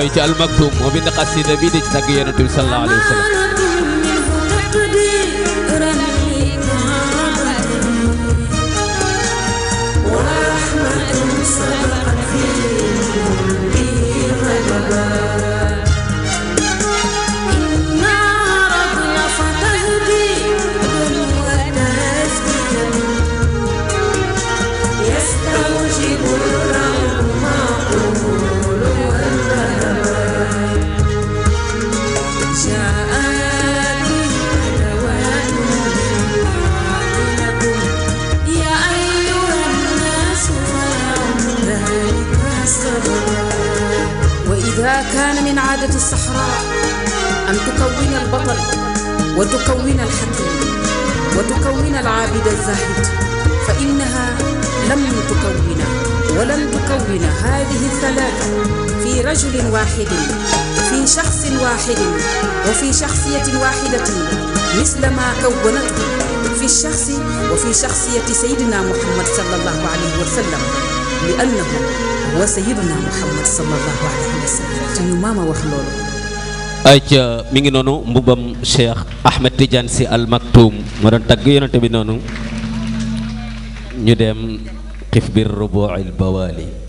fay ci almaktum moo bind xasida bii di ci tagg yonent bi sallallahu alayhi wa sallam ayca mi ngi noonu mbubam Cheikh Ahmed Tidiane si al Maktoum ma doon tagg yonent bi noonu ñu dem xif bir rubuil bawaali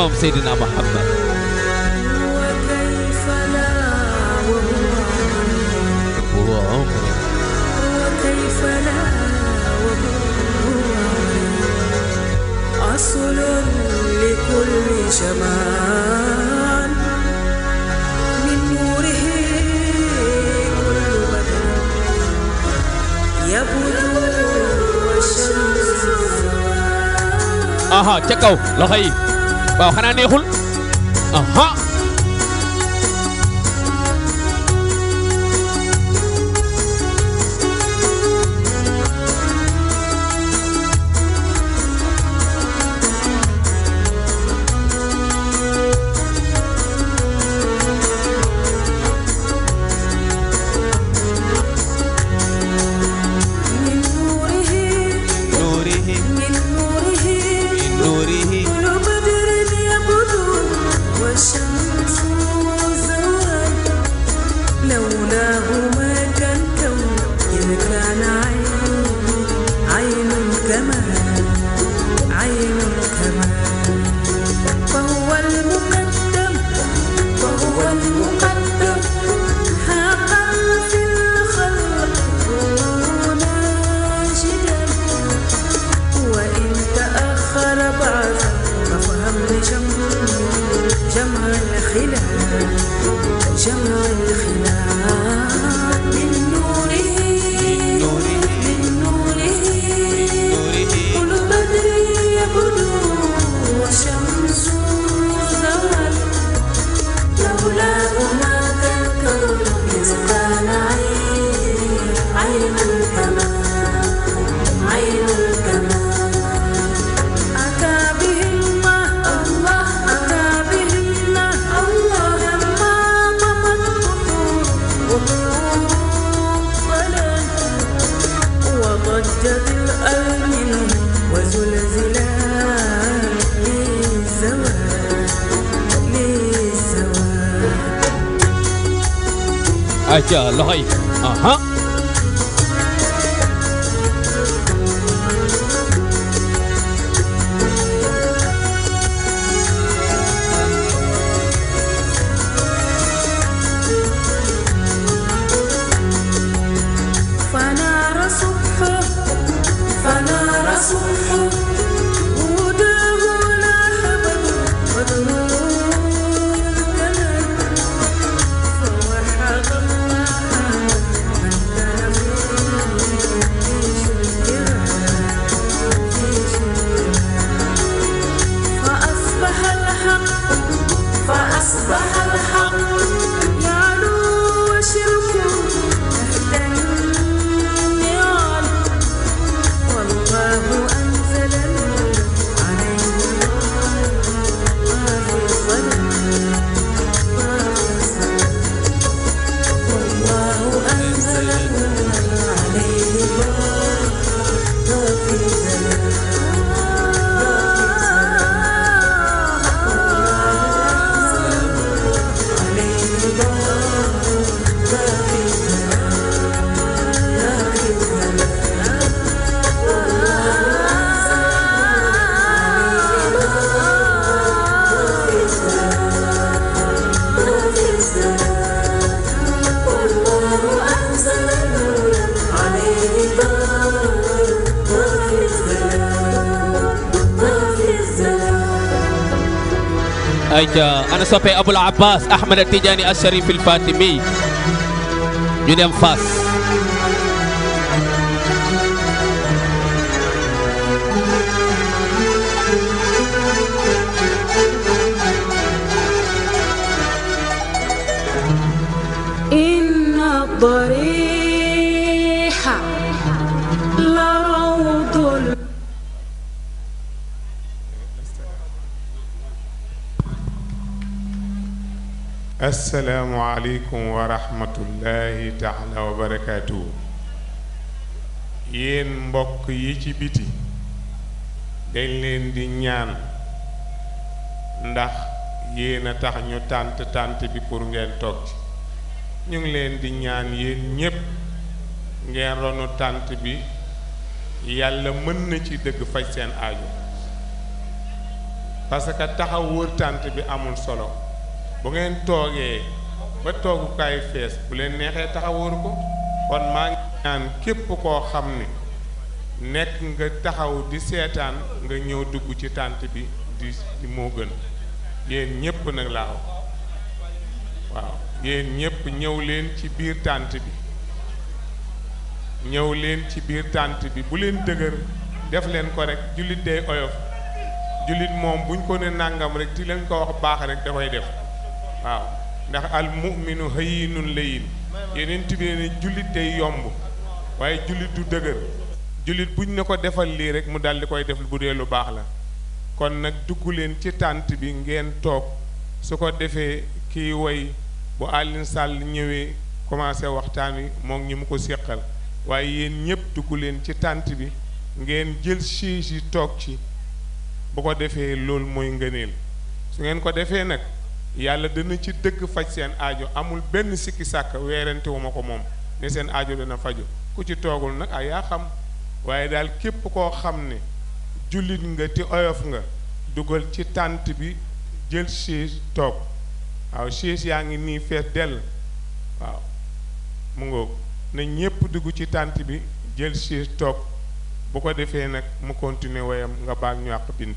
أمام سيدنا محمد أصل لكل جمال من نوره كل بدن يبدو والشمس آها تكو لخي 我河南的。Fas, Ahmad Tijani Asharif Al-Fatimi ñu Fas. asalaamualeykum wa rahmatullahi taala wa barakaatuhu yéen mbokk yi ci biti dañ leen di ñaan ndax yéen a tax ñu tànt tànt bi pour ngeen toog ñu ngi leen di ñaan yéen ñépp ngeen ronu tànt bi yàlla mën na ci dëgg faj seen aaju parce que taxaw wër tànt bi amul solo bu ngeen toogee ba toogukaay fees bu leen neexee taxawóoru ko kon maa ngi ñaan képp koo xam ni nekk nga taxaw di seetaan nga ñëw dugg ci tànt bi di moo gën yéen ñépp nag laaw waaw yéen ñépp ñëw leen ci biir tànt bi ñëw leen ci biir tànt bi bu leen dëgër def leen ko rek jullit day oyof jullit moom buñ ko ne nàngam rek di leen ko wax baax rek da def ndax almuminu hayinun layin yenent bi ne jullit day yomb waaye jullit du dëgër jullit buñ ne ko defal lii rek mu daldi koy def bu dee lu baax la kon nag dugg leen ci tànt bi ngeen toog su ko defee kiy woy bu Alioune sàll ñëwee commencé waxtaan wi moom ñi mu ko séqal waaye yéen ñëpp dugg leen ci tànt bi ngeen jël chaise yi toog ci bu ko defee loolu mooy ngëneel su ngeen ko defee nag yàlla dana ci dëkk faj seen ajo amul benn sikki sàkk weerante ko moom ne seen ajo dana faju ku ci toogul nag ah yaa xam waaye daal képp koo xam ne jullit nga te oyof nga dugal ci tànt bi jël chaise toog waaw yaa ngi nii fees dell na ñépp dugg ci tànt bi jël chaise toog bu ko defee nag mu continuer wayam nga baag ñu àq bind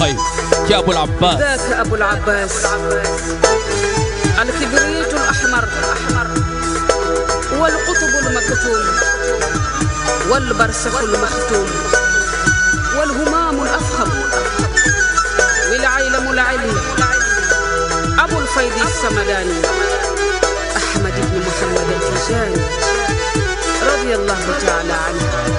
لايف يا ابو العباس ذاك ابو العباس الكبريت الاحمر والقطب المكتوم والبرسخ المختوم والهمام الافخم والعيلم العلم ابو الفيض السمداني احمد بن محمد الفجاني رضي الله تعالى عنه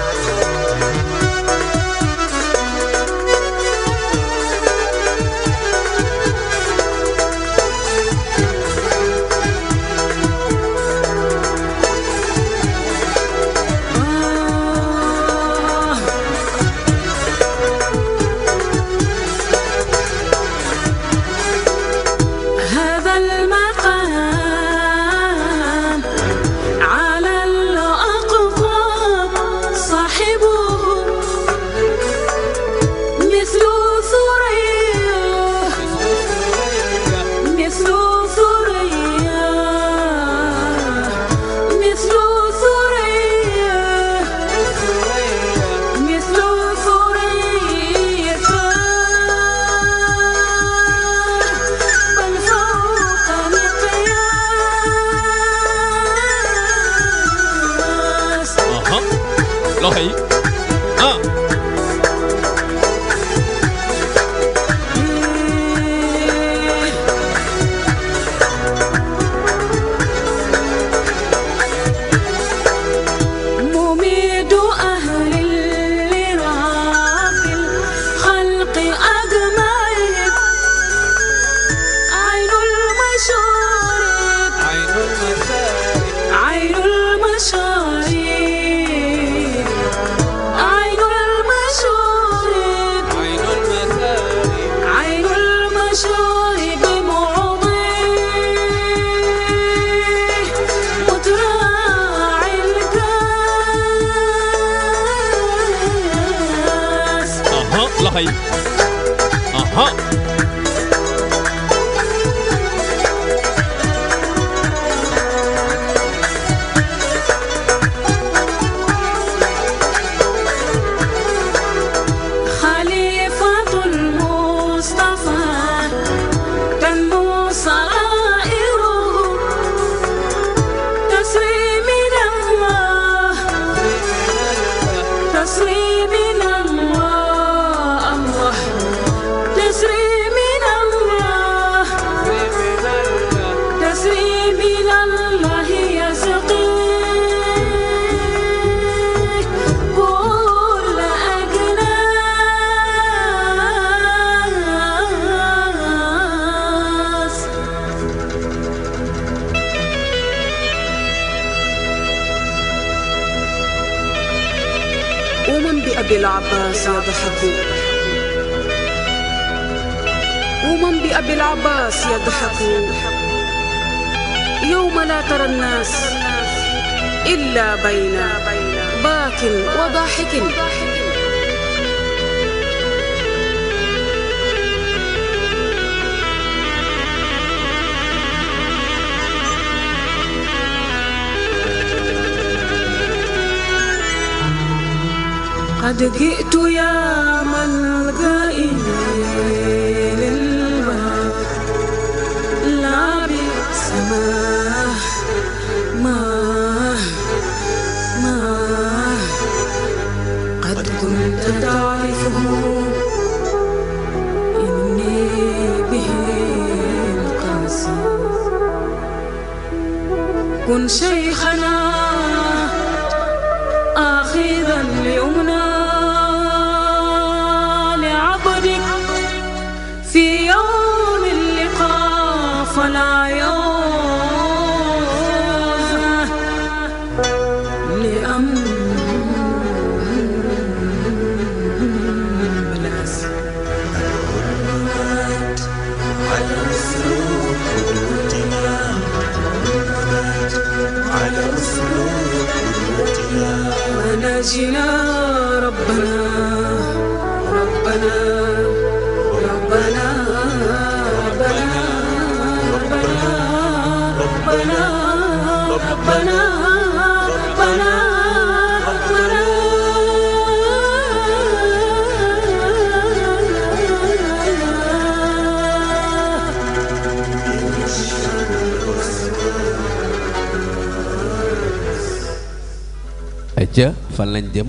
lañ jëm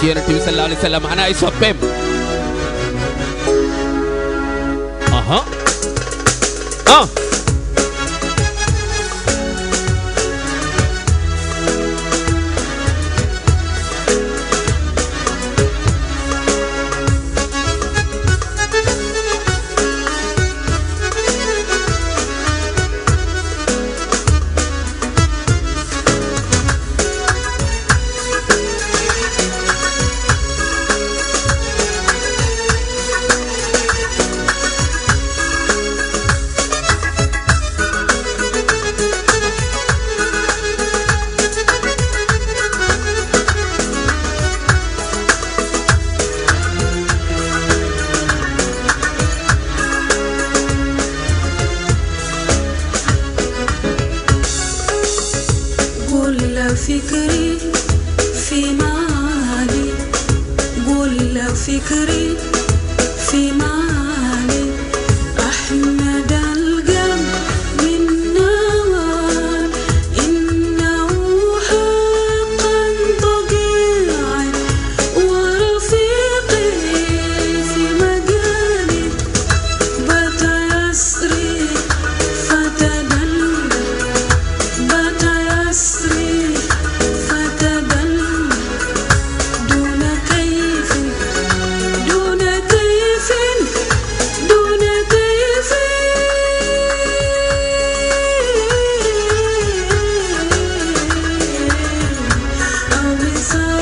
ci yonent bi sallallahu alayhi wasallam ana ay sun.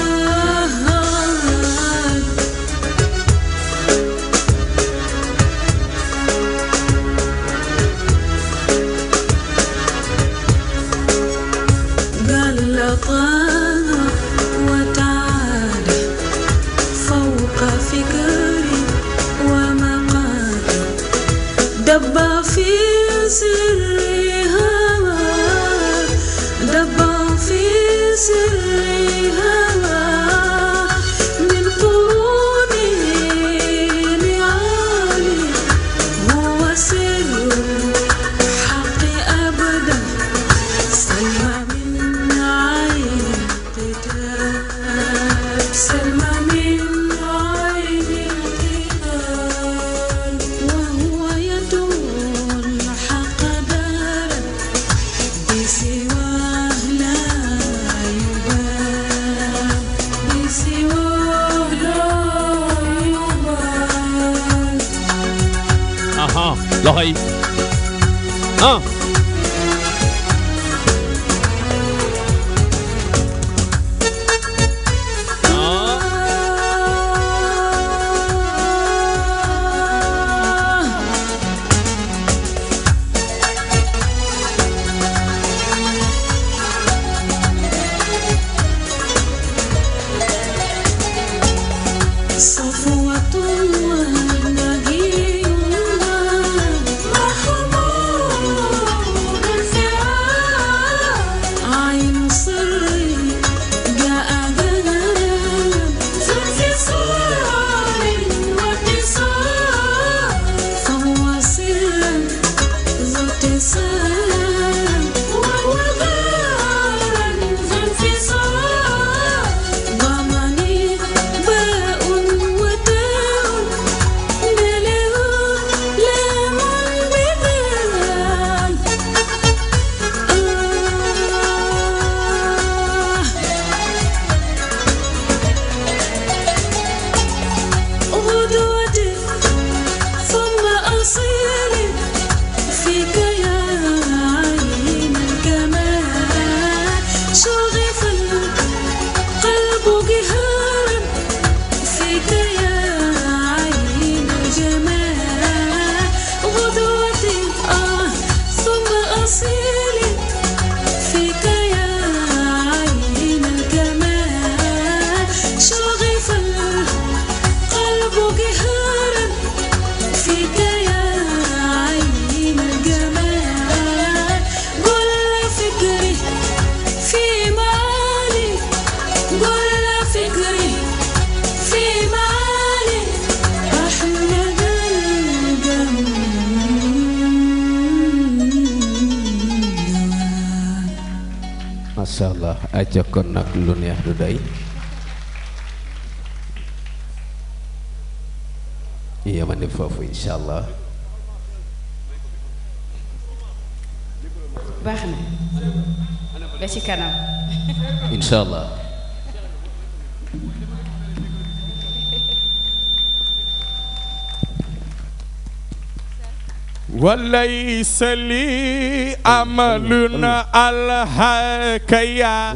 ليس لي أمل الحكايا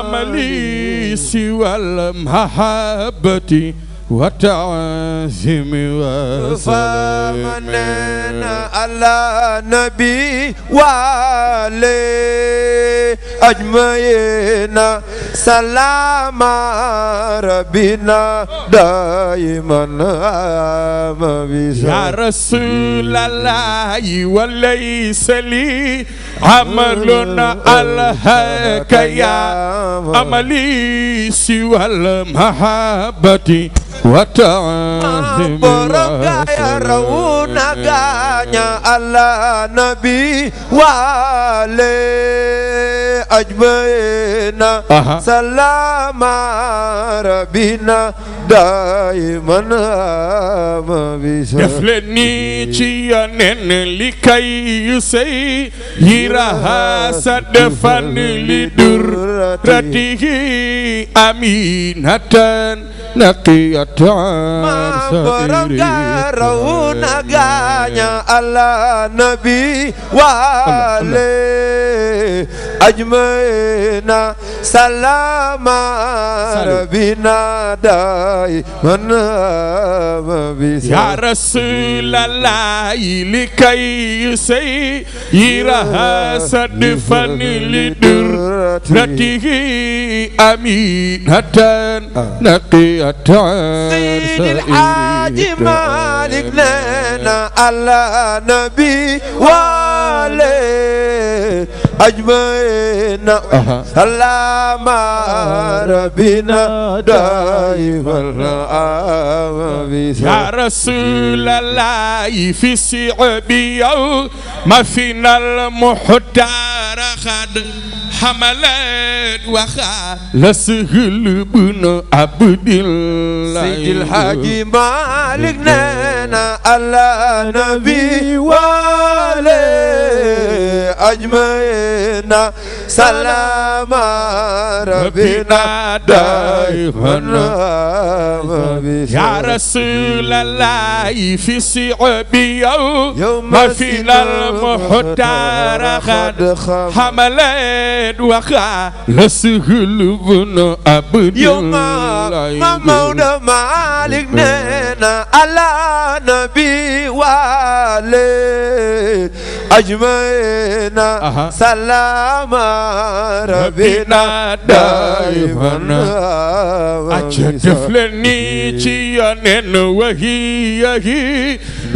أملي سوى المحبة وتعزم وفمننا على نبي وعلي أجمعين سلام ربنا دائما ما يا رسول الله وليس لي عمل ألهك يا عملي سوى المحبة وتعظيم يرونك على نبي وعلي أجمعين سلام ربنا دائما دف leen ni ci Yonent li kay yu sey yiraha sa defan li durratihi aminatan naqiyatan mabaranga rawna ganya ala nabi wa ale أجمعين سلام ربنا دائما يا رسول الله لكي يسيرها صدفا لدرته أمينة نقية سيد الحاج مالك لنا على نبي وعليه أجمعين اللهم ربنا دائما يا رسول الله في سعبي ما فينا المحتار خد حملان وخا لسهل بن عبد الله سيد الحاج مالك نانا على نبي والي أجمعنا سلام ربنا دائما يا رسول الله في صعبي يوم في المحتار قد حملان leen la suhul bunu abdul yow ma ma Maodo na ala waale أجمعين سلام ربنا دائما أجدف لنيتي ينن وهي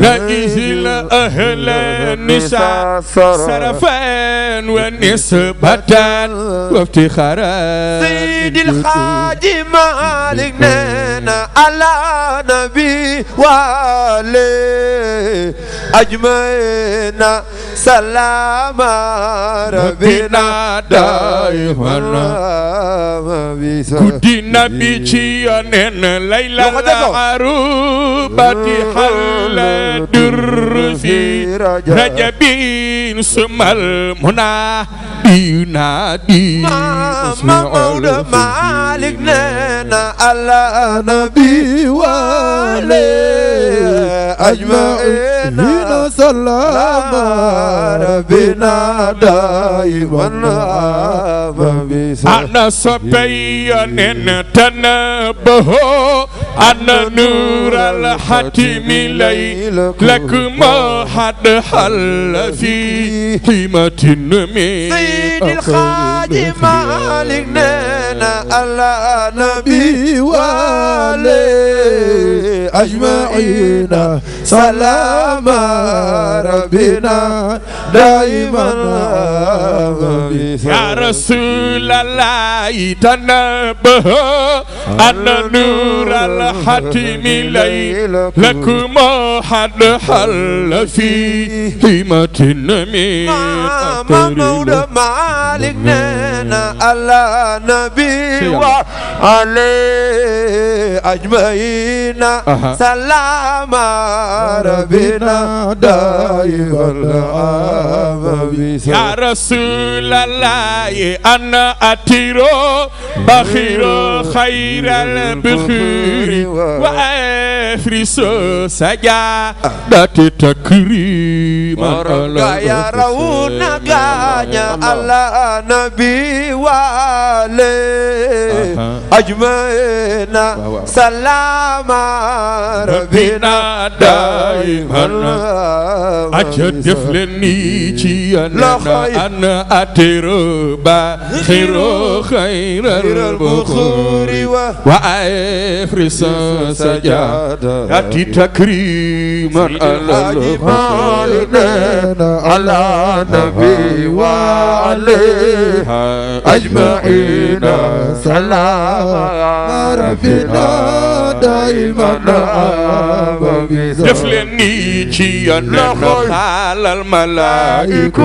رئيس الأهل النساء سرفان ونسبة وافتخارا سيد الحاج مالك نانا على نبي وعلي أجمعين سلام ربنا دائما كدنا بيشيانين ليلى العروبة حل درسي رجبين ثم المنى ينادي ما مولى مالك لنا على نبي وعلي أجمعين دين سلام ربنا دائما أنا صبيا تنبه أنا نور الحتم لكم حد حل في حمة من سيد الخادم مالك نانا على نبي والي أجمعين سلام ربنا دائما يا رسول الله تنبه أن نور الحتم لكم حد حل في همة من ما مولى مالك نانا على نبي وعلي أجمعين سلام ربنا دايم العام يا رسول الله أنا أتيرو بخير خير البخير وأفرس سجا داتي تكريما يا رونا غانيا الله نبي والي أجمعنا سلام ربنا دايم aja def leen nii ci yàlla ana atero ba xiro xayral buxuri wa afrisa sajada ati takriman ala nabi wa alaiha ajmaina salaam rabbina دايما أبا دفل نيجي النخل على الملائكة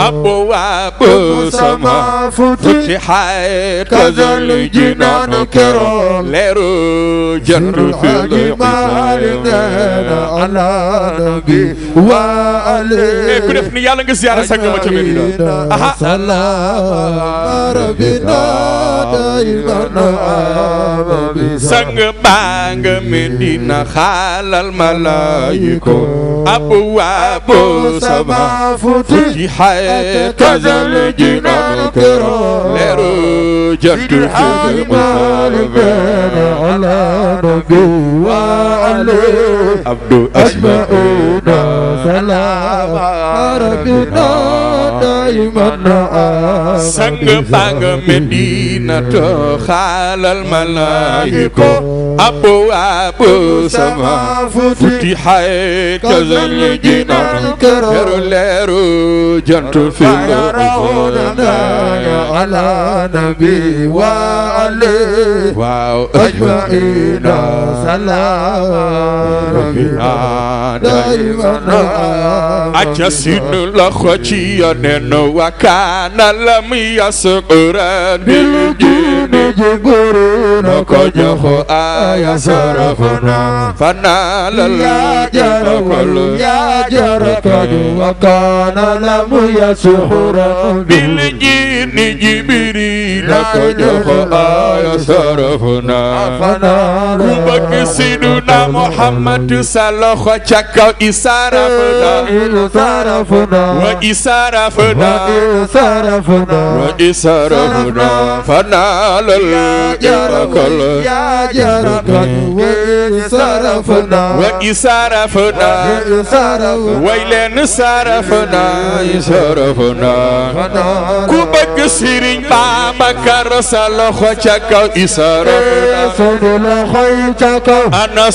أبواب السماء فتحت كذا الجنان كرام لرو جنة المال على نبي وعلي كنا في نيالا نزيارة سكرة مكملة أها سلام ربنا دايما أبا سنگ با yaa nga Medina xaalal malaayiko abwaabu sama futihat kazal jinaan kiraam leeru jant xaalimaal benn ala nabi wa ali abdu asmauna salaama rabbina daiman sang baa nga Medina to xaalal malaayiko أبواب السماء فتحت كذا الجنان يرو ليرو جنت في يروننا على نبي وعليه أجمعين سلام ربنا دائما أجسن لخوتي أنن وكان لم يسقر بالجن جبرنا كجخ آه يا سرفنا فنال يا جركل يا جركل وكان لم يسحر بالجن جبريل فجفا يا سرفنا فنال وبك سيدنا محمد سلخ شكا إسارفنا إسارفنا وإسارفنا وإسارفنا وإسارفنا فنال يا جركل يا جركل sarafna wa ku bëgg sëriñ Babacar sa loxo ca kaw sa loxo ca kaw ana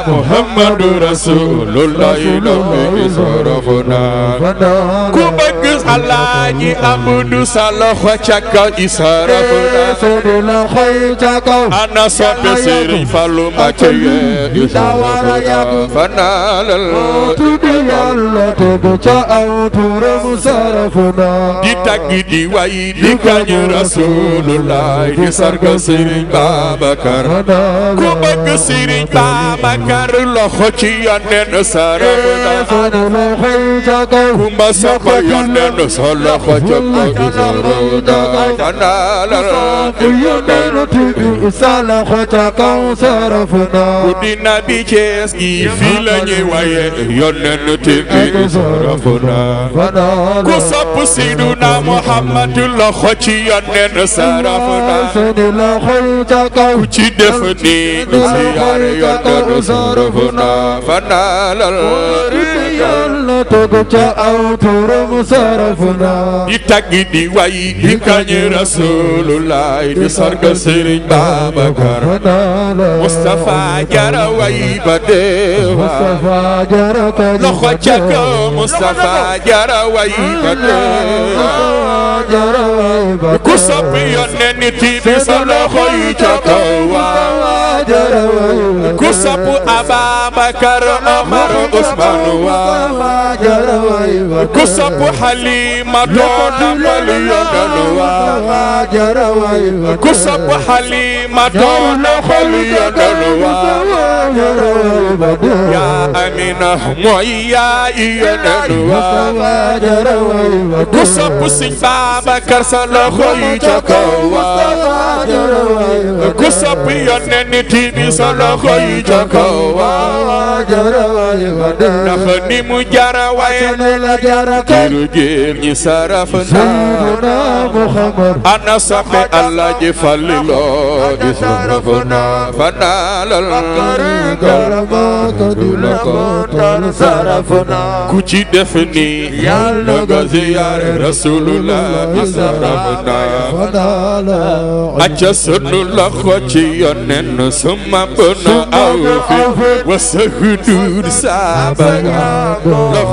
muhammadu rasulullah ku bëgg Alaaji Amadou sa loxo ca a isarafuna sunu loxo yi ca kaw ana soppe Serigne Fallou Mbacké yi dawara yàgg fanaalal tudd Yàlla tudd ca aw turam sarafuna di tagg di way di kañ Rasulullah di sargal Serigne Babacar ku bëgg Serigne Babacar loxo ci yoneen sarafuna Kumba samba yoneen sala xajab ku dina bi Cees gi fii la ñuy waye yoneen te bi sarafuna ku sopp Seydina Muhammad loxo ci yoneen sarafuna ku ci def ni siyaare yoneen sarafuna fanaalal Sarıyan tëgg ca aw turam saraf na di tagg di way di kañ rasulullah di sargal Serigne Babacar Moustapha jara way ba dee Moustapha jara ko loxo ca kaw Moustapha jara way ba dee ku soppi yónnee nit yi bi sa loxo yi ca kaw ku sopp Ababakar Omar Ousmane wa ku sopp Halima doon amal yondaluwa ku sopp Halima doon amal yondaluwa yaa Amina mooy yaa yondaluwa ku sopp Sëñ Babacar sa loxo yi ca kaw ku sopp yonent bi sa loxo yi ca kaw dafa ni mu jar na wayna la jaraka jurugéen ñi saraf na sayyiduna muhammad ana sappe allah ji fallilo di sarafna fanaalal karama kadula ko sarafna ku ci def ni yàlla nga ziyaare rasulullah di sarafna fanaalal acca sunu loxo ci yonen summa bana aw fi wasahudur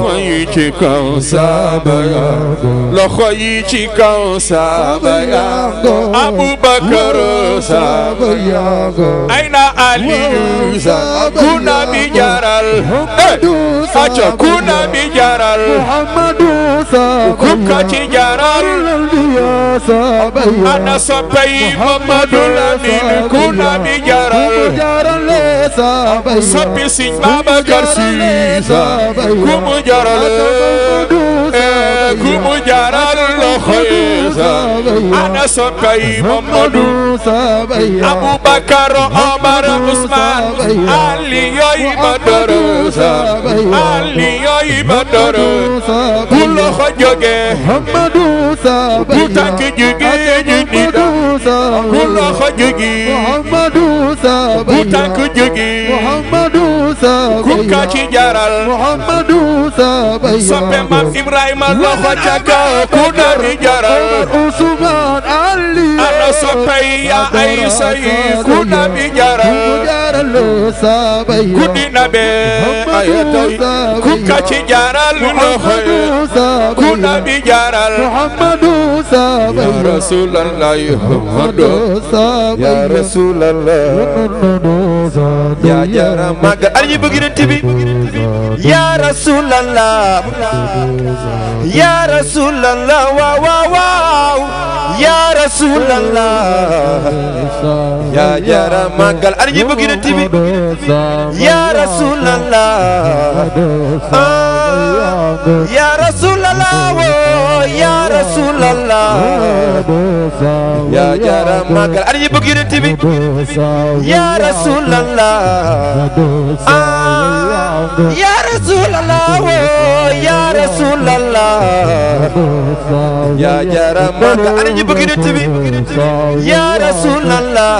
loxo yi ci kaw saaba yàggu loxo yi ci kaw saaba yàggu Abubakar saaba yàggu ayna Aliyu saaba yàggu kuna bi jaral aca kuna bi jaral Muhammadu saaba yàggu kuka ci jaral ana soppay Muhammadu Lamin kuna bi jaral soppi Seriñ Babakar Si görelim. kumu jaral loxo yeesa ana soppay Mamadu Abubakar Omar Usman aliyoy badorosa aliyoy badorosa bu loxo joge Mamadu bu tànk joge ñu nida bu loxo joge Mamadu bu tànk joge Mamadu ku ka ci jaral Mamadu soppe Maam Ibrahima ma loxo ca kaw ku ne di Ali soppay ya rasulallah ya rasulallah ya rasulallah ya rasulallah waaw waaw waaw yaa rasulallah yaa jara màggal ana ñi bëgg na tibi ya rasulallah ya jara magal ana ñu bëgg yonent bi ya rasulallah ya rasulallah ya rasulallah ya jara magal ana ñu bëgg yonent bi ya rasulallah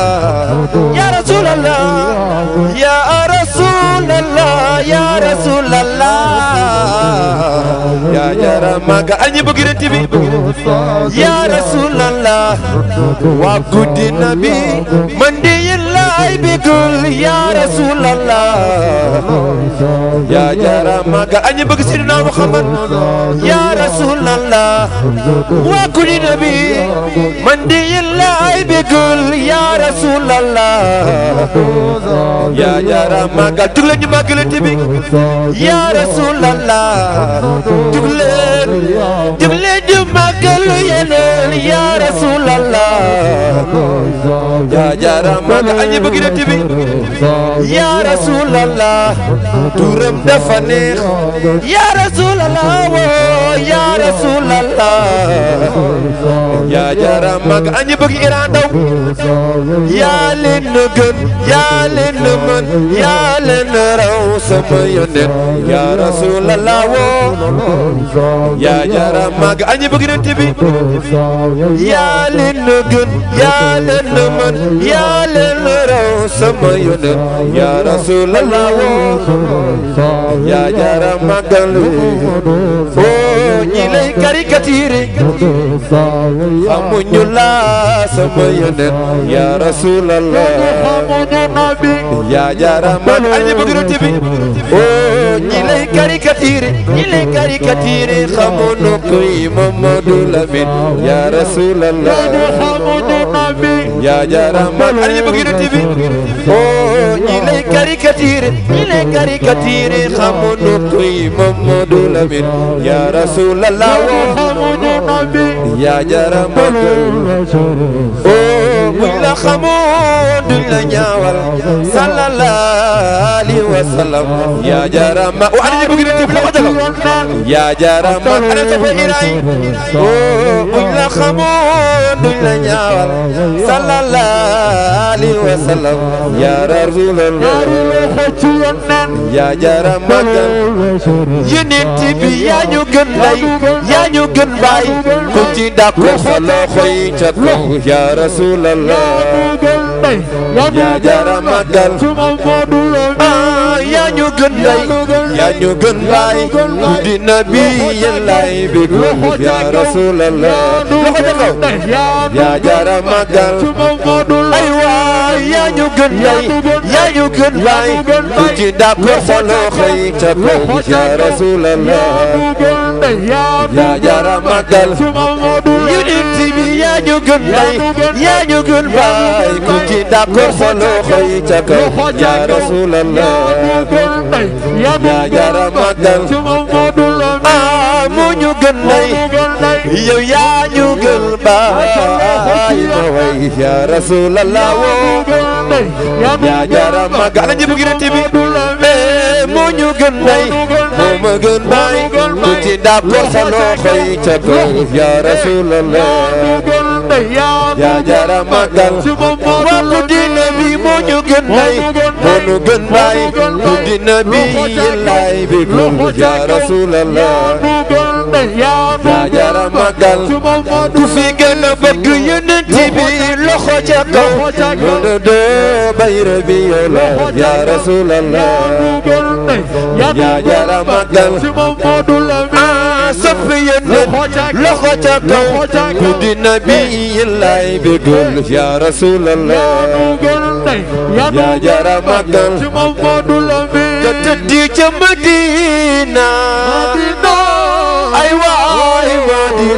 ya rasulallah ya rasul رسول الله يا رسول الله يا جرى ما أني بقرة تبي يا رسول الله وقد النبي من دي الله بكل يا رسول الله يا جرى ما أني بقرة محمد يا رسول الله وقد النبي من دي الله بكل يا رسول الله يا جرى ما leen ñu màggal tibi ya rasulallah jug leen jug leen ñu màggal yeneen ya rasulallah yaa jaarama ga aji bëgg na tibi ya rasulallah turam dafa neex ya rasulallah woo ya rasulallah yaa jaarama ga aji bëgg Iran daw yaa leen gën yaa leen mën yaa leen raw sama yonent ya rasulallah woo yaa jaarama ga aji ñi bëgg nañ tibi yaa leen gën yaa leen mën yaa leen raw sama yonent yaa rasulallah yaa jara magal ñi lay caricature xamuñu la sama yeneen ya rasulallah ya jaraman añi bëgg na tibi o ñi lay caricature ñi lay ya rasulallah ya jaraman añi bëgg na ya rasul رسول الله ومحمد النبي يا جرم الرسول buñ la xamoon duñ la ñaawal sallallahu alayhi wa sallam yaa jarama wa adi bëgg na la ko jagal yaa jarama ana tafa iray oo buñ la xamoon duñ la ñaawal sallallahu alayhi wa sallam yaa rasulallah yaa jarama kan yonent bi yaa ñu gën lay yaa ñu gën baay ku ci dàkku sa loxo yi ca kaw yaa rasulallah yaa ñu gën ndey yaa jara màggal su ma Moodu Lamin yaa ñu gën ndey yaa ñu gën di nabi yéen laay bi groupe yaa rasulallah loxo jakaw yaa jara màggal su ma Moodu ay waay yaa ñu gën ndey yaa ñu gën laay ku ci dàpp sa loxo yi ca yaa rasulallah yaa ñu gën bay yaa ñu gën bay ku ci dab ko fa loxo ca kaw yaa rasulallah yaa jara magal ah mu ñu gën bay yow yaa ñu gën bay woo moo ñu gën moo ma gën bay ku ci dàppoo sa loxo yi ca bëf yaa rasulallah yaa jara màggal wàllu diina bi moo ñu gën moo ñu gën bay ku diina bi yillaay bi yaa rasulallah Muhammad yaa ma jara magal ku fi gën a bëgg yonent bi loxo ca kaw loxo de bayra bi yola ya rasulallah yaa jara magal ah, sopp yonent loxo ca kaw ku di nabi yillay bi dul ya rasulallah yaa jara magal ka tëddi ca Madina waay waay waa di ya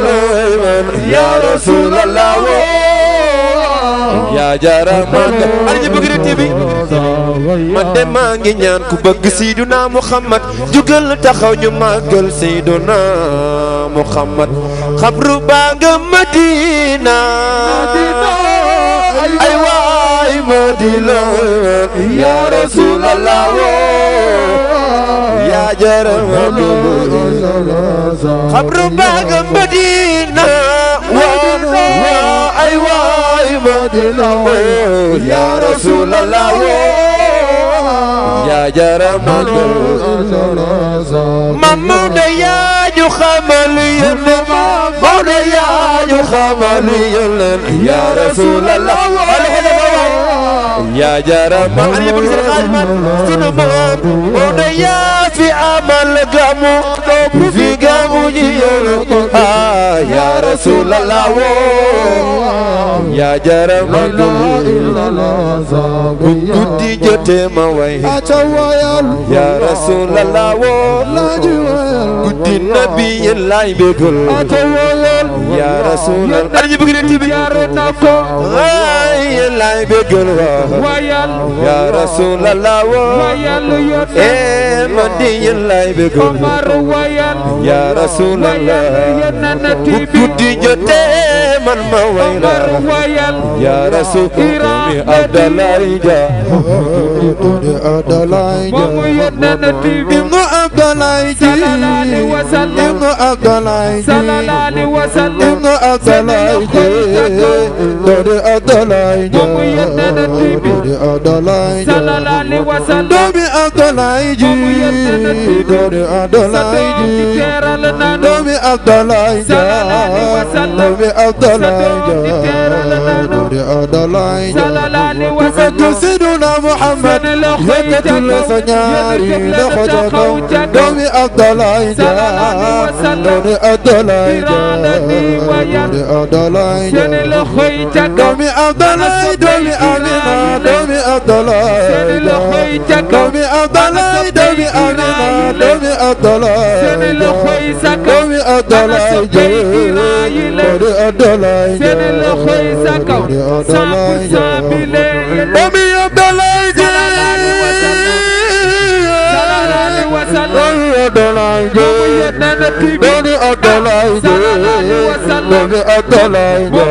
yaa rasuulallah yaa ya jaraman ana ñu bëgg TV man de maa ku bëgg Seydina Muhammad jugal taxaw ñu màggal Seydina Muhammad xabru baa nga Madina ay waay Madina yaa rasuulallah جرم خبر باغ مدينة واي واي مدينة يا رسول الله يا جرم محمود يا جو خملي محمود يا جو خملي يا رسول الله yaa jarama ale bi seen xaaj man sunu maam moo ne yaa fi amal gamu topp fi gamu ji yàlla ko ah yaa rasulallah woo yaa jarama guddi nabi yéen laay bégal yaa yéen laay bégal waayal yaa rasulallah waayal ee man di yéen laay bégal Omar waayal yaa rasulallah bu guddi jotee man ma way la yaa rasul mi Abdalaay ja tudde Abdalaay ja ibnu Abdalaay ji ibnu Abdalaay ji ibnu Abdalaay ji tudde Abdalaay doomu doomi Abdoulaye ji doomi أنا دومي أنا دومي أدلا دومي أدلا دومي أنا دومي أدلا دومي أدلا دومي أدلا دومي أدلا دومي أدلا lórí ọ̀dọ̀ là ń gbé lórí ọ̀dọ̀ là ń gbé lórí ọ̀dọ̀ là ń gbé lórí ọ̀dọ̀ là ń gbé.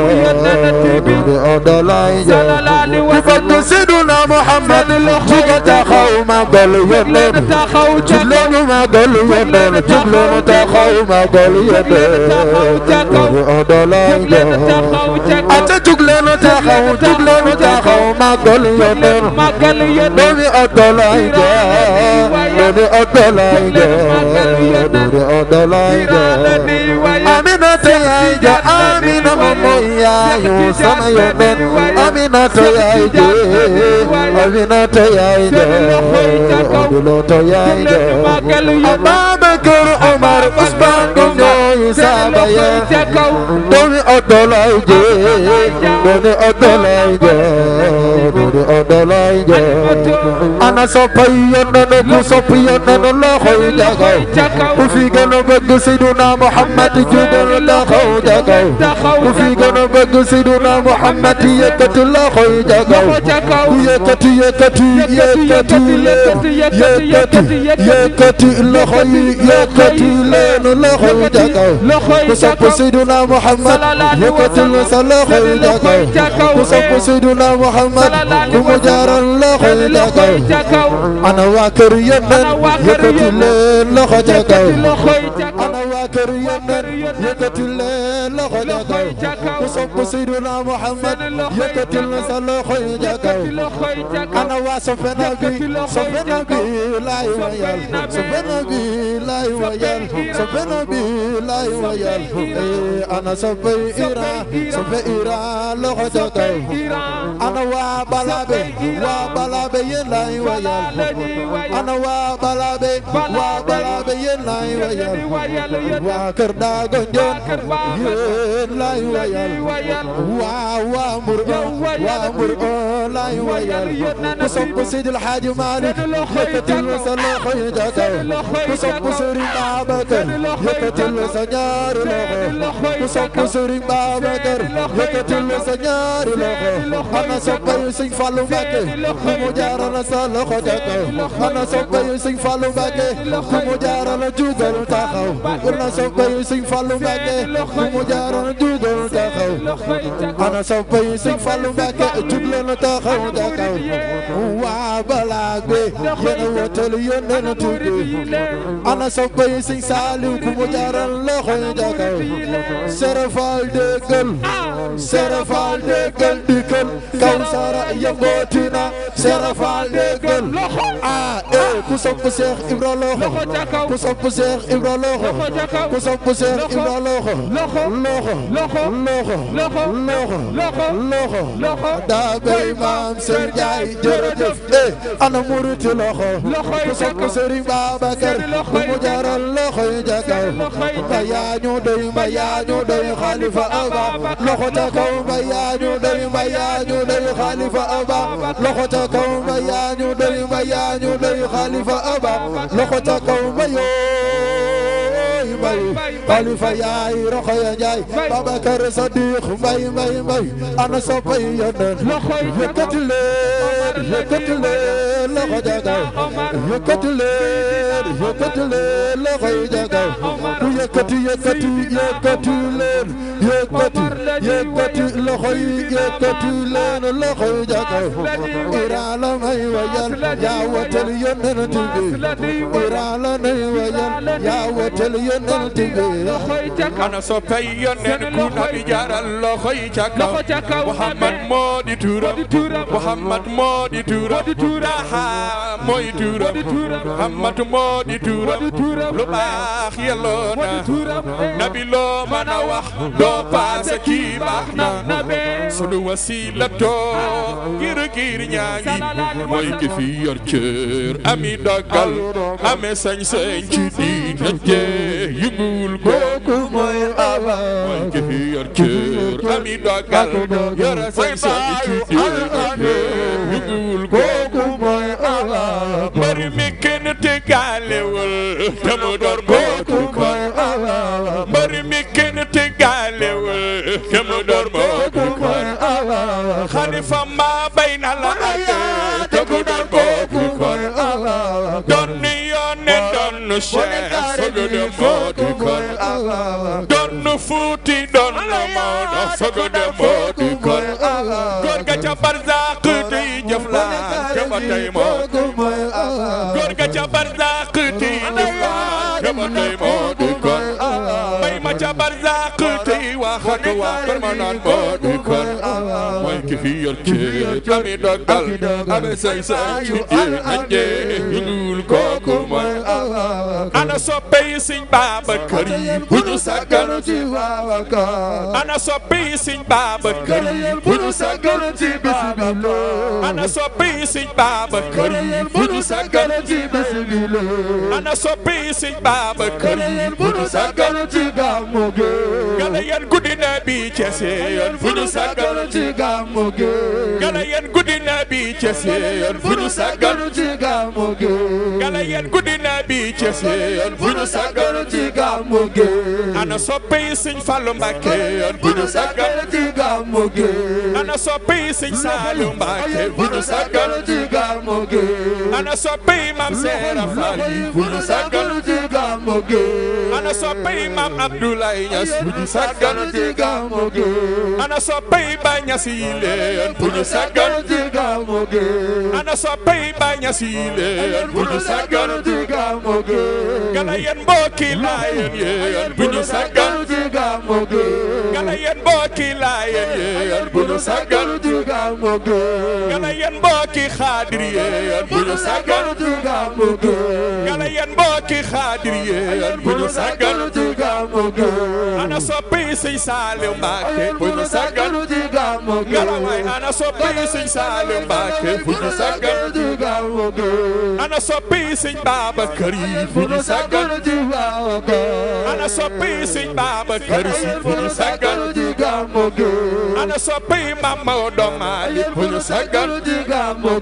Ìfọ̀tò sídùnà Mùhàmmad jùgọ̀tà xaw ma gọ̀lù yẹn lẹ́nu jùlọ́nù ma gọ̀lù yẹn lẹ́nu jùlọ́nù ta xaw ma gọ̀lù yẹn lẹ́nu lórí ọ̀dọ̀ là ń gbé. Àti jùlọ́nù ta xaw jùlọ́nù ta xaw ma gọ̀lù yẹn lẹ́nu lórí ọ̀dọ̀ là ń gbé. lórí ọ̀dọ̀ láìjọ lórí ọ̀dọ̀ láìjọ. Amina tó yà ìjọ Amina mọ̀mọ́ ìyá yòó sọ́mọ yóò mẹ́nu. Amina tó yà ìjọ Amina tó yà ìjọ Odùlọ tó yà ìjọ. Àbá këru Omar Ousmane Ngom ñooy saaba yee doomi oto lay jee doomi ku fi gën a bëgg Seydina Muhammad jugal a yëkkati loxoy jagaw ku yëkkati yëkkati yëkkati yëkkati yëkkati loxoy yëkkati leenu loxo yi ca kaw ku sopp Seydina Muhammad yëkkatil sa loxo yi ca kaw ku sopp Seydina Muhammad ku mu jaaral loxo yi ca kaw ana waa kër yónneen yëkkati leen loxo ca kaw ana waa kër yónneen yëkkati leen loxo ca kaw ku sopp Seydina Muhammad yëkkatil sa loxo yi ca kaw ana waa sofena bi sofena bi laay wayal sofena bi laay wayal sofena eh, ana soppe ira soppe ira loxo ca kaw ana ana waa balabe waa balabe yéen laay wayal waa kër daa gonjoon yéen ويل وامر وامر لا ويل وصب سيد الحاج مالك يقتل سلا خيدته وصب سري بابك يقتل سجار له وصب سري بابك يقتل سجار له انا صب يسين فالو بك مجار رسال خدك انا صب يسين فالو بك مجار لجوغل تاخو انا صب يسين فالو بك مجار لجوغل taxaw ana saw bay sëñ Fallou Mbacké jug leen taxaw waa balaag bi yéen a wóotal yónneen tuuti ana saw bay sëñ ku mu jaaral loxo taxaw serafal déggal serafal déggal dikkal kaw sara yëngooti na serafal déggal ah eh ku sopp Cheikh Ibra loxo ku sopp Cheikh Ibra loxo ku sopp Cheikh Ibra loxo loxo loxo loxo loxo loxo loxo loxo daa koy maam Sëriñ Njaay jërëjëf eh ana murit loxo loxo yi sopp Sëriñ Babacar bu loxo yi ca kaw ba yaa ñu doy ba yaa ñu doy xalifa aba loxo ca kaw ba yaa ñu doy ba yaa ñu doy xalifa aba loxo ca kaw ba yaa ñu doy ba yaa ñu doy xalifa aba loxo ca kaw ba yoo mbay mbay xalifa yaay roxoya njaay Babacar Sadiq mbay mbay mbay ana soppay yoneen yëkkati leen yëkkati leen loxo jagaw yëkkati leen yëkkati leen loxo yi jagaw ku yëkkati yëkkati yëkkati leen yëkkati yëkkati loxo yi yëkkati leen loxo yi jagaw iraa la may wayal yaa watal yoneen tibi iraa la may wayal yaa watal yoneen yonent bi loxoy ca kaw ana soppay yonent ku nabi jaaral loxoy ca kaw loxo ca kaw Muhammad moo di turam Muhammad moo di turam Taha mooy turam Muhammad moo di turam lu baax yelloo na nabi loo mën a wax doo paase kii baax na sunu wasilatoo ngir ngir ñaangi mooy ki fi yor cër ami dogal amee sañ-sañ ci diine yëgul kooku mooy Awa mooy ki fi yor kër ami dogal yore seen sànni ci yëgul kooku mooy Awa bari mi kenn te gaalewul te mu door kooku mooy Awa bari mi kenn te gaalewul te mu door kooku mooy Awa xalifa ma fuuti doon na Maodo soog a dem moo di góor góor ga ca barzaq di jëf laa ca ba tey moo ki fi yor ceeb ami dogal ami say say ci jéem aññee bu ñu sagganu ci Babacar ana bu ñu sagganu ci Babacar ana bu ñu sagganu ci Babacar ana bu ñu sagganu ci Gamou gi gala yan guddi na bi Cees bu ñu sagganu ci Gamou gàmmu gi gala yéen guddi na bi Cees yéen fu ñu sàgganu ci gàmmu gi gala yéen guddi na bi Cees yéen fu ñu sàgganu ci gàmmu gi ana soppe yi Sëñ Fallu Mbàkke yéen fu ci gàmmu ana soppe yi Sëñ Saalu Mbàkke fu ñu ci gàmmu ana soppe yi Maam Seera Faal yi fu ci gàmmu ana soppe yi Maam Abdoulaye Ñas fu ñu ci gàmmu leen bu ñu sàggan ci gàmmu gi ana soppe yi Baay Ñas yi leen bu ñu sàggan ci gàmmu gi gala yéen mbokki Laayeen yéen bu ñu sàggan ci gàmmu gi gala yéen mbokki Laayeen yéen bu ñu sàggan ci gàmmu gi gala yéen mbokki Xaadir yéen bu ñu sàggan ci gàmmu gi gala yéen mbokki Xaadir yéen bu ñu sàggan ci gàmmu gi ana soppe yi Sëñ Saaliw Mbàkke bu ñu sàggan ci gàmmu gi waay ana soppi sëñ Saliou Mbacké fu ñu sàggal du gaaw ko ana soppi sëñ Babacar yi fu ñu sàggal du gaaw ko ana soppi sëñ Babacar yi fu ñu sàggal du gaaw ko ana soppi Mame Maodo Malick fu ñu sàggal du gaaw ko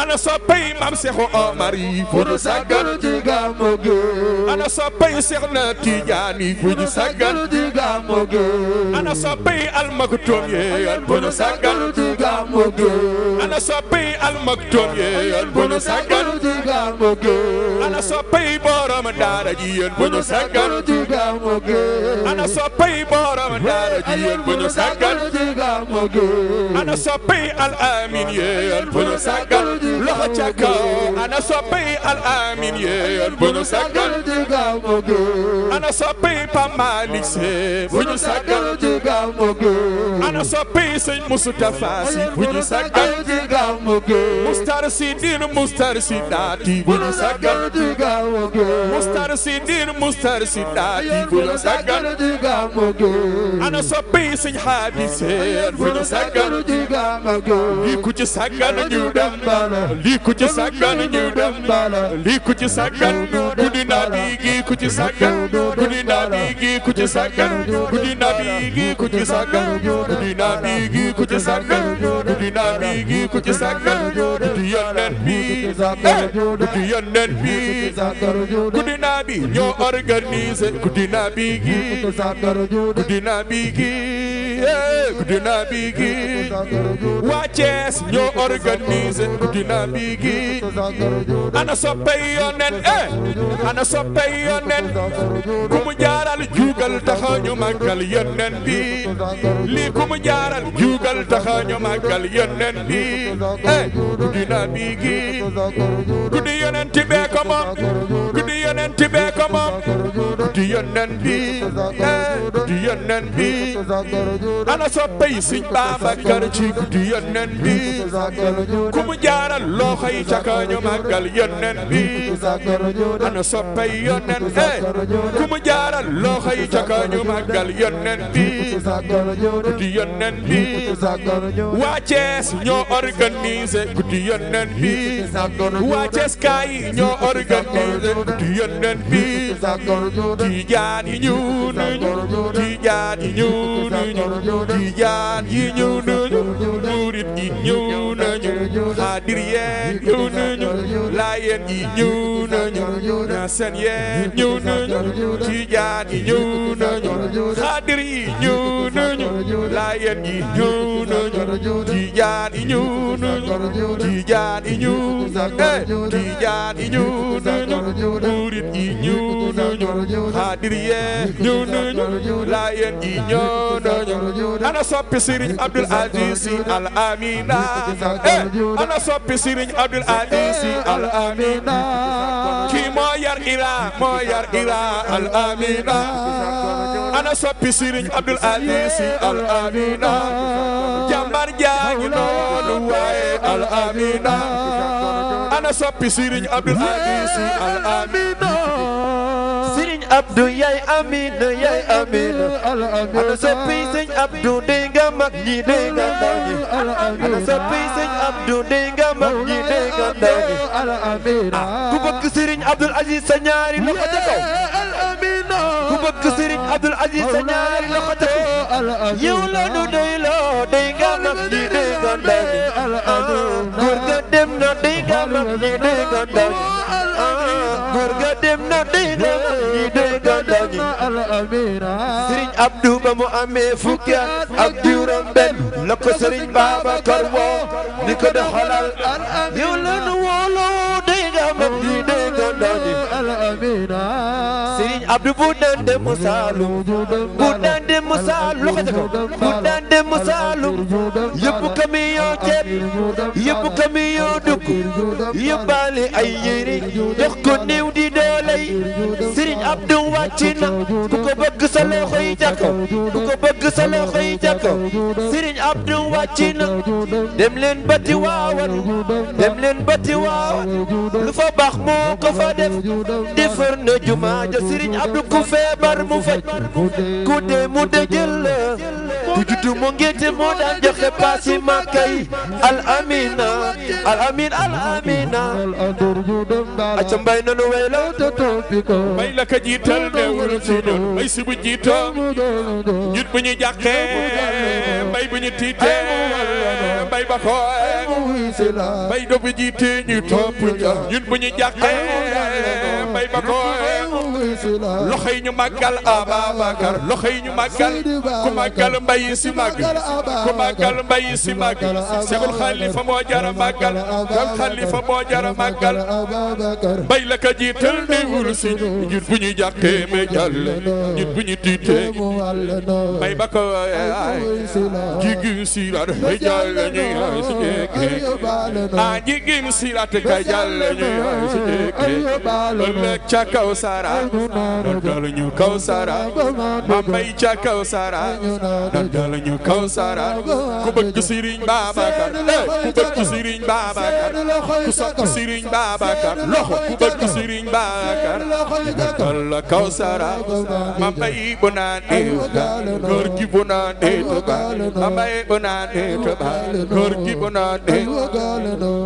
ana soppi Mame Cheikh Omar yi fu ñu sàggal du gaaw ko ana soppi Cheikh na Tidiane yi fu ñu sàggal du gaaw ko ana soppi Al Maktoum yi fu ñu sàggal sàgganu ci gàmmu gi ana soppi almaktoom yéen bu ñu sàgganu ci gàmmu gi ana soppi bu ñu sàgganu ci gàmmu gi ana soppi bu ñu sàgganu ci gàmmu gi ana soppi su tafaasi bu ñu saggan ci gàmmu gi mustar si diin mustar si daati bu ñu saggan ci gàmmu gi mustar si diin mustar si daati bu ñu saggan ci gàmmu gi ana soppi siñ xaadiseen bu ñu saggan ci gàmmu gi lii ku ci saggan ñu dem bala lii ku ci saggan ñu dem bala lii ku ci saggan guddi nabi gi ku ci saggan guddi nabi gi ku ci saggan guddi nabi gi ku ci saggan guddi nabi gi ku ci ci sàggal du dinaam gi ku ci sàggal du di yonent bi du di yonent bi ku dinaam bi ñoo organiser ku bi gi ku dinaam bi gi ku dinaam bi gi waa Cees ñoo organiser ku bi gi ana soppay yonent eh ana soppay yonent ku mu jaaral juugal taxaw ñu màggal yonent bi lii ku mu jaaral juugal màggal taxa ñu màggal yónneen bi eh guddi na bi gi guddi yónneen ti bee ko moom guddi yónneen ti bee ko moom guddi yónneen bi eh guddi yónneen bi ana soppe yi Sëñ Babakar ci guddi yónneen bi ku mu jaaral loxo yi ca ka ñu màggal yónneen bi ana soppe yi yónneen eh ku mu jaaral loxo yi ca ka ñu màggal yónneen bi guddi yónneen bi waa Thiès ñoo organisé guddi yónneen bi waa Thiès kaay ñoo organisé guddi yónneen bi tijaan yi ñëw nañu tijaan yi ñëw nañu tijaan yi ñëw nañu murit yi ñëw nañu xaadir yeen ñëw nañu laayeen yi ñëw nañu ñaseen yeen ñëw nañu tijaan yi ñëw nañu xaadir yi ñëw nañu laayeen yi ñëw nañu tijaan yi ñëw nañu tijaan yi ana soppi Sëriñ Abdul Aziz Al Amina ana soppi sëriñ Abdul Aziz Si al amina kii moo yar Iran moo yar Iran al amina ana soppi sëriñ Abdul Aziz Si al amina jàmbar jaangi noonu waaye al amina ana soppi sëriñ Abdul Aziz al amina Abdou yaay Amina yaay Amina ana soppi sëñ Abdou dégg nga mag ñi dégg nga ndaw ñi ana soppi sëñ Abdou dégg nga mag ñi dégg nga ndaw ñi ah, ku bëgg Serigne Abdoul Aziz sa ñaari loxo ca kaw ku bëgg Serigne Abdoul Aziz sa ñaari loxo ca kaw yow la nu doy loo dégg nga mag ñi dégg nga ndaw ñi ah, góor ga dem na dégg nga mag ñi dégg nga ndaw ñi Serigne Abdou ba mu amee fukki at ak juróom la ko Serigne Babacar woo ni ko doxalal yow la nu wóoloo day nga mag di day ndaani Serigne Abdou bu naan dem mu bu naan dem mu Saalum loxo ca kaw bu naan dem mu Saalum yëpp camion ceeb yëpp camion dooley Serigne Abdou wàcc na ku ko bëgg sa loxo yi jàkko ku ko bëgg sa loxo yi jàkko Serigne Abdou wàcc na dem leen bati waawan dem leen bati waawan lu fa baax moo ko fa def defar na jumaa ja Serigne Abdou ku feebar mu faj ku dee mu dëjël la ku juddu mu ngéete moo daan joxe paasi màkka yi al amina al amin al amina acca mbay nanu weyla bay la ka jiital newul ci ñun bay si bu jiitoo ñun bu ñu jàqee bay bu ñu tiitee bay ba xooy bay do bu jiitee ñu topp ñun bu ñu jàqee bay ba ko eh. loxo yi ñu màggal Ababacar loxo ñu màggal ku màggal mbay si mag ku màggal mbay si mag segul khalifa moo jara màggal gam khalifa moo jara màggal bay la ka jiital di wul si ñun bu ñu jàqee ma jàll ñun bu ñu tiitee bay ba ko eh, jigim si la jàll ñu si jékki ah jigim si la te ka jàll ñu si jékki Mek ca Kawsara doddaluñu Kawsara Mambay ca Kawsara doddaluñu Kawsara ku bëgg Sëriñ Babacar eh, ku bëgg Sëriñ Babacar ku sopp Sëriñ Babacar loxo ku bëgg Sëriñ Babacar doddal la Kawsara Mambay bu naan déew góor gi bu naan déetu ba Mambay bu naan déetu ba góor gi bu naan déetu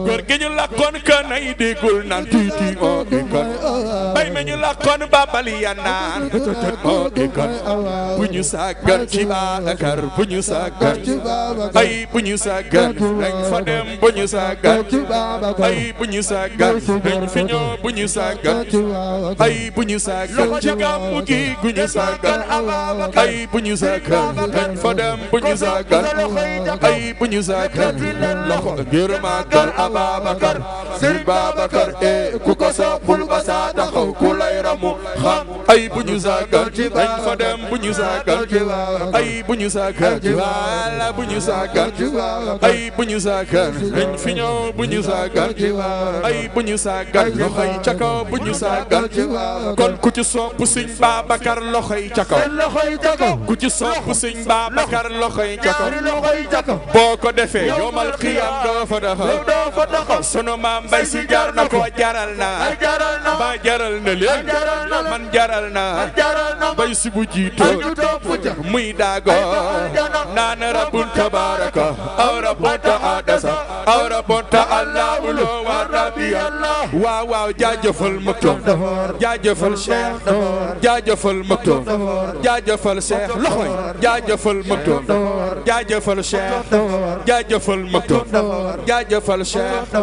góor gi ñu lakkoon ka nay déggul naan tuuti moo bu ñu lakkoon bàmbal ya naan moo ekoon bu ñu sàggan ci Baabakar bu ñu sàggan ay bu ñu sàggan dañ fa dem bu ñu sàggan ay bu ñu sàggan dañ fi ñëw bu ñu sàggan ay bu ñu sàggan ci gàmmu gi gu ñu sàggan ay bu ñu sàggan dañ fa dem bu ñu sàggan ay bu ñu sàggan loxo ngir màggal Abaabakar Sëriñ Baabakar e ku ko soppul ba saa taxaw lay ramu xam ay bu ñu saakal dañ fa dem bu ñu saakal ay bu ñu saakal wala bu ñu saakal ay bu ñu bu ñu saakal ay bu ñu saakal loxoy ca kaw bu ñu saakal kon ku ci ku ca kaw boo ko defee yomal xiyam doo fa daxaw sunu maam mbay si jar na ko jaral na ba man jaral na bay si bu jiito muy daago naan rabbun tabaraka aw rabbun ta adasa aw rabbun ta allah ulo wa rabbi allah waaw waaw jaajëfal maktoom jaajëfal cheikh jaajëfal maktoom jaajëfal cheikh loxoy jaajëfal maktoom jaajëfal cheikh jaajëfal maktoom jaajëfal cheikh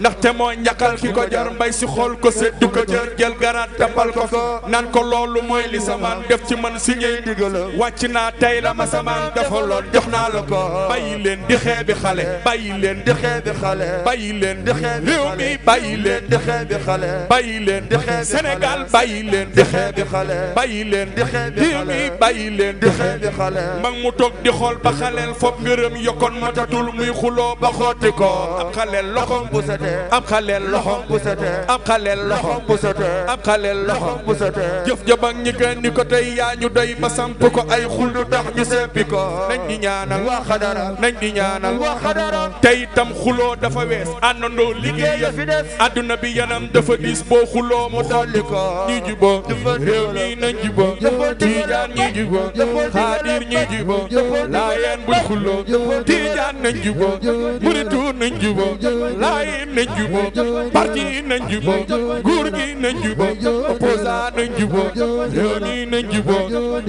ndaxte moo ñàkkal ki ko jar mbay si xool ko seddu ko jër jël garaat tabal ko ko nan ko loolu mooy li samaan def ci man si ngay digal wàcc naa tey la ma samaan defaloon jox naa la ko bàyyi leen di xeebi xale bàyyi leen di xeebi xale bàyyi leen di xeebi réew mi bàyyi leen di xeebi xale bàyyi leen di xeebi Sénégal bàyyi leen di xeebi xale leen di xeebi réew mi bàyyi leen di xeebi xale mag mu toog di xool ba xaleel foop ngërëm yokkoon matatul muy xuloo ba xooti ko ab xaleel loxoom bu setee ab xaleel loxoom bu setee tàllaleel loxo bu sa tee jëf ja mag ñi gën ni ko tey yaa ñu doy ba samp ko ay xul du tax ñu seppi ko nañ di ñaanal waa xadara nañ di ñaanal waa xadara tey itam xuloo dafa wees àndandoo liggéey fi bi yanam dafa diis boo xuloo mu dolli ko ñi jubo réew mi nañ jubo tiijaan ñi jubo xaadir ñi jubo laayeen buñ xuloo tiijaan nañ jubo muritu nañ jubo laayeen nañ jubo parti nañ jubo guur gi nañ jubo opposant nañ jubóo réew mi nañ jubóo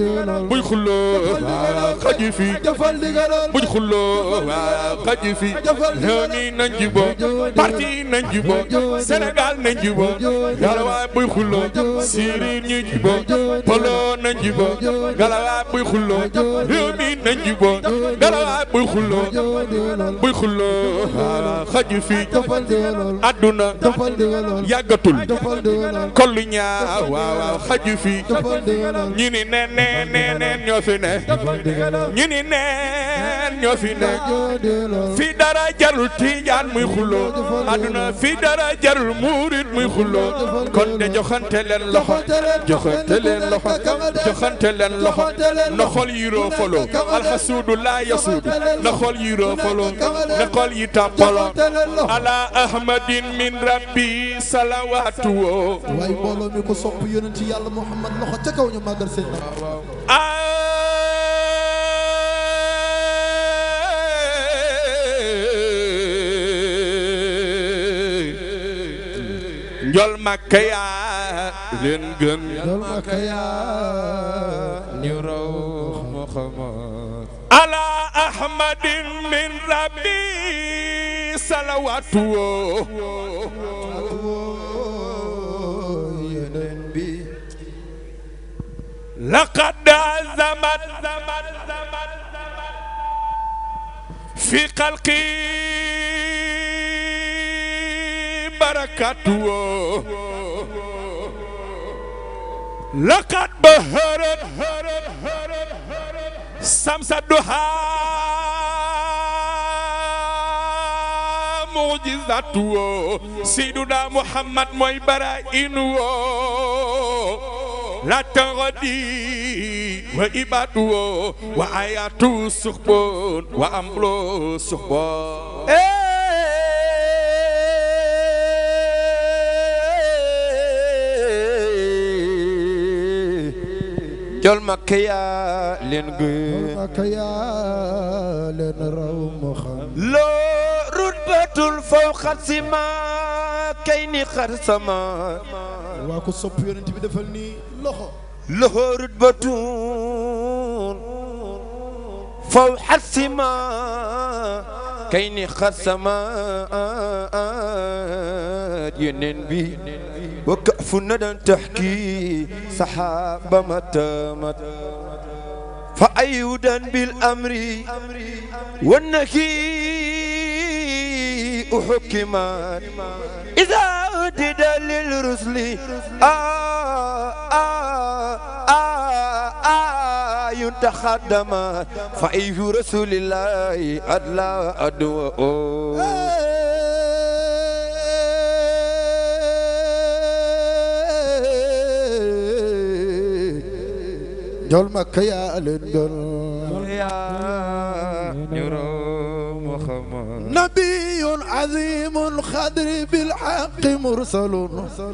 buñ xulloo xaju fi buñ xulloo parti nañ jubóo Sénégal nañ jubóo galawaay buñ xulloo Syrie ñu jubóo Polo nañ jubóo galawaay buñ xulloo réew mi nañ jubóo galawaay buñ xulloo buñ xulloo fi ñaa waaw waaw xaju fi ñu ni neen neen neen neen ñoo fi ne ñu ni neen ñoo fi ne fi dara jarul tiijaan muy xuloo aduna fi dara jarul muurit muy xuloo kon de joxante leen loxo joxante leen loxo joxante leen loxo na xol yi roofaloo alxasuudu laa yasuudu na xol yi roofaloo na xol yi tàppaloo ala ahmadin min rabbi salawaatu woo mbooloo mi ko sopp yonent yàlla Muhammad loxo ca kaw ñu màggal seen njol makka yaa leen gën njol makka yaa ñu raw Muhammad ala ahmadin min rabbi salawatu لقد زمن في خلقي بركته لقد بهرت سمس الدهى معجزته سيدنا محمد موي براينو la taradi wa ibadu wa ayatu suhbun wa amlu suhbun eh! jol makka yaa leen gën makka yaa leen raw xam loo rutbatul fawqa si ma kay ni xar sama waa ko sopp yonent bi defal nii لهور رتبة فو حسما كيني خسما ينن بي وكأف ندى تحكي سحاب متمت فأيودا بالأمر والنكير حكما إذا أدد للرسل آه، آه، آه، يتخدم فأي رسول الله أدلى أدوى دول مكة يا لندن يا نور محمد نبي عظيم خضر بالحق مرسل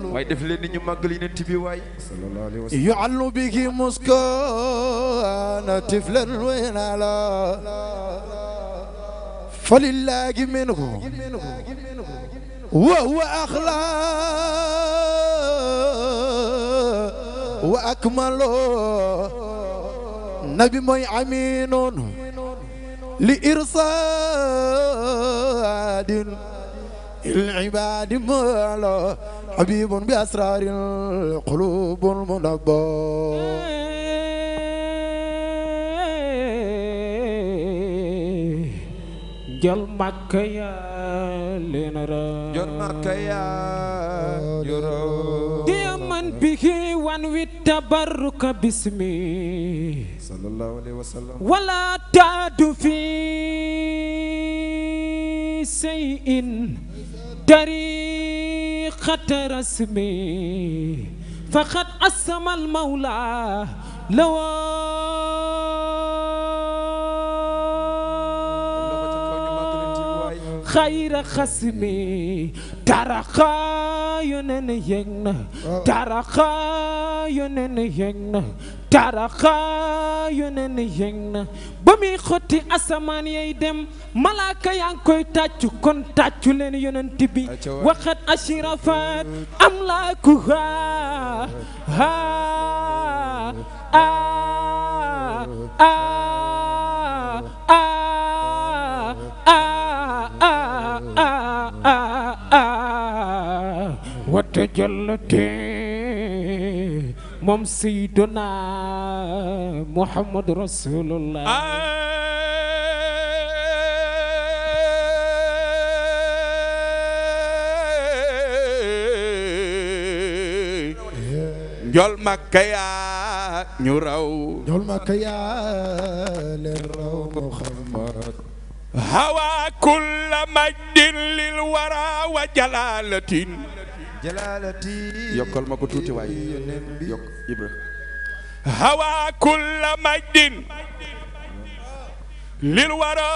واي ديف لين ني ماغلي يننت بي واي يعلو بك مسكان طفلا وين على فلله منه وهو اخلا واكمل نبي مي امينون لإرصاد العباد مولى حبيب بأسرار القلوب المنبّه jël Makka yaa leen raw jël Makka yaa ñu raw diyaman bihi wan wi tabarruka bismi صلى الله عليه وسلم ولا تعد في شيء طريقة رسمي فقد أسمى المولى لو xayra xasmi taraxa yonen yëg oh. na taraxa yonen yëg na taraxa yonen yëg na ba muy xotti asamaan yay dem malaaka yaa koy tàccu kon tàccu leen yonent bi waxat ashirafat am laa ku haa haa aa aa wata jollate moom sayyiduna muhammad rasulullah njol makka yaa ñu raw njol makka yaa leen raw هوى كل مجد للورى وجلالة جلالتي يقول ما كنت واي يق إبرة هوى كل مجد للورى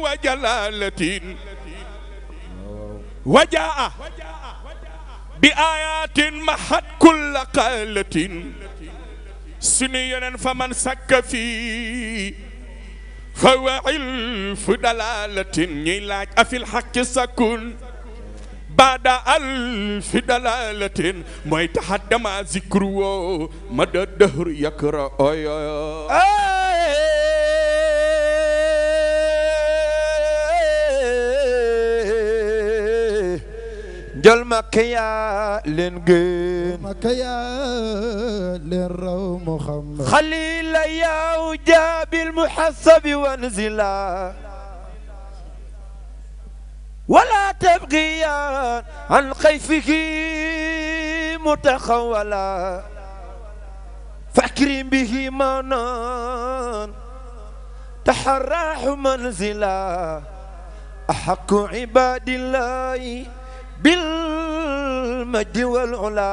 وجلالة وجاء بآيات محت كل قالة سنيا فمن سك في فهو علف دلالة يلاك أفي الحق سكون بعد ألف دلالة ما يتحدى ما ذكره مدى الدهر يكره آه! جل مكيا لنجين مكيا للرو محمد خليل يا وجاب المحسب وانزلا ولا تبغيا عن خيفه متخولا فاكرم به منان تحراح منزلا احق عباد الله بالمجد والعلا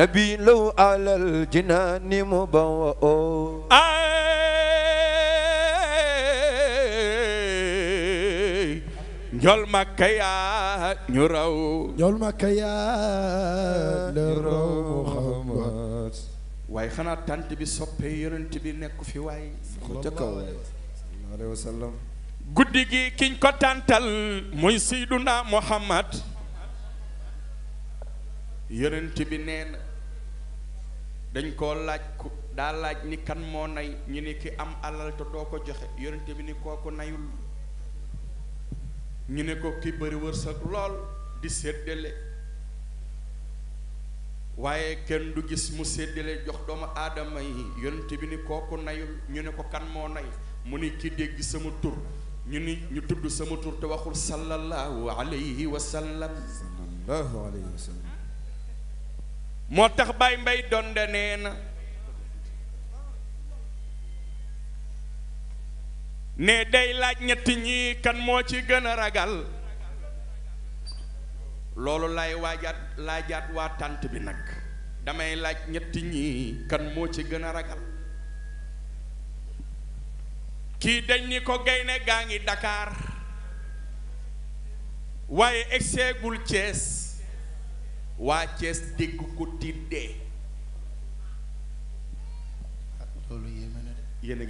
نبي لو على الجنان مبوء Njol makaya ñu raw njol makaya la raw Muhammad waaye xanaa tant bi soppe yonent bi nekk fi waay ca kaw alayhi wa sallam guddi gi kiñ ko tàntal muy Seyduna Muhammad yonent bi nee na dañ koo laaj ku daa laaj ni kan moo nay ñu ne ki am alal te doo ko joxe yonent bi ni kooku nayul ñu ne ko ki bëri lool di séddale waaye kenn du gis mu séddale jox doomu aadama yi nayul ñu ne ko kan moo nay mu ni ki dégg sama tur ñu ni ñu tudd sama tur te waxul sallallahu alayhi wa moo tax Baye Mbaye Donde nee na ne day laaj ñetti ñii kan moo ci gën a ragal loolu lay waajaat laajaat waa tànt bi nag damay laaj ñetti ñii kan moo ci gën a ragal kii dañ ni ko gaynde gaa ngi Dakar waaye egseegul Cees waa Cees dégg ko tiit dee loolu yéeme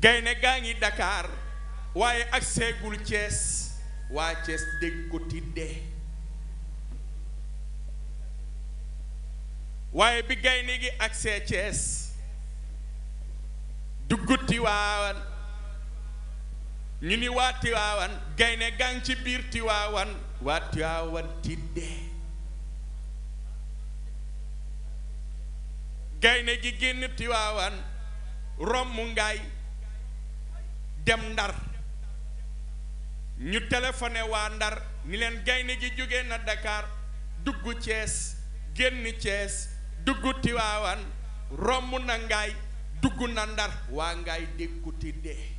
na gaa ngi Dakar waaye ak Cees waa Cees dégg ko tiit waaye bi gaynde gi ak see Cees dugg Tiwaawan ñu ni waa Tiwaawan gaynde gaa ngi ci biir Tiwaawan waa Tiwaawan tidde gaynde gi génn Tiwaawan romb ngaay dem ndar ñu téléphoné waa ndar ni leen gaynde gi jóge na Dakar dugg Cees génn Cees dugg Tiwaawan romb na ngaay dugg na ndar waa ngaay dékku tidde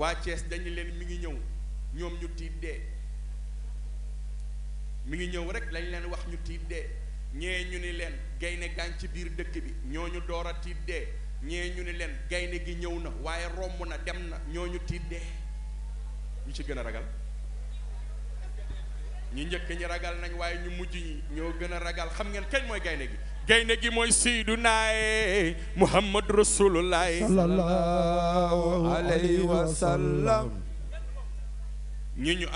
waa Cees dañu leen mi ngi ñëw ñoom ñu tiit de mi ngi ñëw rek lañ leen wax ñu tiit de ñee ñu ni leen gaynde gaañ ci biir dëkk bi ñoo ñu door a tiit dee ñee ñu ni leen gaynde gi ñëw na waaye romb na dem na ñoo ñu tiit dee ñu ci gën a ragal ñu njëkk ñi ragal nañ waaye ñu mujj ñi ñoo gën a ragal xam ngeen kañ mooy gaynde gi gaynde gi mooy siidunaaye muhammad rasulullahi sallallahu alayhi wa sallam ñu ñu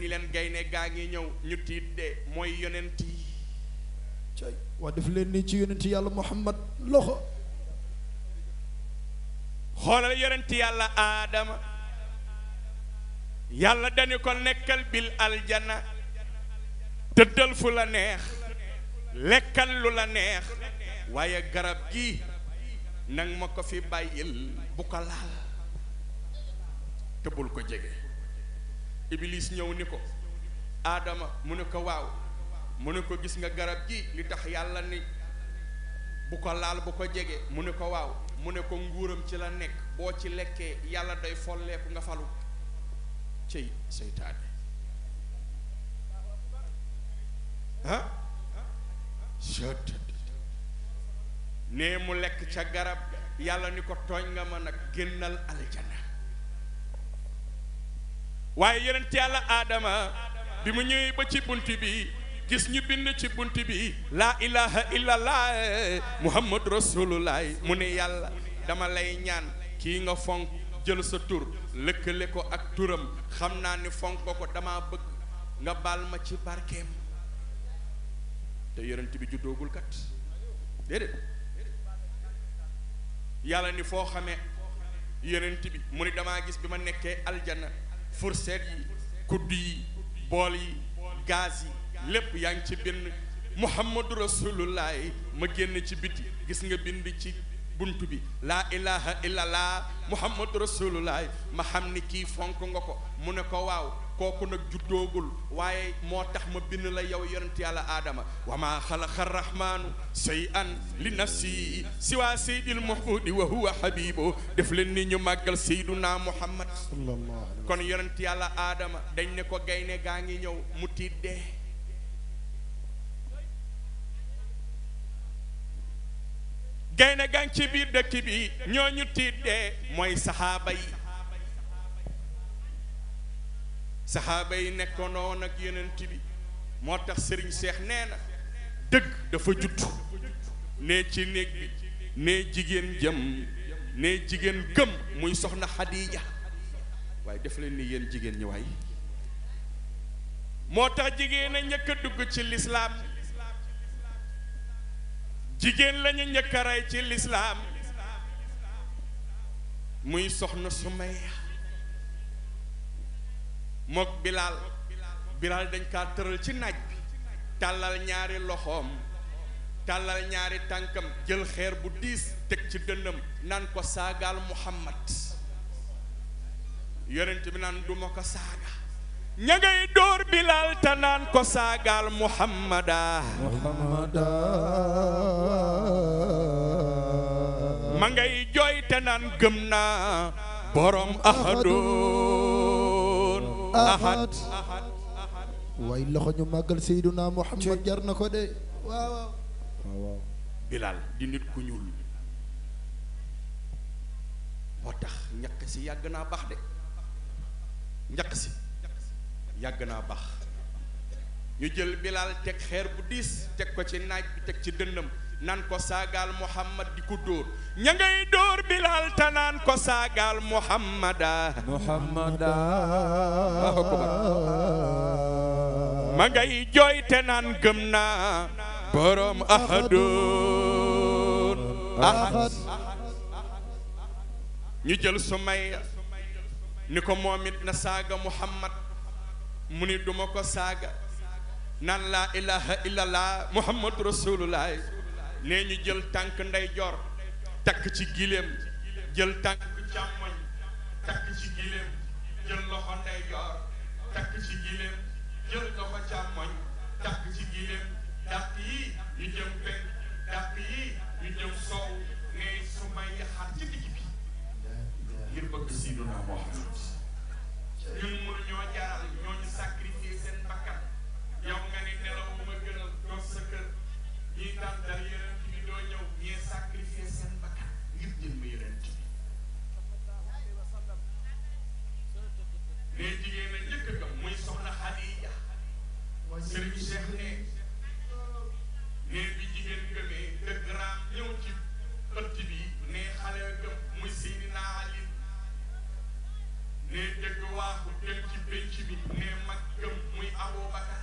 ni leen gaynde gaa ngi ñëw ñu tiit de mooy yonent yi waa def leen nii ci yonent yàlla muhammad loxo xoolal yonent yàlla aadama yàlla dañu ko nekkal bil aljana tëddal fu la neex lekkal lu la neex waaye garab gi nang ma ko fi bàyyil bu ko laal te ko jege iblis ñëw ni ko aadama mu ne ko waaw mu ne ko gis nga garab gi li tax yàlla ni bu ko laal bu ko jege mu ne ko waaw mu ne ko nguuram ci la nekk boo ci lekkee yàlla day folleeku nga falu cey seytaane ah nee mu lekk ca garab yàlla ni ko tooñ nga ma nag génnal aljana waaye yonent yàlla aadama bi mu ñëwee ba ci bunt bi gis ñu bind ci bunt bi laa ilaha illallah muhammad rasulullah mu ne yàlla dama lay ñaan kii nga fonk jël sa tur lëkkale ko ak turam xam naa ni fonk ko dama bëgg nga baal ma ci barkeem te yonent bi juddoogul kat déedéet yàlla ni foo xamee yonent bi mu ni damaa gis bi ma nekkee aljana fourchette yi kudd yi bool yi gaz yi lépp yaa ngi ci bind muhammadu rasulullahi ma génn ci biti gis nga bind ci bunt bi laa ilaha illallah muhammadu rasulullahi ma xam ni kii fonk nga ko mu ne ko waaw kooku nag juddoogul waaye moo tax ma bind la yow yonent yàlla aadama wa maa xalaqa rahmaanu say an li nafsi si waa seydil mahmudi wa huwa habibo def leen ni ñu màggal seyduna muhammad kon yonent yàlla aadama dañ ne ko gaynde gaa ngi ñëw mu tiit dee gaynde gaa ngi ci biir dëkk bi ñooñu tiit dee mooy saxaaba yi saxaaba yi nekkoon ak yeneen bi moo tax sëriñ seex nee na dëgg dafa judd nee ci néeg bi jigéen jëm nee jigéen gëm muy soxna xadiija waaye def leen ni yéen jigéen ñi waay moo tax jigéen a njëkk a dugg ci lislaam jigéen lañu njëkk rey ci lislaam muy soxna Sumayya mook bilaal bilaal dañ kaa tëral ci naaj bi tàllal ñaari loxoom tàllal ñaari tànkam jël xeer bu diis teg ci dënnam naan ko saagaal muhammad yonent bi naan duma ko saagaal muhammada muhammada ma ngay jooy te naan gëm naa borom ahadu ahad waaye loxo ñu màggal Seyduna Muhammad jar na ko de waaw waaw Bilal di nit ku ñuul moo tax ñàkk si yàgg naa baax de ñàkk si yàgg naa baax ñu jël Bilal teg xeer bu diis teg ko ci naaj teg ci dënnam nan ko saagal muhammad di ku dóor ña ngay dóor bilal ta naan ko saagal muhammada muhammada ma ngay jooy te naan gëm na borom ahadoon ahad ñu jël sumaya ni ko moom it na saaga muhammad mu ni duma ko saaga naan laa ilaha illallah muhammadu rasulullah lee ñu jël tànk ndeyjoor takk ci gileem jël tànk càmmoñ takk ci gileem jël loxo ndeyjoor takk ci gileem jël loxo càmmoñ takk ci gileem dàq yi ñu jëm penk dàq yi ñu jëm sow ngay sumay yaxaat ñoo jaral ñoo ñu seen bakkan yow nga ni nelawuma gënal toog sa kër ñiy tàntal yeneen dañoo ñëw ñee sacrifier seen bakkan ngir jëmm yonent bi les jigéen a njëkk ga muy soxna Xadiija sëriñ Cheikh ne nee bi jigéen gëmee dëgg raam ñëw ci ëtt bi ne xale gëm muy Seydina Ali ne dëgg waaxu dem ci pénc bi ne mag gëm muy Abubakar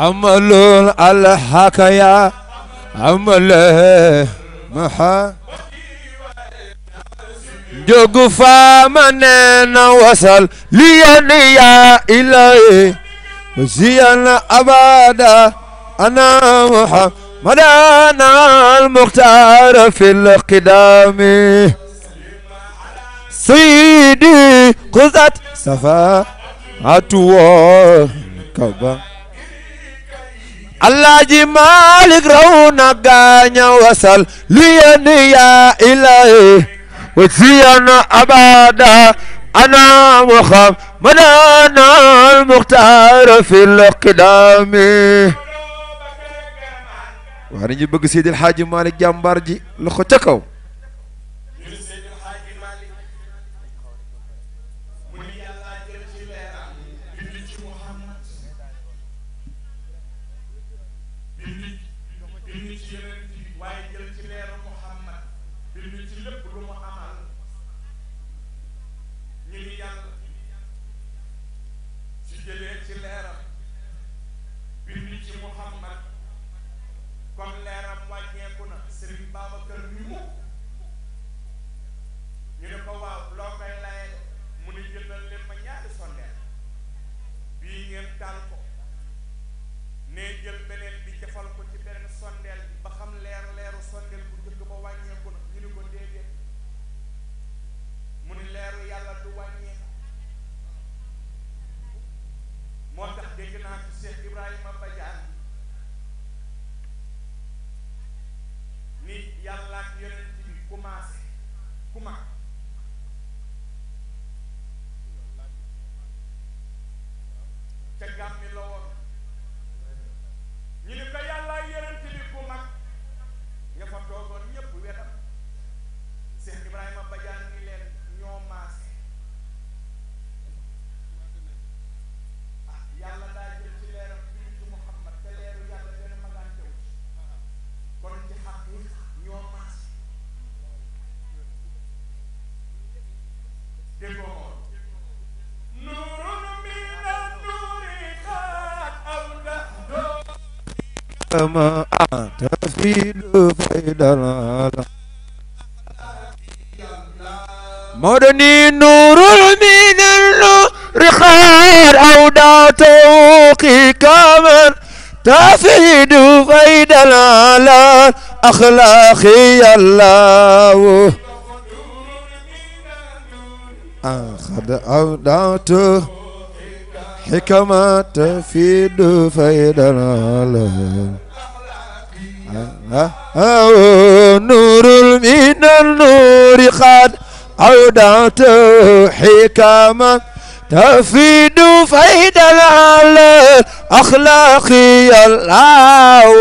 عملون على حكايا عمل محا جوجو فامننا وصل ليانيا إلهي وزيانا أبدا أنا محمد أنا المختار في القدام سيدي قزت سفا عطوة الكبار Alaaji Maalik raw na gaaña wasal lu yéene yaa ilaahi wa siyana abada ana muhammadana almuxtaar fi lqidaami waa nañu bëgg Seydil Haaji Maalik jàmbaar ji loxo ca kaw كما أنت في مرني نور من النور خير أو داتوقي كامل تفيد فيد العالم أخلاقي الله أخذ أوداته حكمة تفيد فيدا على نور من النور قد أودعت حكمة تفيد فيدا على أخلاقي الله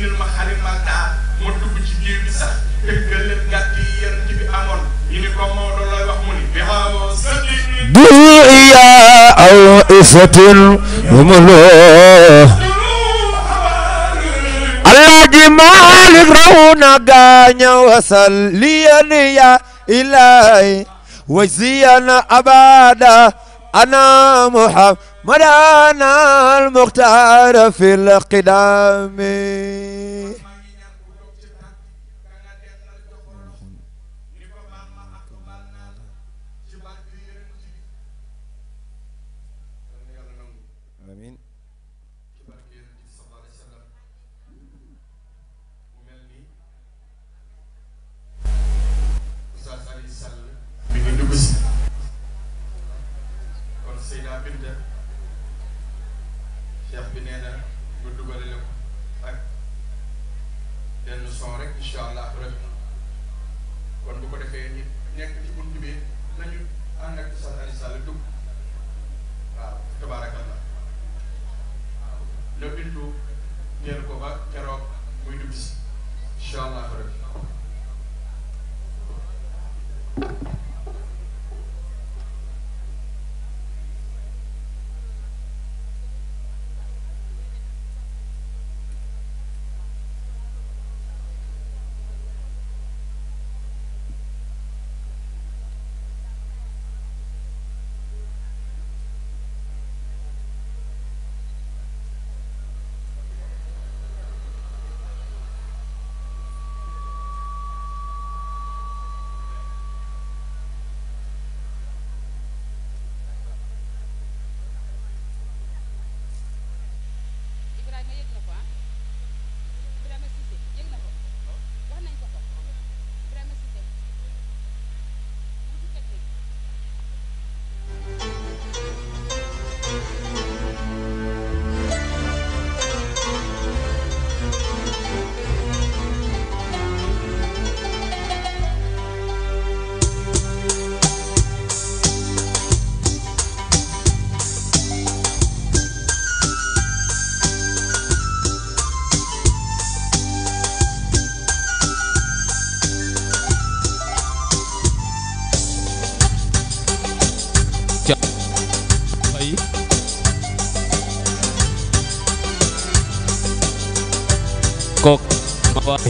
indil ma du iya aw isatin humuloo alaaji raw na gaaña wasal liyaniya ilaay wajziyana abada أنا محمد أنا المختار في القدامي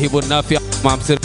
Sahibun Nafi' Imam Sir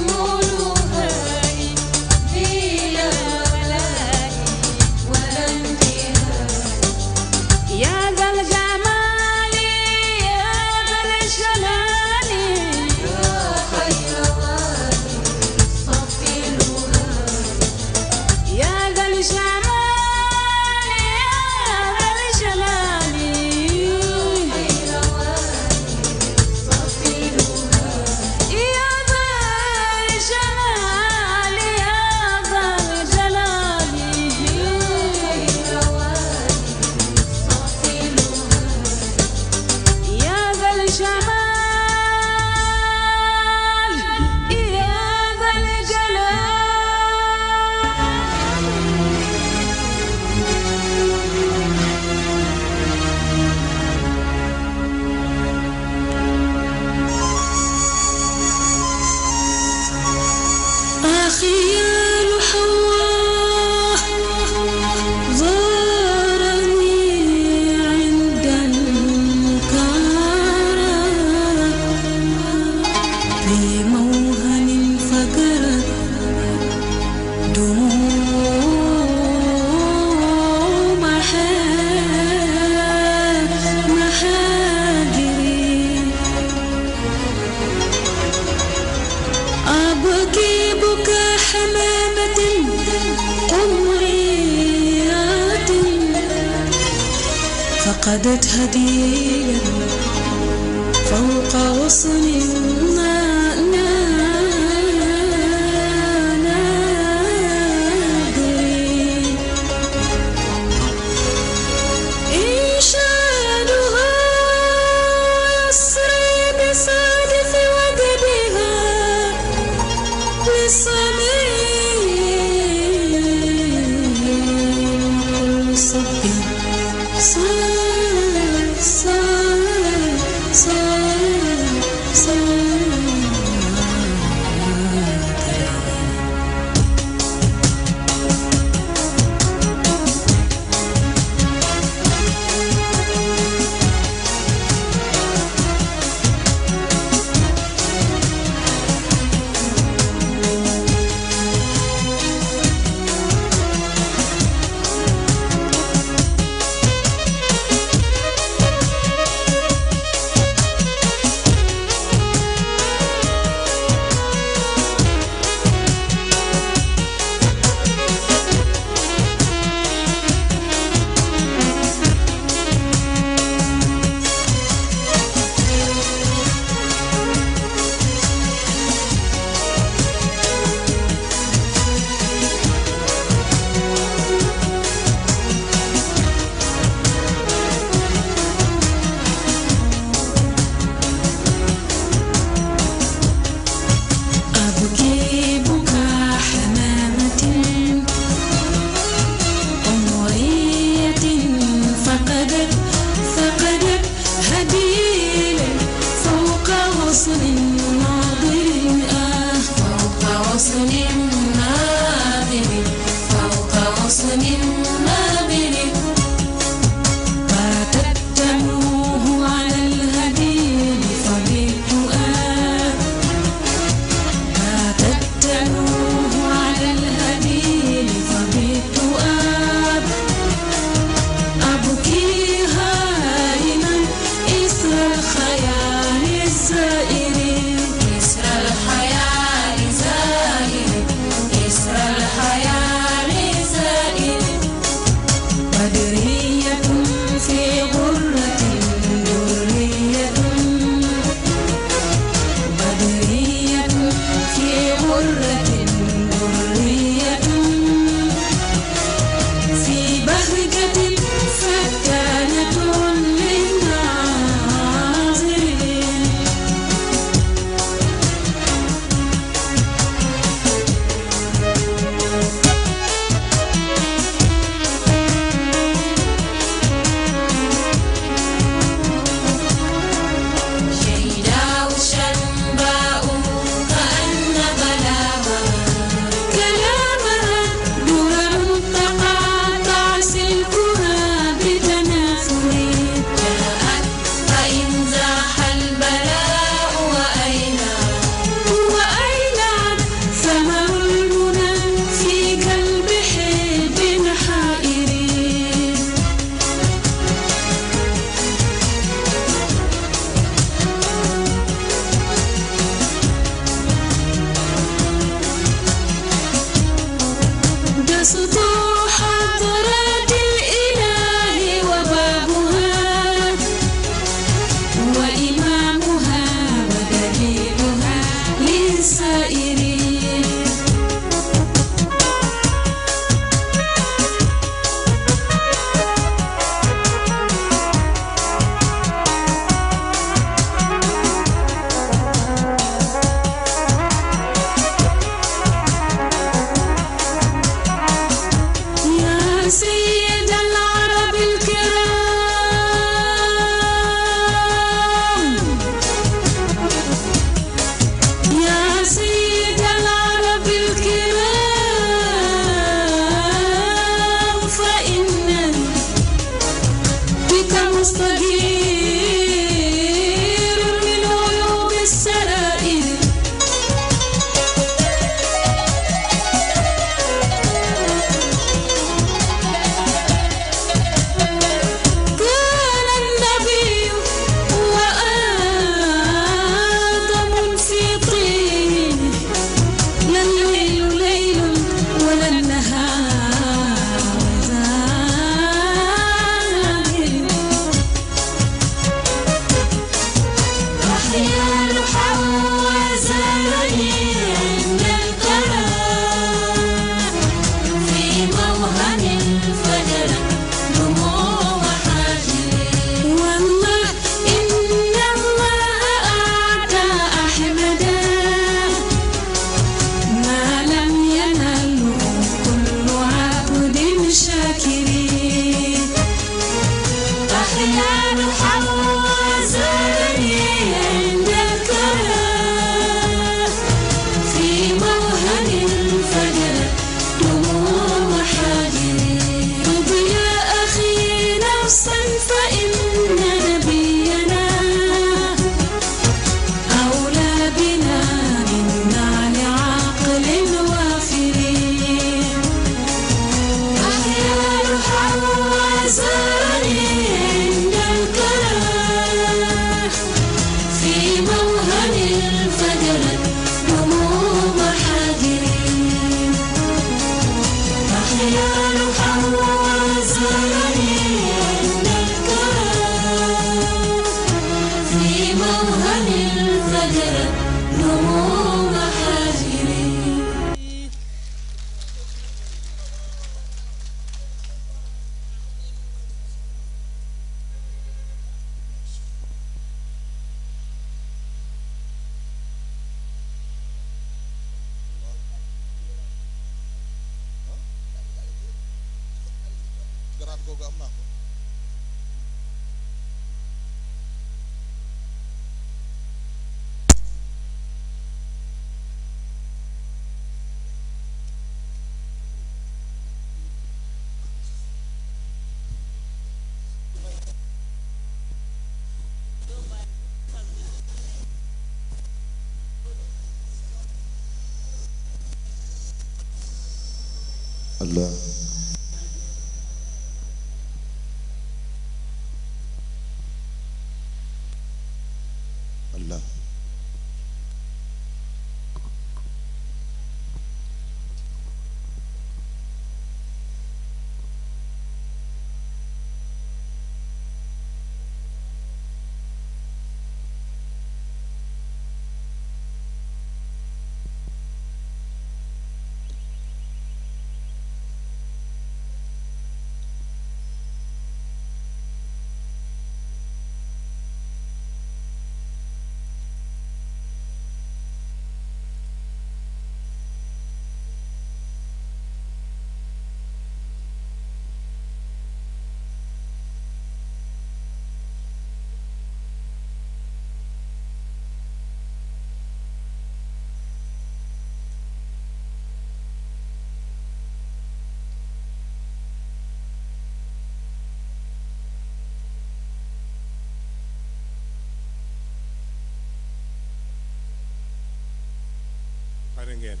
again.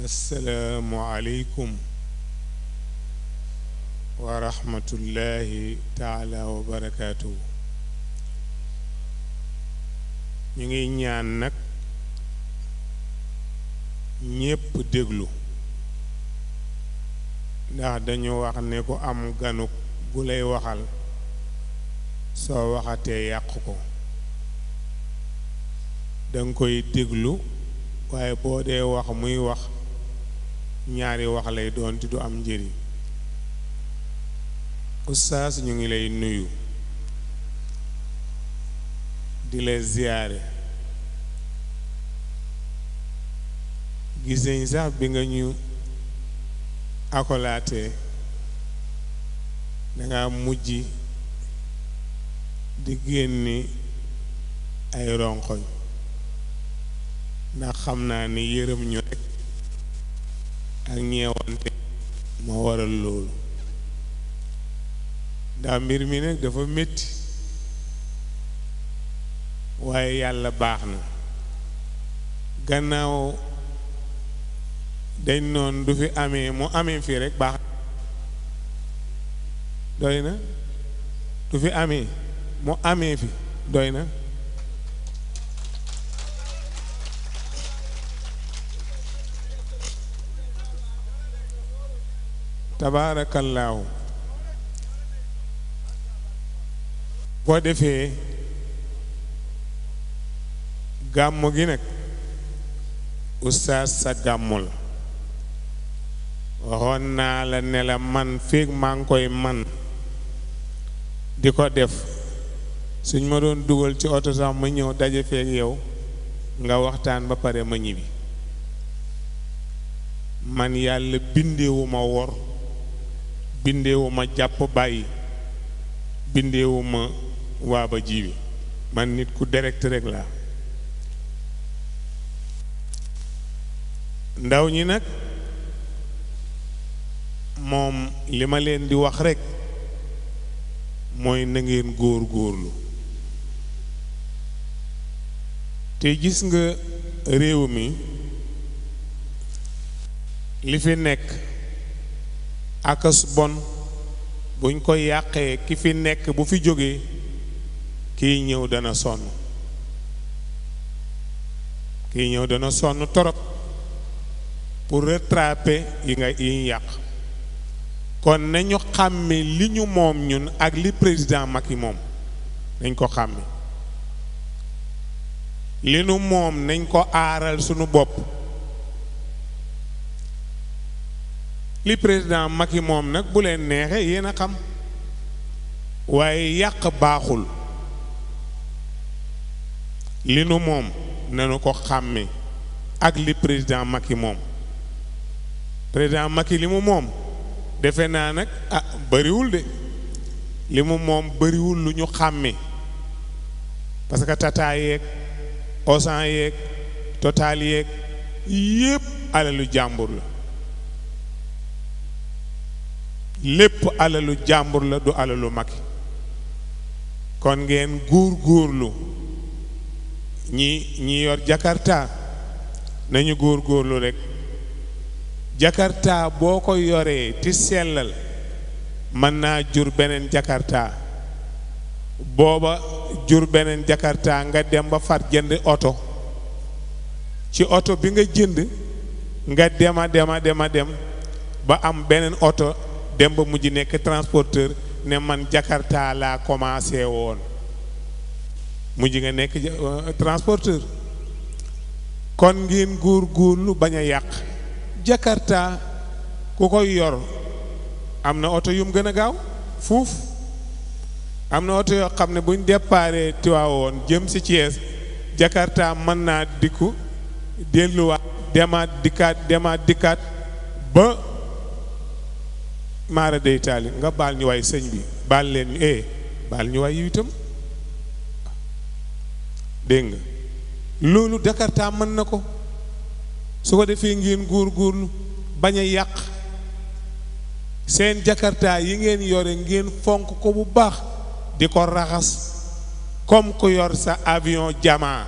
السلام عليكم ورحمة الله تعالى وبركاته ñu ngi ñaan nag ndax dañu wax ne ku am ganu bu lay waxal soo waxatee yàq ko danga koy déglu waaye boo dee wax muy wax ñaari wax lay doon du am njëriñ ustaas ñu ngi lay nuyu di la ziyaare gis nañ sax bi nga ñu akolaate danga mujj di génni ay ronkoñ ndax xam naa ni yërëm ñu rekk ak ñeewante moo waral loolu ndax mbir mi nag dafa metti waaye yàlla baax na gannaaw dañ noon du fi amee mu amee fii rek baax doy na du fi amee mu amee doy na tabaarakallaahu boo defee gàmmu gi nag ustaas sa la waxoon naa la nela man fii maa ngi koy man di ko def suñ ma doon dugal ci oto sax ma ñëw daje feeg yow nga waxtaan ba pare ma ñibbi man yàlla bindeewu ma wor bindeewu ma jàpp bàyyi bindeewu ma waaba jiwi man nit ku direct rek ndaw ñi nag moom li ma leen di wax rekk mooy na góor góorlu te gis nga réew mi li fi nekk akas bon buñ ko yàqee ki fi nekk bu fi jógee kiy ñëw dana sonn kiy ñëw dana sonn torop pour rattraper yi nga yi yàq kon nañu xàmme li ñu moom ñun ak li président Macky moom nañ ko xàmme li nu moom nañ ko aaral sunu bopp li président Macky moom nag bu leen neexee yéen a xam waaye yàq baaxul li nu moom nanu ko xàmme ak li président Macky moom président Macky li mu moom defe naa nag ah bëriwul de li moom bariwul lu ñu xàmmi parce que tata yeeg osan yeeg total yeeg alalu jàmbur la lépp alalu jàmbur la du alalu mag kon ngeen góor góorlu ñi ñi yor jakarta nañu góor góorlu rekk jakarta Boko Yore ti selal man na jur benen jakarta boba jur benen jakarta nga dem ba far jënd auto ci auto bi nga jënd nga dema dema dema dem ba am benen auto dem ba mujj nek transporteur ne man jakarta la commencé won mujj nga nek euh, transporteur kon ngeen gor gor lu baña yak Jakarta ku koy yor am na oto yum gëna gaaw fuuf am na oto yoo xam ne buñ déparé Tiwaawoon jëm si Thiès Jakarta mën naa dikku delluwaat demaat dikkaat demaat dikkaat ba maara day taali nga baal ñu way sëñ bi baal leen ñu eh baal ñu way yu itam dégg nga loolu Jakarta mën na ko su ko defee ngeen góorgóorlu bañ a yàq seen jakarta yi ngeen yore ngeen fonk ko bu baax di ko raxas comme ko yor sa avion jama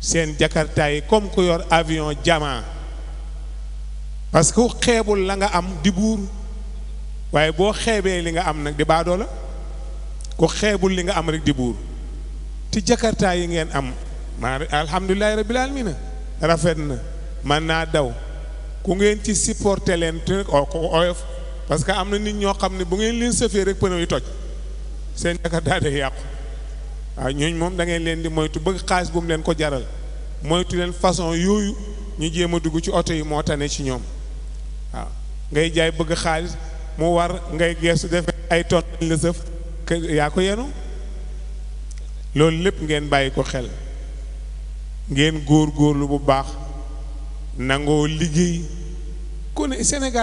Sen jakarta yi comme ko yor avion jama parce que xeebul la nga am di buur waaye boo xeebee li nga am nag di baadoo la ku xeebul li nga am rek di buur jakarta yi ngeen am maa alhamdulilahi mi na rafet na man naa daw ku ngeen ci supporté leen te oyof parce que am na nit ñoo xam ne bu ngeen leen sëfee rek pneu yi toj seen yaakaar daa yàqu waaw ñooñu moom da ngeen leen di moytu bëgg xaalis bu mu leen ko jaral moytu leen façon yooyu ñu jéem a dugg ci oto yi moo tane ci ñoom waaw ngay jaay bëgg xaalis mu war ngay geesu defee ay ton lañ la sëf yaa yenu loolu lépp ngeen bàyyi ko xel ngeen góor góorlu bu baax nangoo liggéey ku ne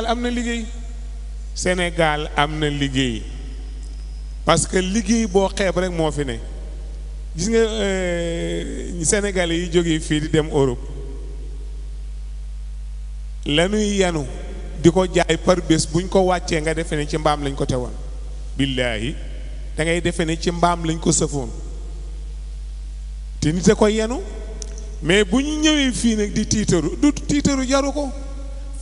am na liggéey Sénégal am na liggéey parce que liggéey boo xeeb rek moo fi ne gis nga euh, Sénégalais yi jógee fii di dem Europe lanuy yanu di ko jaay par bés buñ ko wàccee nga defe ne ci mbaam lañ ko te tewoon billaahi da ngay defe ni ci mbaam lañ ko sëfoon te nit a ko yenu mais bu ñu ñëwee fii nag di tiitaru du tiitaru jaru ko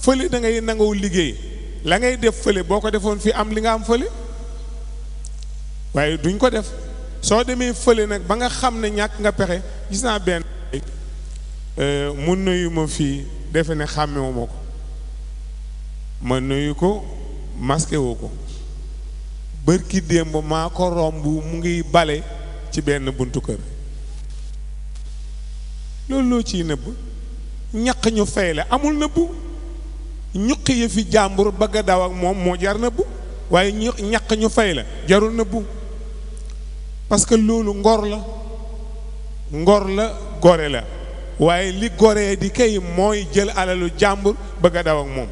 fële dangay ngay nangoo liggéey la ngay def fële boo ko defoon fii am li nga am fële waaye duñ ko def soo demee fële nag ba nga xam ne ñàkk nga pexe gis naa benn euh, mu nuyu ma fii defe ne xàmmewu ma ko ma nuyu ko masqué wu ko bërki démb maa ko romb mu ngiy bale ci benn buntu kër loolu loo ciy nëbb ñaq ñu fay la amul nëbbu ñuq yi fi jàmbur bëgg a daw ak moom moo jar nëbbu waaye ñu ñaq ñu fay la jarul nëbbu parce que loolu ngor la ngor la gore la waaye li goree di kay mooy jël alalu jàmbur bëgg a daw ak moom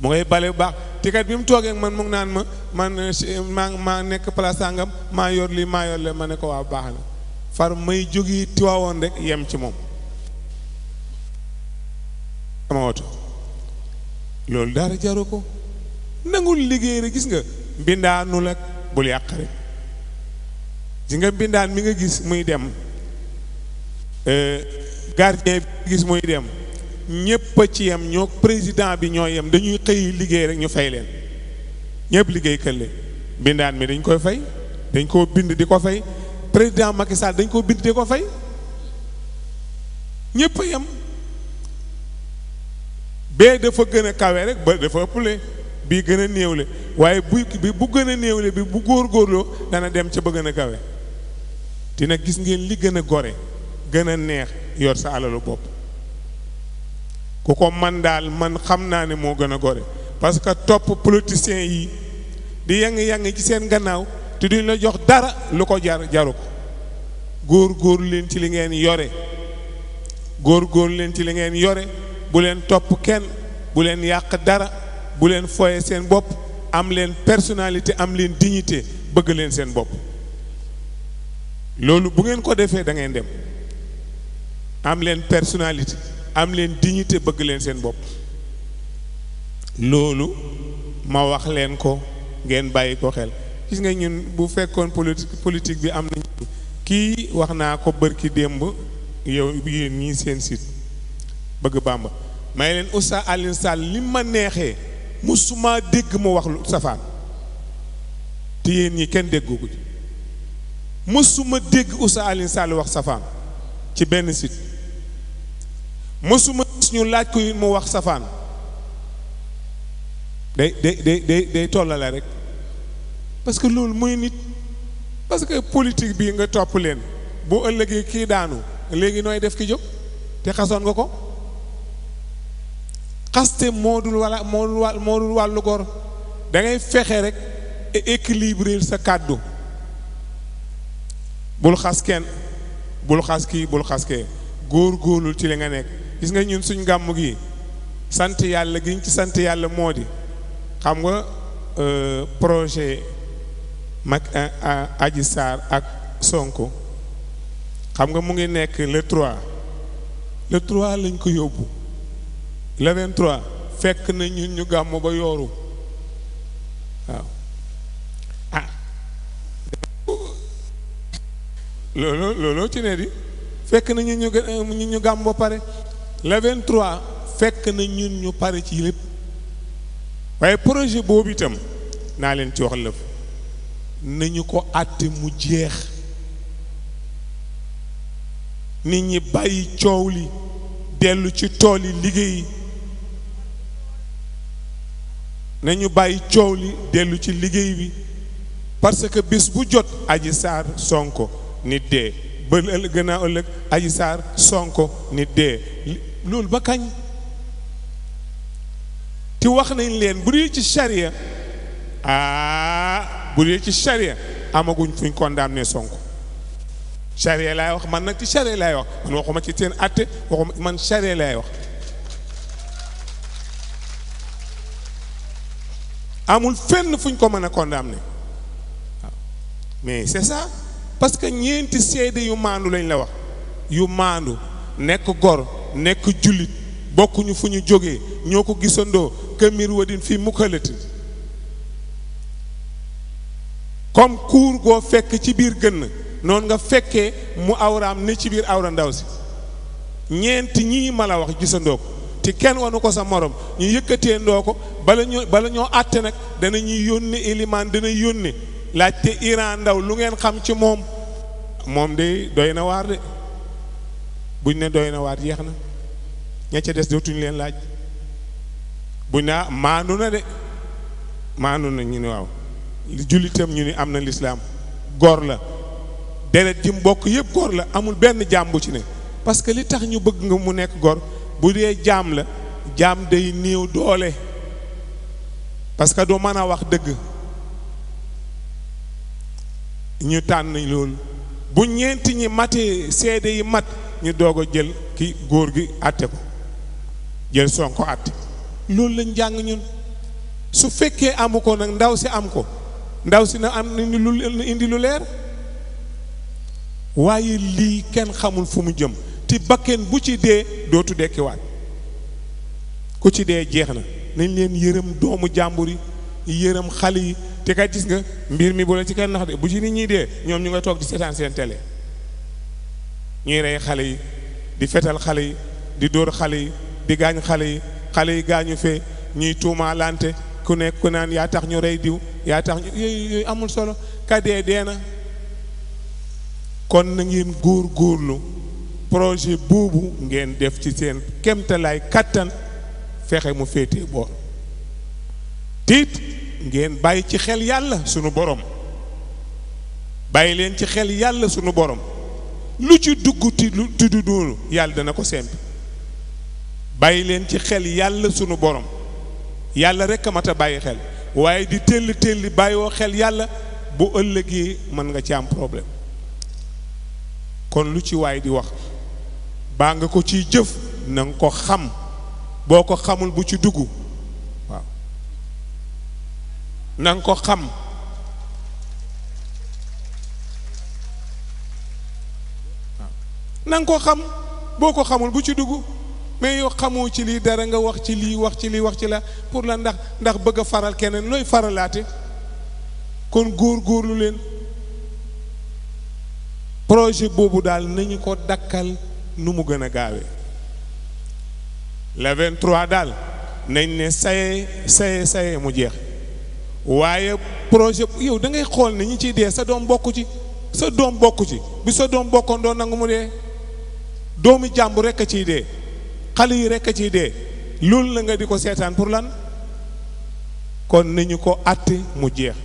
mu ngay bale bu baax te kat bi mu toogee man mu naan ma man eh, maa maa nekk place sàngam maa yor lii maa yor le ma ne ko waa baax na far may jógi tiwaawoon rek yem ci moom sama woto loolu daara jaru ko nangul liggéey rek gis nga bindaanu la bul yàq rek gis bindaan mi nga gis muy dem euh, gardien bi gis muy dem ñépp a ci yem ñoo président bi ñoo yem dañuy xëy liggéey rek ñu fay leen ñépp liggéey këlle mbindaan mi dañ koy fay dañ koo bind di ko fay président Macky Sall dañ koo bind te ko fay ñëpp a yem bee dafa gën a kawe rek ba dafa ëppale bii gën a néewle waaye bu bi bu gën a néewle bi bu góor góorloo dana dem ca ba gën a kawe dina gis ngeen li gën a gore gën a neex yor sa alalu bopp ku ko man daal man xam naa ne moo gën a gore parce que topp politiciens yi di yang yang ci seen gannaaw te duñ la jox dara lu ko jar jaru ko góor góor leen ci li ngeen yore góor góor leen ci li ngeen yore bu leen topp kenn bu leen yàq dara bu leen foye seen bopp am leen personnalité am leen dignité bëgg leen seen bopp loolu bu ngeen ko defee da ngeen dem am leen personnalité am leen dignité bëgg leen seen bopp loolu ma wax leen ko ngeen bàyyi ko xel gis nga ñun bu fekkoon politique bi am nañ kii wax naa ko bërki démb yow yéen ñii seen sit bëgg Bàmba may leen Oustaz Alioune Sall li ma neexee musuma dégg mu wax safaan te yéen ñi kenn déggu ko musuma dégg Oustaz Alioune Sall wax safaan ci benn sit musuma gis ñu laaj ko mu wax safaan day day day day tollale rek parce que loolu mooy nit parce que politique bii nga topp leen boo ëllëgee kii daanu léegi nooy def ki jóg te xasoon nga ko xaste moo dul wala moo dul wàll gor da ngay fexe rek e équilibrer sa kàddu bul xas kenn bul xas kii bul xas kee góor góorlul ci li nga nekk gis nga ñun suñ gàmm gi sant yàlla giñ ci sant yàlla moo di xam nga euh, projet mag eh, eh, aji Sarr ak sonk xam nga mu ngi nekk le 3 le 3 lañ ko yóbbu le 23 fekk na ñu gàmm ba yooru waaw ah looloo fekk na ñun ñu eh, ñu gàmm ba pare le 23 fekk na ñun ñu pare ci lépp waaye projet boobu itam naa leen ci wax lëpp nañu ko àtte mu jeex nit ñi bàyyi coow li dellu ci tool yi liggéey nañu bàyyi coow li dellu ci liggéey bi parce que bis bu jot aji saar sonko nit dee ba gannaaw ëllëg aji saar sonko nit dee loolu ba kañ te wax nañ leen bu dee ci charia ah bu dee ci charia amaguñ fuñ condamné sonk charia laay wax man nag ci charia laay wax man waxuma ci seen atte waxuma man charia lay wax amul fenn fuñ ko mën a condamné waaw mais c'est ça parce que ñeenti seede yu maandu lañ la wax yu maandu nekk gor nekk jullit bokkuñu fu ñu jógee ñoo ko gisandoo këmir wadin fii mukkalatin comme kuur goo fekk ci biir gënn noonu nga fekkee mu awraam ne ci biir awra ndaw si ñeenti ñii ma wax gisandoo ko te kenn wanu ko sa morom ñu yëkkatee ndoo ko bala ñoo bala àtte nag dana ñuy yónni ilimaan dana yónni laajte Iran ndaw lu ngeen xam ci moom moom de doy na waar de buñ ne doy na waar jeex na ña ca des dootuñu leen laaj buñ ne ah, maandu na de maandu na ñu ne waaw jullitam ñu ni am na lislaam góor la deret ji mbokk yëpp góor la amul benn jaam bu ci ne parce que li tax ñu bëgg nga mu nekk góor bu dee jaam la jaam day néew doole parce que du mën a wax dëgg ñu tànn loolu bu ñeenti ñi matee seede yi mat ñu doog a jël ki góor gi àtte ko jël Sonko àtte loolu lañ jàng ñun su fekkee amu nag ndaw si am ko ndaw si na am na indi lu leer waaye lii kenn xamul fu mu jëm te bakken bu ci dee dootu dekkiwaat ku ci dee jeex na nañ leen yërëm doomu jàmbur yi yërëm xale yi te kat gis nga mbir mi bu la ci kenn nax de bu ci nit ñi dee ñoom ñu nga toog di seetaan seen télé ñuy rey xale yi di fetal xale yi di dóor xale yi di gaañ xale yi xale yi gaañu fee ñuy tuumaalante ku nekk ku naan yaa tax ñu rey diw yaa tax yooyu yooyu amul solo kadee dee na kon na góor góorlu projet boobu ngeen def ci seen kemtalaay kàttan fexe mu féete boor tiit ngeen bàyyi ci xel yàlla sunu borom bàyyi leen ci xel yàlla sunu borom lu ci dugg ti lu tudd yàlla dana ko semp bàyyi leen ci xel yàlla sunu borom yàlla rek a mat a bàyyi xel waaye di tëll bàyyi woo xel yàlla bu ëllëgee mën nga ci am problème kon lu ci waay di wax baa nga ko ciy jëf na nga ko xam boo ko xamul bu ci dugg waaw na xam na ko xam boo ko xamul bu ci dugg mais yow xamoo ci lii dara nga wax ci lii wax ci lii wax ci la pour la ndax ndax bëgg a faral keneen looy faralaate kon góor góorlu leen projet boobu daal nañu ko dakkal nu mu gën a gaawee le 23 daal nañ ne saye saye saye mu jeex waaye projet yow da ngay xool ne ñi ciy dee sa doom bokku ci sa doom bokku ci bi sa doom bokkoon doon nangu mu dee doomi jàmbu rekk a ciy dee xale yi rekk a ciy dee loolu la nga di ko seetaan pour lan kon nañu ko àtte mu jeex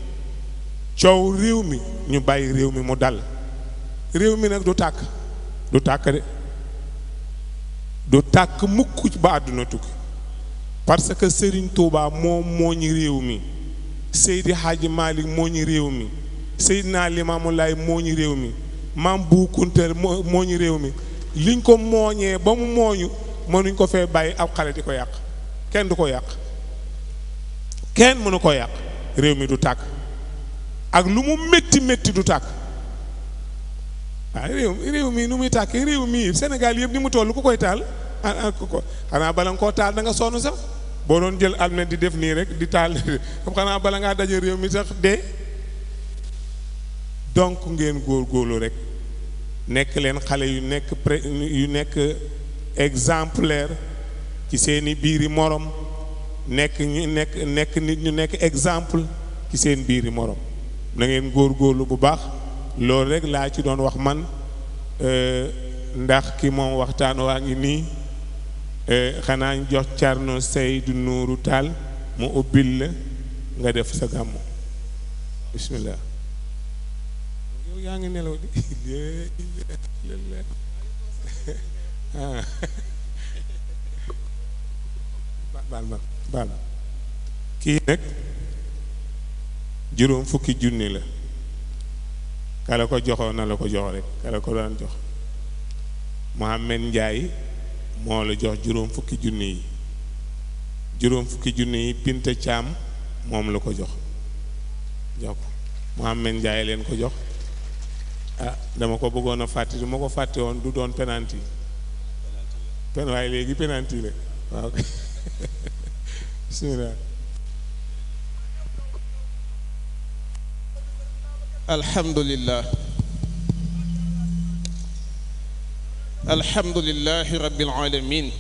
coow réew mi ñu bàyyi réew mi mu dal réew mi nag du tàkk du tàkk de du tàkk mukk ba àdduna tukki parce que Serigne Touba moom moo ñu réew mi Seydi Hadji Malick moo ñu réew mi Seydina Limaamu Laay moo ñu réew mi mam Bu Kunta moo ñu réew mi liñ ko mooñee ba mu mooñu mënuñ ko fee bàyyi ab xale di ko yàq kenn du ko yàq kenn mënu ko yàq réew mi du tàkk ak lu mu métti métti du tàkk waaw ah, réew réew mi nu muy tàkkee réew mi Sénégal yëpp ni mu tool toll ko koy taal ah, ah ko xanaa bala nga koo taal da nga sonn sax boo doon jël almet di def nii rek di taal xanaa bala ngaa daje réew mi sax dee donc ngeen góorlu rek nekk leen xale yu nekk pré yu nekk exemplaire ci seeni biiri morom nekk ñu nekk nit ñu nekk exemple ci seen biir i morom na ngeen góorlu bu baax loolu rek laa ci doon wax man euh, ndax ki moom waxtaan waa ngi nii euh, xanaa jox Thierno Seydou Nourou Tall mu ubbil la nga def sa gàmmu bismillah yaa ngi nelaw Ah. baal ma baal kii nag juróom fukki junni la kala ko joxoon na la ko jox rek kala ko daan jox Mohamed Ndiaye moo la jox juróom fukki junni yi juróom fukki junni yi Pinte Thiam moom la ko jox jox ko Mohamed Ndiaye leen ko jox ah dama ko bëggoon a fàtte du ma ko fàtte woon du doon penalty pen waaye léegi penanti la waaw الحمد لله الحمد لله رب العالمين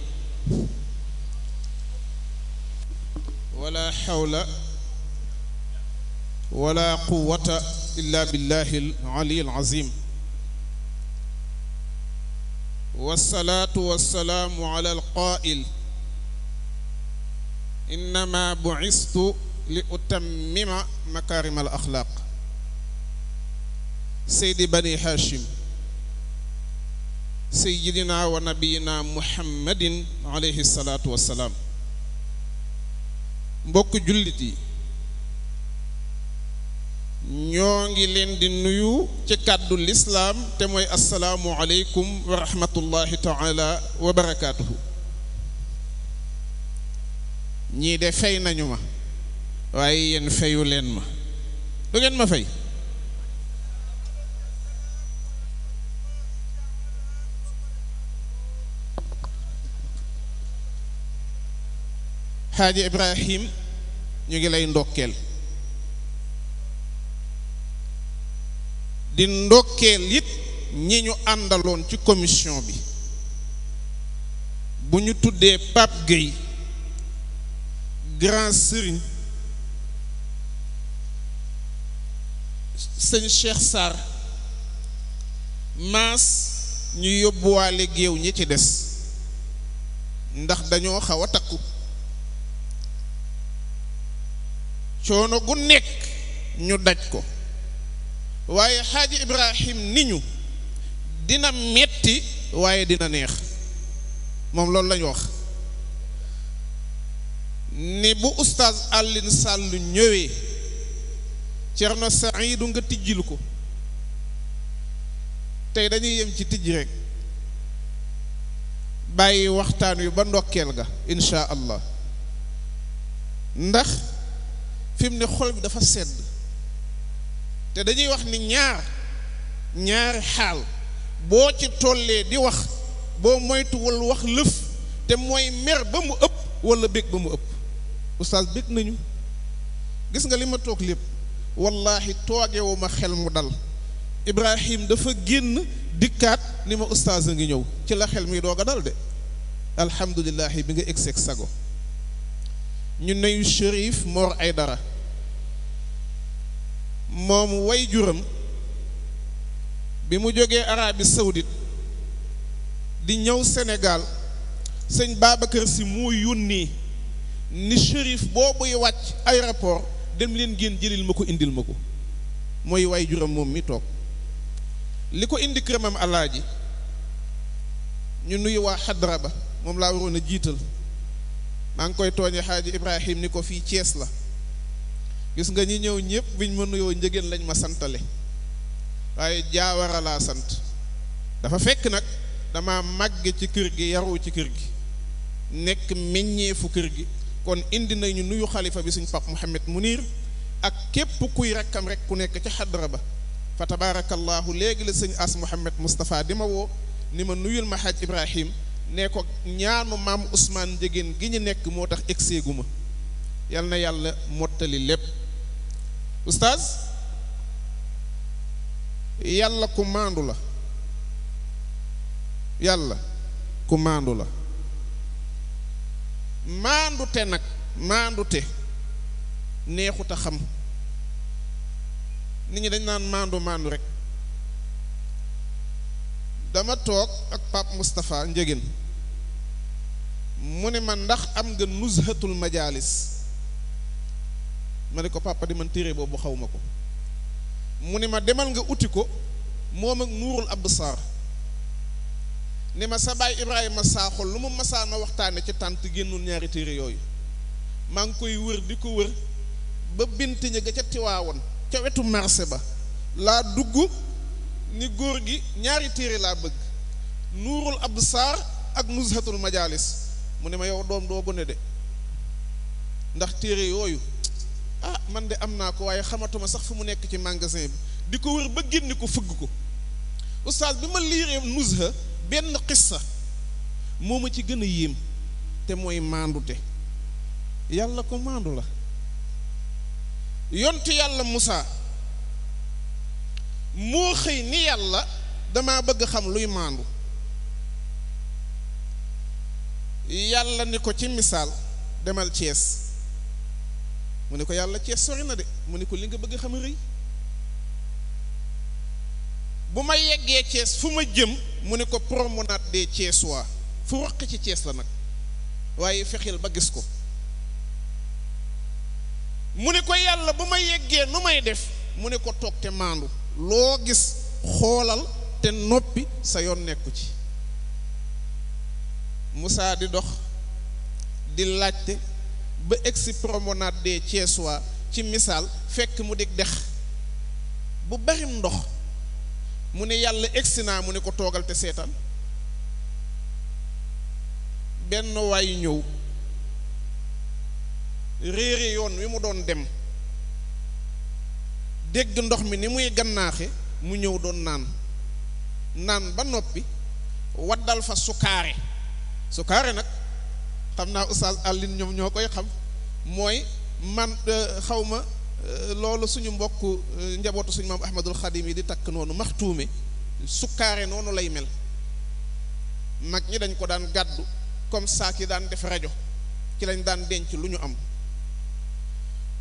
ولا حول ولا قوة إلا بالله العلي العظيم والصلاة والسلام على القائل إنما بعثت لأتمم مكارم الأخلاق سيد بني هاشم سيدنا ونبينا محمد عليه الصلاة والسلام بوك جلتي ñongi len di nuyu ci kàddu l'islam te moy assalamu alaykum wa rahmatullahi taala wa barakatuh ñi de fay nañu ma waye yéen fayu len ma du ngeen ma fay xaaji ibrahim ñu ngi lay ndokkel di ndokkeel it ñi ñu àndaloon ci commission bi bu ñu tuddee Pape Gueye grand sëriñ sëñ Cheikh Sarr maas ñu yóbbuwaale géew ñi ci des ndax dañoo xaw a takku coono gu nekk ñu daj ko waaye xaaji ibrahim ni ñu dina metti waaye dina neex moom loolu lañu wax ni bu ustaaz Alioune Sall ñëwee Cerno Saidu nga tijjil ko tey dañuy yem ci tijj rekk bàyyi waxtaan wi ba ndokkeel ga insha allah ndax fi mu ne xol bi dafa sedd te dañuy wax ni ñaar ñaari xaal boo ci tollee di wax boo moytuwul wax lëf te mooy mer ba mu ëpp wala bég ba mu ëpp oustaz bég nañu gis nga li ma toog lépp wallaahi toogewu ma xel mu dal Ibrahim dafa génn dikkaat li ma oustaz a ngi ñëw ci la xel mii doog a dal de alhamdulilah bi nga egg seeg sago ñu nuyu Chérif ay dara moom way juram bi mu jógee Arabie Saoudite di ñëw Sénégal sëñ kër si mu yónni ni shérif boobuy wàcc aéroport dem leen génn jëlil ma ko indil ma ko mooy way juram moom mi toog li ko indi këramam alaaji ñu nuyu waa xadra ba moom laa waroon a jiital maa ngi koy tooñe xaaji Ibrahim ni ko fii Cees la gis nga ñi ñëw ñëpp biñ ma nuyoo njëgéen lañ ma santale waaye jaawara sant dafa fekk nag dama màgg ci kër gi yaru ci kër gi nekk meññeefu kër gi kon indi nañu nuyu xalifa bi suñ pap Mouhamed Munir ak képp kuy rakkam rek ku nekk ci xadra ba fa tabaarakallaahu léegi la suñu as Mouhamed Moustapha di ma woo ni ma nuyul ma xaj Ibrahim ne ko ñaanu maam usmaan Njëgeen gi ñu nekk moo tax egseegu ma yal na yàlla mottali lépp oustaz yàlla ku maandu la yàlla ku maandu la maandute nag maandute neexut a xam nit ñi dañ naan maandu maandu rek dama toog ak Pape Moustapha Ndiéguène mu ne ma ndax am nga nuzhatul majaalis ma ne ko papa di man téere boobu xaw ma ko mu ne ma demal nga uti ko moom ak nuurul absaar ne ma sa baay Ibrahima saaxol lu mu masaan ma waxtaane ca tànt génnul ñaari téere yooyu maa ngi koy wër di ko wër ba bint ña ga ca tiwaawoon ca wetu marché ba laa dugg ni góor gi ñaari téere laa bëgg nuurul absaar ak nuzhatul majalis mu ne ma yow doom doo gone de ndax téere yooyu ah man de am naa ko waaye xamatuma sax fu mu nekk ci magasin bi di ko wër ba génne ko fëgg ko oustaz bi ma liiree nuzha benn xissa moo ma ci gën a yéem te mooy maandute yàlla ko maandu la yontu yàlla Musaa moo xëy ni yàlla damaa bëgg xam luy maandu yàlla ni ko ci misaal demal Cees mu ne ko yàlla cees sori na de mu ne ko li nga bëgg xam rëy bu ma yeggee cees fu ma jëm mu ne ko poromonaat dee des Thiessois fu roq ci cees la nag waaye fexeel ba gis ko mu ne ko yàlla bu ma yeggee nu may def mu ne ko toog te maandu loo gis xoolal te noppi sa yoon nekku ci musaa di dox di laajte ba egsi promenade des Thiessois ci misaal fekk mu dig dex bu bari ndox mu ne yàlla egsi naa mu ne ko toogal te seetaan benn waay ñëw réere yoon wi mu doon dem dégg ndox mi ni muy gannaaxe mu ñëw doon naan naan ba noppi waddal fa sukaare sukaare nag xam naa oustaz Aline ñoom ñoo koy xam mooy man euh, xaw ma euh, loolu suñu mbokk euh, njabootu suñu maam ahmadul xadim yi di takk noonu maxtuume sukkaare noonu lay mel mag ñi dañ ko daan gàddu comme saa yi daan def rajo ci lañ daan denc lu ñu am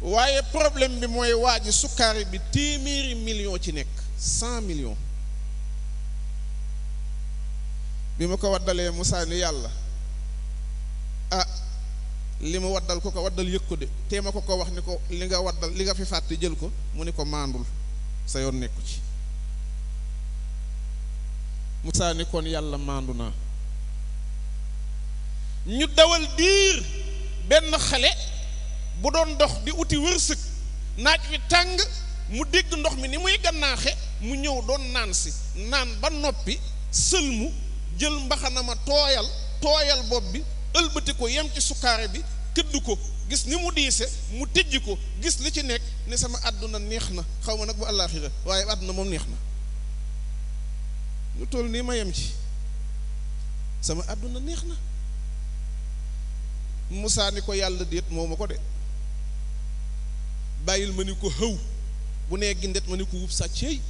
waaye problème bi mooy waa ji sukkaare bi téeméeri million ci nekk cent million bi ma ko waddalee Moussa ni yàlla ah li mu waddal ko ko waddal yëg ko de téema ko ko wax ni ko li nga waddal li nga fi fàtte jël ko mu ni ko maandul sa yoon nekku ci Musaa ni kon yàlla maandu naa ñu dawal diir benn xale bu doon dox di wuti wërsëg naaj wi tàng mu dégg ndox mi ni muy gannaaxe mu ñëw doon naan si naan ba noppi sëlmu jël mbaxana ma tooyal tooyal bopp bi ëlbati ko yem ci sukkaare bi këdd ko gis ni mu diise mu tëjj ko gis li ci nekk ne sama àdduna neex na xaw ma nag bu àllaaxira waaye àdduna moom neex na lu toll nii ma yem ci sama àdduna neex na Musaa ni ko yàlla déet moo ma ko de bàyyil ma ni ko xëw bu nee gindet ma ni ko wub sàcceey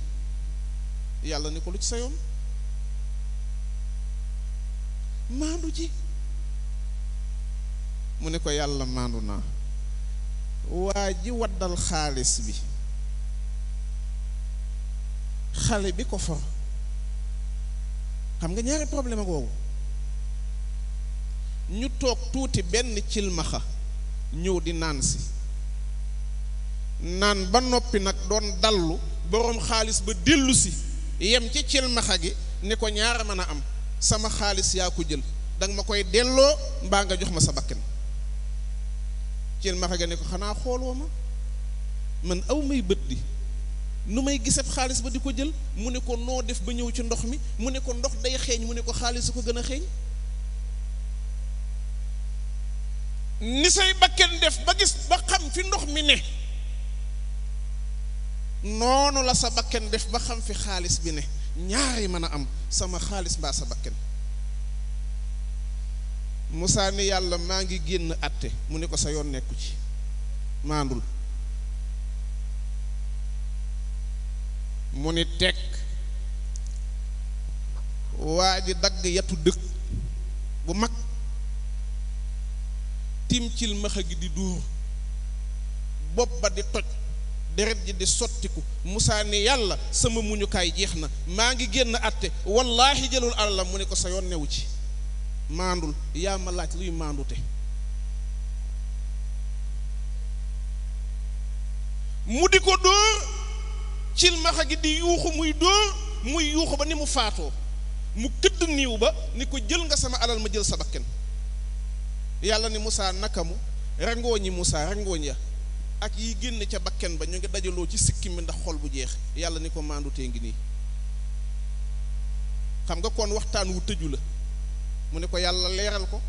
yàlla ni ko lu ci sa yoon maandu ji mu ne ko yàlla maandu naa waa ji waddal xaalis bi xale bi ko for xam nga ñaari problème googu ñu toog tuuti benn cilmaxa ñëw di naan si naan ba noppi nag doon dallu boroom xaalis ba dellu si yem ci cilmaxa gi ni ko ñaara mën a am sama xaalis yaa ko jël danga ma koy delloo mbaa nga jox ma sa bakkan ci ma xega ne ko xana xol wama man aw may bët di nu may gisab ba diko jël muné ko no def ba ñëw ci ndox mi muné ko ndox day xéñ muné ko xaliss ko gëna xéñ ni say bakken def ba gis ba xam fi ndox mi ne nonu la sa bakken def ba xam fi xaliss bi ne ñaari mëna am sama xaliss ba sa bakken Moussa ne yàlla maa ngi génn àtte mu ne ko sa yoon nekku ci maandul mu ni tekk waa ji dagg yatu dëkk bu mag tim cilmaxa maxa gi di dóor bopp ba di toj deret ji di sottiku Moussa ne yàlla sama muñukaay jeex na maa ngi génn àtte wallaahi jëlul alalam mu ne ko sa yoon newu ci maandul yaa ma laaj luy maandute mu di ko dóor cilmaxa gi di yuuxu muy dóor muy yuuxu ba ni mu faatoo mu këdd niiw ba ni ko jël nga sama alal ma jël sa bakken yàlla ni Musaa naka mu rangooñi Musaa rangooñ ya ak yi génn ca bakken ba ñu ngi dajaloo ci sikkim bi ndax xol bu jeex yàlla ni ko maandutee ngi nii xam nga kon waxtaan wu tëju la mu ne ko yàlla leeral ko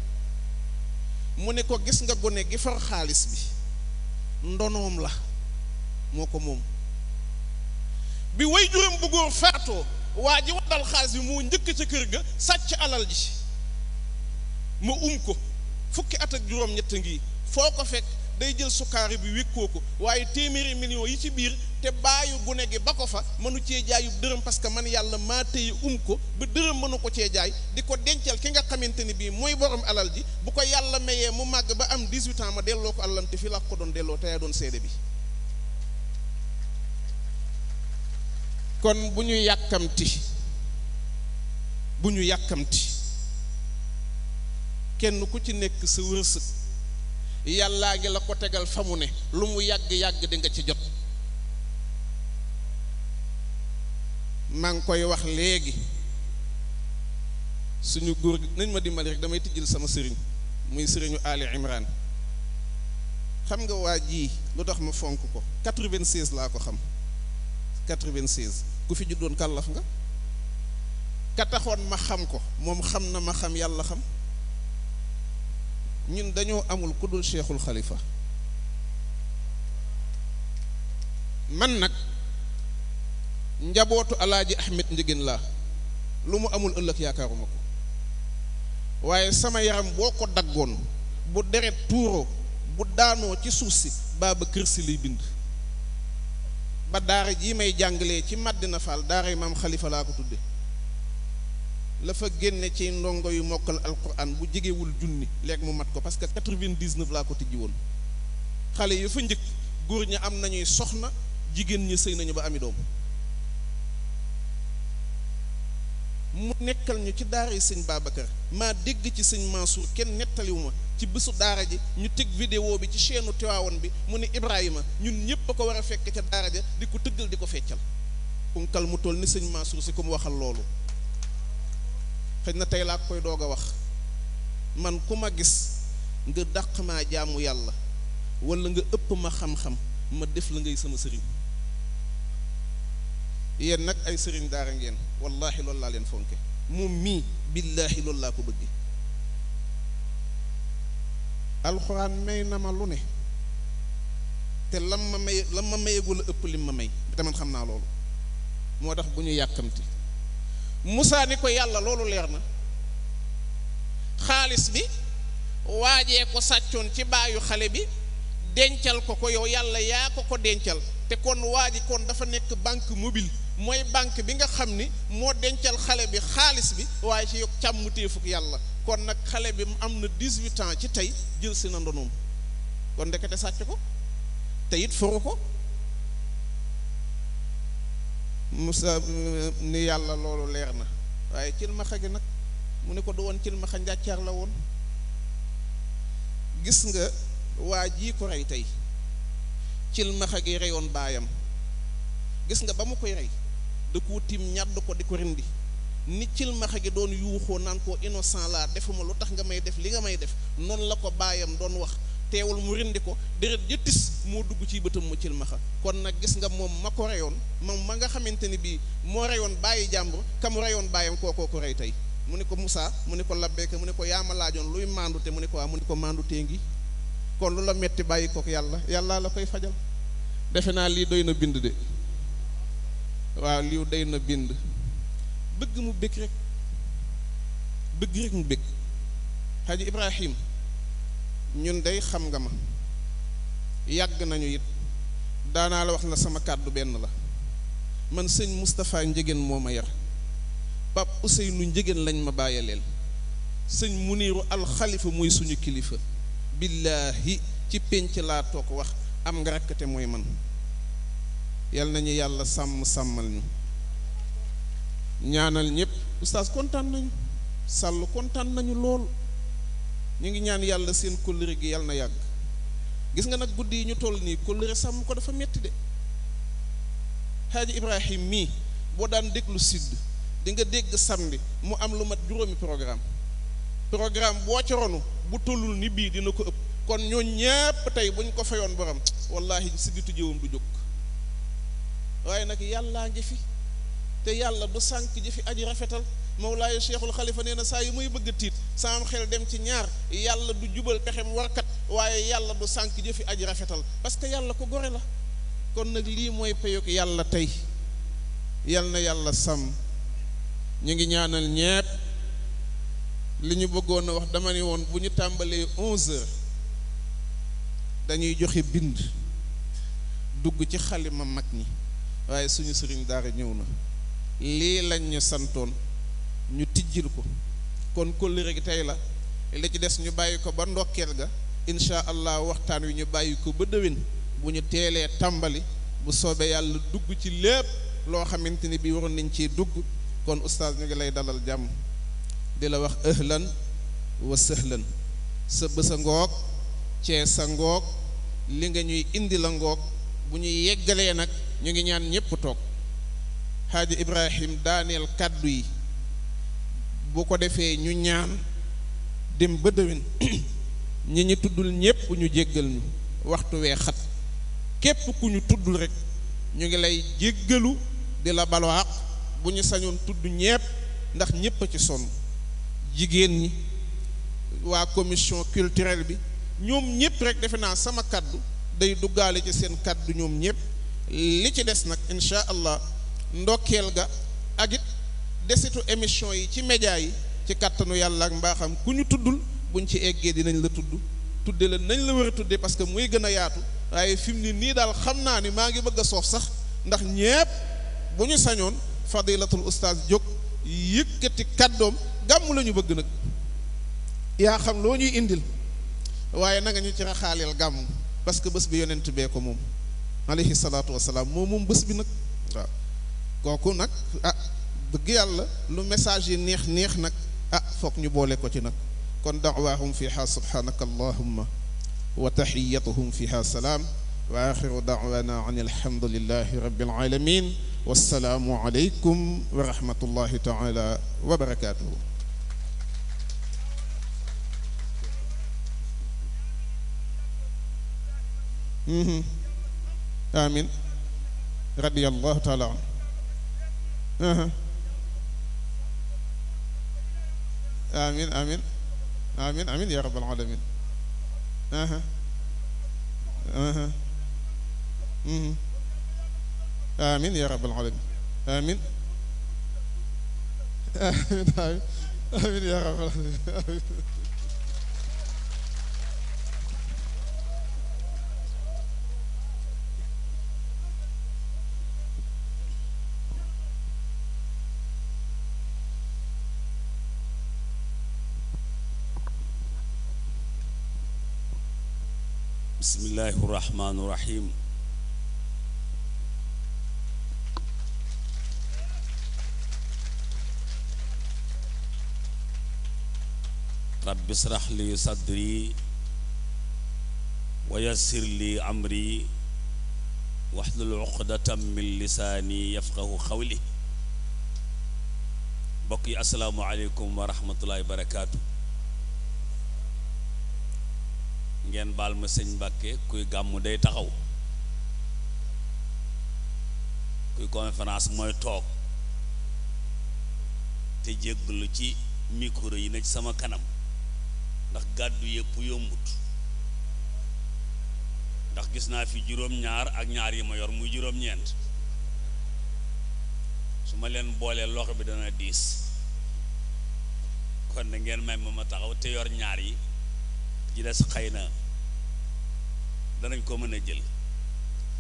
mu ne ko gis nga gone gi far xaalis bi ndonoom la moo ko moom bi way juróom bu góor faatoo waa ji waddal xaalis bi moo njëkk ca kër ga sàcc alal ji ma um ko fukki at ak juróom-ñett ngi foo ko fekk day jël sukkaari bi wékkoo ko waaye téeméeri millions yi ci biir te baayu gune gi ba ko fa mënu cee jaayu dërëm parce que man yàlla maa téye um ko ba dërëm mënu ko cee jaay di ko dencal ki nga xamante ni bii mooy borom alal ji bu ko yàlla mayee mu màgg ba am 18 ans ma delloo ko alalam te fii laa ko doon delloo te yaa doon seede bi. kon bu ñu yàkkamti bu ñu yàkkamti kenn ku ci nekk sa wërsëg. yàllaa ngi la ko tegal fa mu ne lu mu yàgg-yàgg di nga ci jot maa ngi koy wax léegi suñu góor gi nañ ma dimbali rek damay tijjil sama sëriñ muy sëriñu Ali Imran xam nga waa jii lu tax ma fonk ko 96 laa ko xam 96 ku fi juddoon kàllaf nga ka taxoon ma xam ko moom xam na ma xam yàlla xam ñun dañoo amul ku dul cheikhul khalifa man nag njabootu alaaji ahmed njëgin laa lu mu amul ëllëg yaakaaruma ko waaye sama yaram boo ko daggoon bu deret tuuroo bu daanoo ci suuf si baaba kër liy bind ba daara ji may jàngalee ci Madina Fall daara yi maam xalifa laa ko tudde la fa génne ci ndongo yu mokkal alquran bu jegewul junni léegi mu mat ko parce que 99 laa ko tijji woon xale yu fa njëkk góor ñi am nañuy soxna jigéen ñi sëy nañu ba ami doom mu nekkal ñu ci daara yi sëñ Babacar maa dégg ci sëñ Mansour kenn nettaliwu ma ci bésu daara ji ñu teg vidéo bi ci chaîne Tivaouane bi mu ne Ibrahima ñun ñëpp a ko war a fekk ca daara ja di ko tëggal di ko feccal kunkal mu toll ni sëñ Mansour si ko mu waxal loolu xëy na tey laa koy doog a wax man ku ma gis nga dàq maa jaamu yàlla walla nga ëpp ma xam-xam ma def la ngay sama sëriñ yéen nag ay sëriñ daara ngeen wallaahi loolu laa leen fonke moom mii billaahi loolu laa ko bëgge alxuraan may na ma lu ne te lam ma may lam ma mayegul ëpp lim ma may tamit xam naa loolu moo tax bu ñu yàkkamti Moussa ni ko yàlla loolu leer na xaalis bi waajee ko sàccoon ci bàyyi xale bi dencal ko ko yow yàlla yaa ko ko dencal te kon waaji kon dafa nekk banque mobile mooy banque bi nga xam ni moo dencal xale bi xaalis bi waaye ci yokk càmmuteefuk yàlla kon nag xale bi am na dix-huit ans ci tey jël si na ndonoom kon ndekete sàcc ko te it ko Moussa ni yàlla loolu leer na waaye cilmaxa gi nag mu ne ko du woon cilmaxa njàccaar la woon gis nga waa jii ko rey tey cilmaxa gi reyoon baayam gis nga ba mu koy rey da ko tim ñàdd ko di ko rindi ni cilmaxa gi doon yuuxoo naan ko innocent laa defuma lu tax nga may def li nga may def noonu la ko baayam doon wax teewul mu rendi ko deret jëttis moo dugg ci bëtam mu cilmaxa kon nag gis nga moom ma ko reyoon ma nga xamante ni bii moo reyoon bàyyi jàmbur ka mu reyoon bàyyam kookoo ko rey tey mu ne ko Moussa mu ne ko labbeeka mu ne ko yaama laajoon luy maandu te mu ne ko waa mu ne ko maandu tee ngi kon lu la metti bàyyi kook yàlla yàlla la koy fajal defe naa lii doy na bind de waaw lii doy na bind bëgg mu bëgg rek bëgg rek mu bëgg xaji Ibrahim ñun day xam nga ma yag nañu it la wax na sama kàddu ben la man sëñ mustapha Njëgéen moma yar pap Ousseynou Njëgéen lañ ma bayalel Al Khalifa moy suñu kilifa billahi ci pench la tok wax am nga rakete moy man yal nañu yalla sam samal ñu ñaanal ñep oustaz kontaan nañu sàll kontaan nañu lool ñu ngi ñaan yalla seen kóllëre gi yalla na yag gis nga nak guddii ñu toll ni kóllëre sam ko dafa metti de haji ibrahim mi bo daan déglu sidd di nga dégg samedi mu am lu mat juróomi programme programme boo ci ronu bu tollul ni bii dina ko ëpp kon ñoo ñépp tey buñ ko fayoon borom wallahi sidditu jëwam du jóg waaye nag yàllaa ngi fi te yàlla du sànk ji fi aji rafetal Mawlaaya Cheikhul Xalifa nee na saa yi muy bëgg tiit sama xel dem ci ñaar yàlla du jubal pexem warkat waaye yàlla du sànk jëfi aj rafetal parce que yàlla ko gore la kon nag lii mooy peyog yàlla tey yal na yàlla sàmm ñu ngi ñaanal ñepp li ñu bëggoon a wax dama ne woon bu ñu tàmbalee onze heures dañuy joxe bind dugg ci xalima mag ñi waaye suñu sëriñ daara ñëw na lii lañ ñu santoon ñu tijjil ko kon kóllëre gi tey la li ci ñu ba ga insha allah waxtaan wi ñu bàyyi ko ba déwén bu ñu teelee tàmbali bu dugg ci bi nañ dugg kon oustaz ñu ngi lay dalal jàmm di wax ahlan wa sahlan sa bësa ngoog cee sa ngoog li nga ñuy indi la bu ñu ñu ngi ñaan ibrahim Daniel kàddu yi bu ko defee ñu ñaan dem ba déwén ñi ñu tuddul ñépp ñu jéggal ñu waxtu wee xat képp ku ñu tuddul rek ñu ngi lay jéggalu di la baloo bu ñu sañoon tudd ñépp ndax ñépp a ci sonn jigéen ñi waa commission culturelle bi ñoom ñépp rek defe naa sama kàddu day duggaale ci seen kàddu ñoom ñépp li ci des nag incha allah ndokkeel ga ak desitu émission yi ci média yi ci kàttanu yàlla ak mbaaxam ku ñu tuddul buñ ci eggee dinañ la tudd tudde la nañ la war a tudde parce que muy gën a yaatu waaye fi mu ni nii daal xam naa ni maa ngi bëgg a soof sax ndax ñépp bu ñu sañoon fadilatul oustaz jóg yëkkati kàddoom gàmm la ñu bëgg nag yaa xam loo ñuy indil waaye na nga ñu ci raxaaleel gàmm parce que bés bi yonent bee ko moom alayhi salaatu wasalaam moom moom bés bi nag waaw kooku nag ah بغي الله لو ميساج نيخ نيخ نك اه فوك ني بوله كو تي نك كون دعواهم فيها سبحانك اللهم وتحيتهم فيها سلام واخر دعوانا عن الحمد لله رب العالمين والسلام عليكم ورحمه الله تعالى وبركاته امين رضي الله تعالى عنه huh. آمين آمين آمين آمين يا رب العالمين أها أها أها آمين يا رب العالمين آمين آمين آمين, آمين يا رب العالمين آمين بسم الله الرحمن الرحيم رب اشرح لي صدري ويسر لي امري واحلل عقدة من لساني يفقه قولي بقي السلام عليكم ورحمة الله وبركاته ngeen baal ma sëñ Mbàkke kuy gàmmu day taxaw kuy conférence mooy toog te jéggalu ci micro yi na ci sama kanam ndax gàddu yëpp yombut ndax gis naa fi juróom-ñaar ak ñaar yi ma yor muy juróom-ñeent su ma leen boolee loxo bi dana diis kon na ngeen may ma ma taxaw te yor ñaar yi ji des xëy na danañ ko mën a jël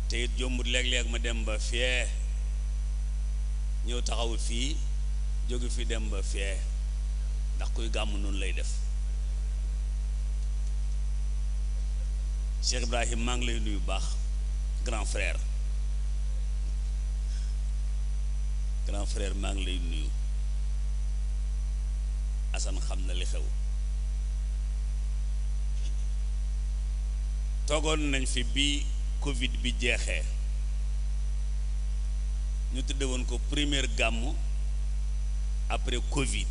te it jombut léeg-léeg ma dem ba fee ñëw taxaw fii jóge fi dem ba fee ndax kuy gàmm noonu lay def Cheikh Ibrahim maa ngi lay nuyu baax grand frère grand frère maa ngi lay nuyu Assane xam na li xew toogoon nañ fi bi Covid bi jeexee ñu tudde woon ko première gàmmu après Covid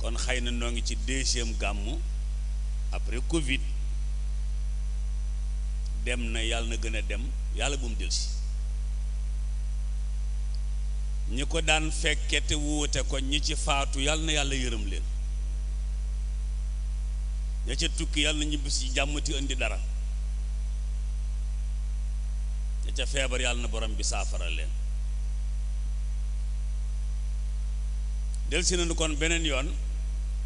kon xëy na noo ngi ci deuxième gàmmu après Covid dem na yàlla na gën a dem yàlla bu mu dellusi ñi ko daan fekkete wuute ko ñi ci faatu yàlla na yàlla yërëm leen ya ca tukki yàlla na ñibbi si jàmm ti indi dara ya ca feebar yàlla na borom bi saafara leen del si nañu kon beneen yoon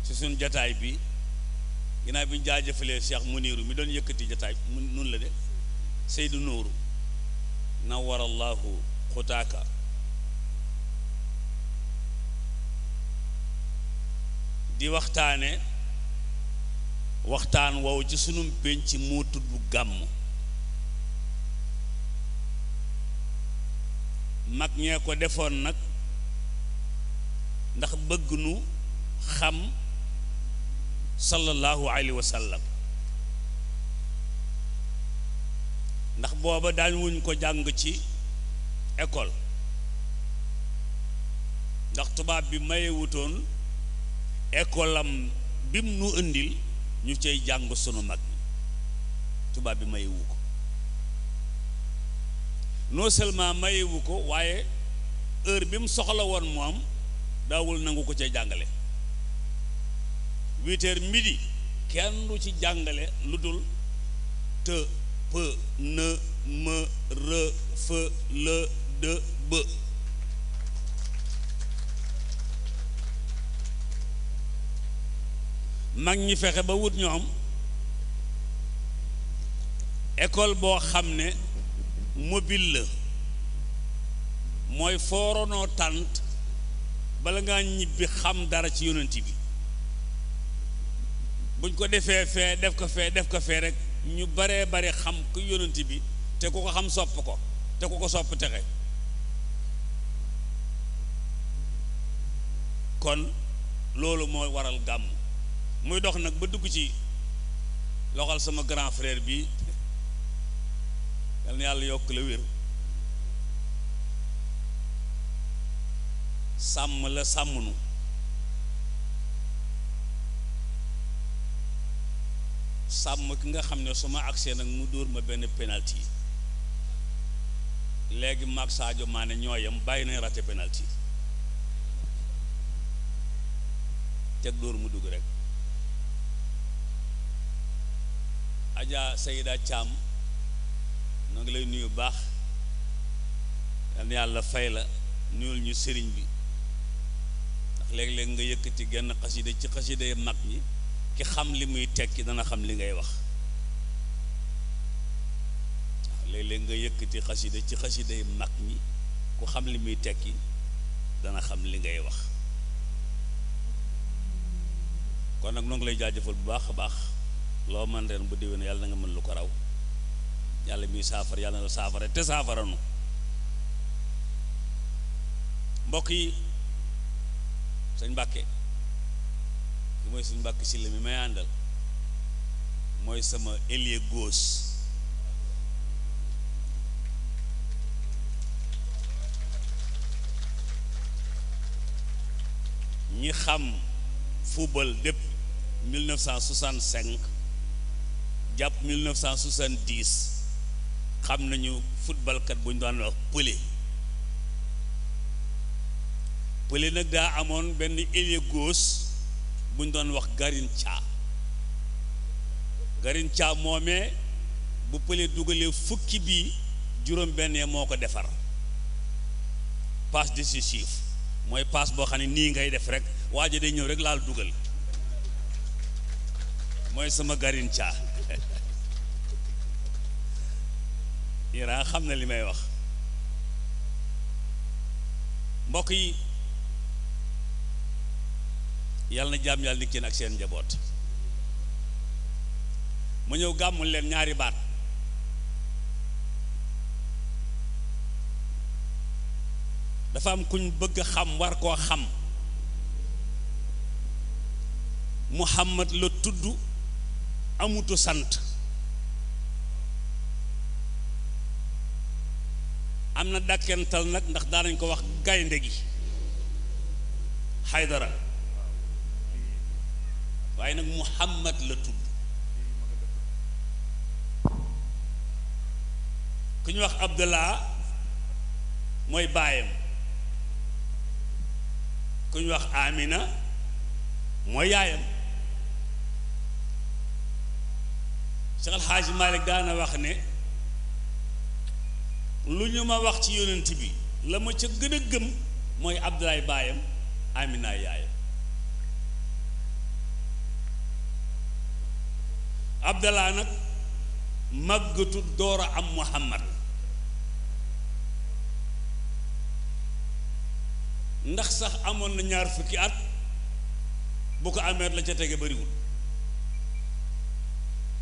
ci suñu jataay bi ginnaaw bi ñu jaajëfalee Cheikh Muniru mi doon yëkkati jataay mu nun la de Seydou Nuuru nawarallaahu xutaaka di waxtaane waxtaan wow ci sunum pénc moo tudd gàmm mag ñee ko defoon nag ndax bëgg nu xam sallallahu alayhi wa ndax booba daañ wuñ ko jàng ci école ndax tubaab bi mayewutoon école am bim nu indil ñu cay jàng sunu mag tubaab bi mayewu ko non seulement mayewu ko waaye heure bi mu soxla woon moom daawul nangu ko cay jàngale huit heures midi kenn du ci jàngale lu dul te p n m r f l d b mag ñi fexe ba wut ñoom école boo xam ne mobile la mooy fooronoo tànt bala ngaa ñibbi xam dara ci yonent bi buñ ko defee fee def ko fee def ko fee rek ñu baree bari xam ku yonent bi te ku ko xam sopp ko te ku ko sopp texe kon loolu mooy waral gàmm muy dox nak ba dugg ci loxal sama grand frère bi yalla yalla yok le wir sam la samnu sam ki nga xamne suma accès ma mu door ma ben penalty léegi mak Sadio Mané ñoyam bayina raté penalty teg door mu dugg rek Adja Sayida Thiam noo ngi lay nuyu baax yal yàlla fay la nuyul ñu sëriñ bi ndax léeg-léeg nga yëkkati genn xasida ci xasida yi mag ñi ki xam li muy tekki dana xam li ngay wax léeg-léeg nga yëkkati xasida ci xasida yi mag ñi ku xam li muy tekki dana xam li ngay wax kon nag noo ngi lay jaajëfal bu baax a baax loo man ren bu déwén yàlla na nga mën lu ko raw yàlla muy saafara yàlla na saafara te saafara mbokk yi sëñ Mbàkke ki mooy sëñ Mbàkke si la mi may àndal mooy sama ailier gauche ñi xam football depuis japp 1970 xam nañu footballkat bu ñu daan wax Pelé Pelé nak da amone ben ailier gauche buñ doon wax garincha garincha momé bu Pelé dugalé fukki bi juróom ben moo ko Pas passe décisive mooy passe boo xam ne ngay def rek waji day ñew rek laal dugal moy sama garincha Iran xam na li may wax mbokk yi yàlla na jaam yàlla nit ak seen njaboot mu ñëw gàmmul leen ñaari baat dafa am kuñ bëgg xam war koo xam Muhammad la tudd amutu sant amna na dàkkental nag ndax daanañ ko wax gaynde gi haydara waaye nak muhammad la tudd kuñ wax abdullah moy bayam kuñ wax amina moy yayam Cheikh Alxaaji Malik daana wax ne lu ñu ma wax ci yonent bi la ma ca gën a gëm mooy Abdoulaye baayam Amina yaayam Abdallah nag màggatul door a am Muhammad ndax sax amoon na ñaar fukki at bu ko amee la ca tege bariwul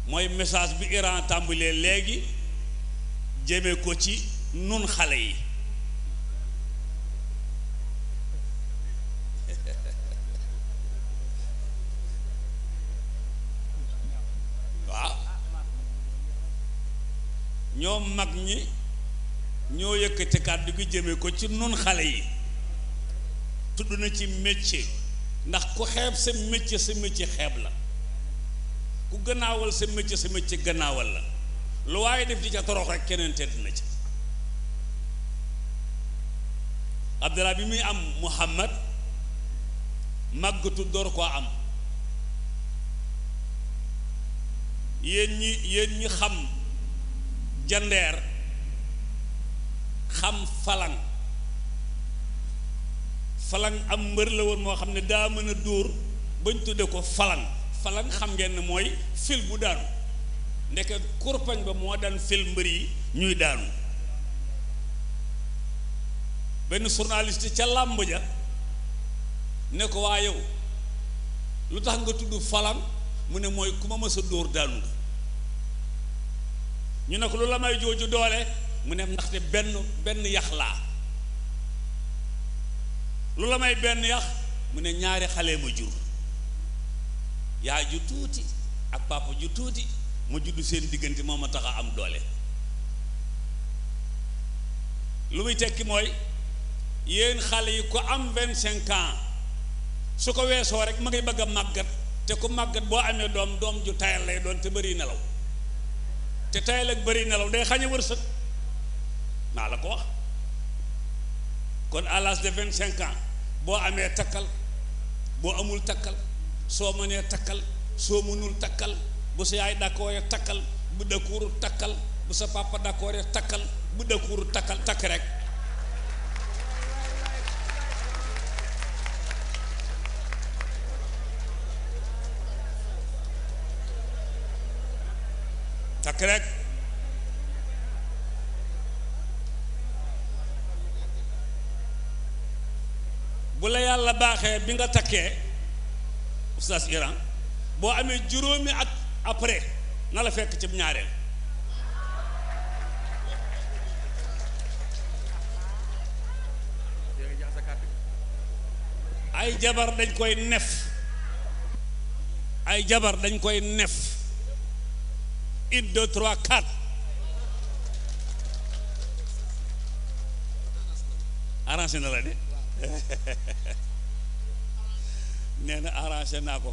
mooy message bi Iran tàmbalee léegi jëmee ko ci nun xale yi waaw ñoom mag ñi ñoo yëkkati kàddu gi jëmee ko ci nun xale yi tudd na ci métier ndax ku xeeb sa métier sa métier xeeb la ku gannaawal sa métier sa métier gannaawal la lu waaye def di ca torox rek keneen tedd na ci abdallah bi muy am muhammad màggatu door koo am yéen ñi yéen ñi xam jandeer xam falan falang am mbër la woon moo xam ne daa mën a dóor bañ tudde ko falan falang xam ngeen mooy fil bu daanu ndeke kurpañ ba moo daan fil mbër yi ñuy daanu benn journaliste ca làmb ja ne ko waa yow lu tax nga tudd falan mu ne mooy ku ma mës dóor daanu la ñu ne ko lu la may jooju doole mu ne ndaxte benn benn yax laa lu la may benn yax mu ne ñaari xale ma jur yaay ju tuuti ak papa ju tuuti mu juddu seen diggante moo ma tax am doole lu muy tekki mooy yéen xale yi ku am vingt cinq ans su ko weesoo rek ma ngi bëgg a màggat te ku màggat boo amee doom doom ju tayal lay doon te bëri nelaw te tayal ak bëri nelaw day xañe wërsëg maa la ko wax kon à de vingt cinq ans boo amee takkal boo amul takkal soo mënee takkal soo mënul takkal bu sa yaay d'accord takkal bu dëkkuwul takkal bu sa papa d'accord takkal bu dëkkuwul takkal takk rek takk rek bu la yàlla baaxee bi nga takkee oustaz Iran boo amee juróomi at après na la fekk ci ñaareel ay jabar dañ koy nef ay jabar dañ koy nef une deux trois quatre arrangé na la de nee na arrangé naa ko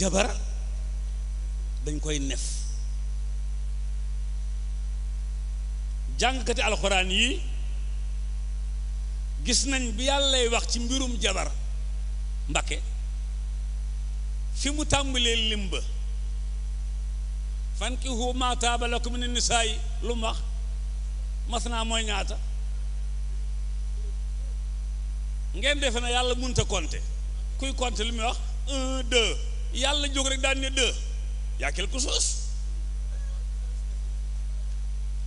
jabara dañ koy nef jàngkati alxuraan yi gis nañ bi yàllay wax ci mbirum jabar mbakke fi mu tàmbalee limba fankihu maa taaba lakum min nisaa yi lu mu wax masnaa mooy ñaata ngeen defe na yàlla munta compter kuy compter lu muy wax un yàlla jóg rek daan ne deux y'a quelque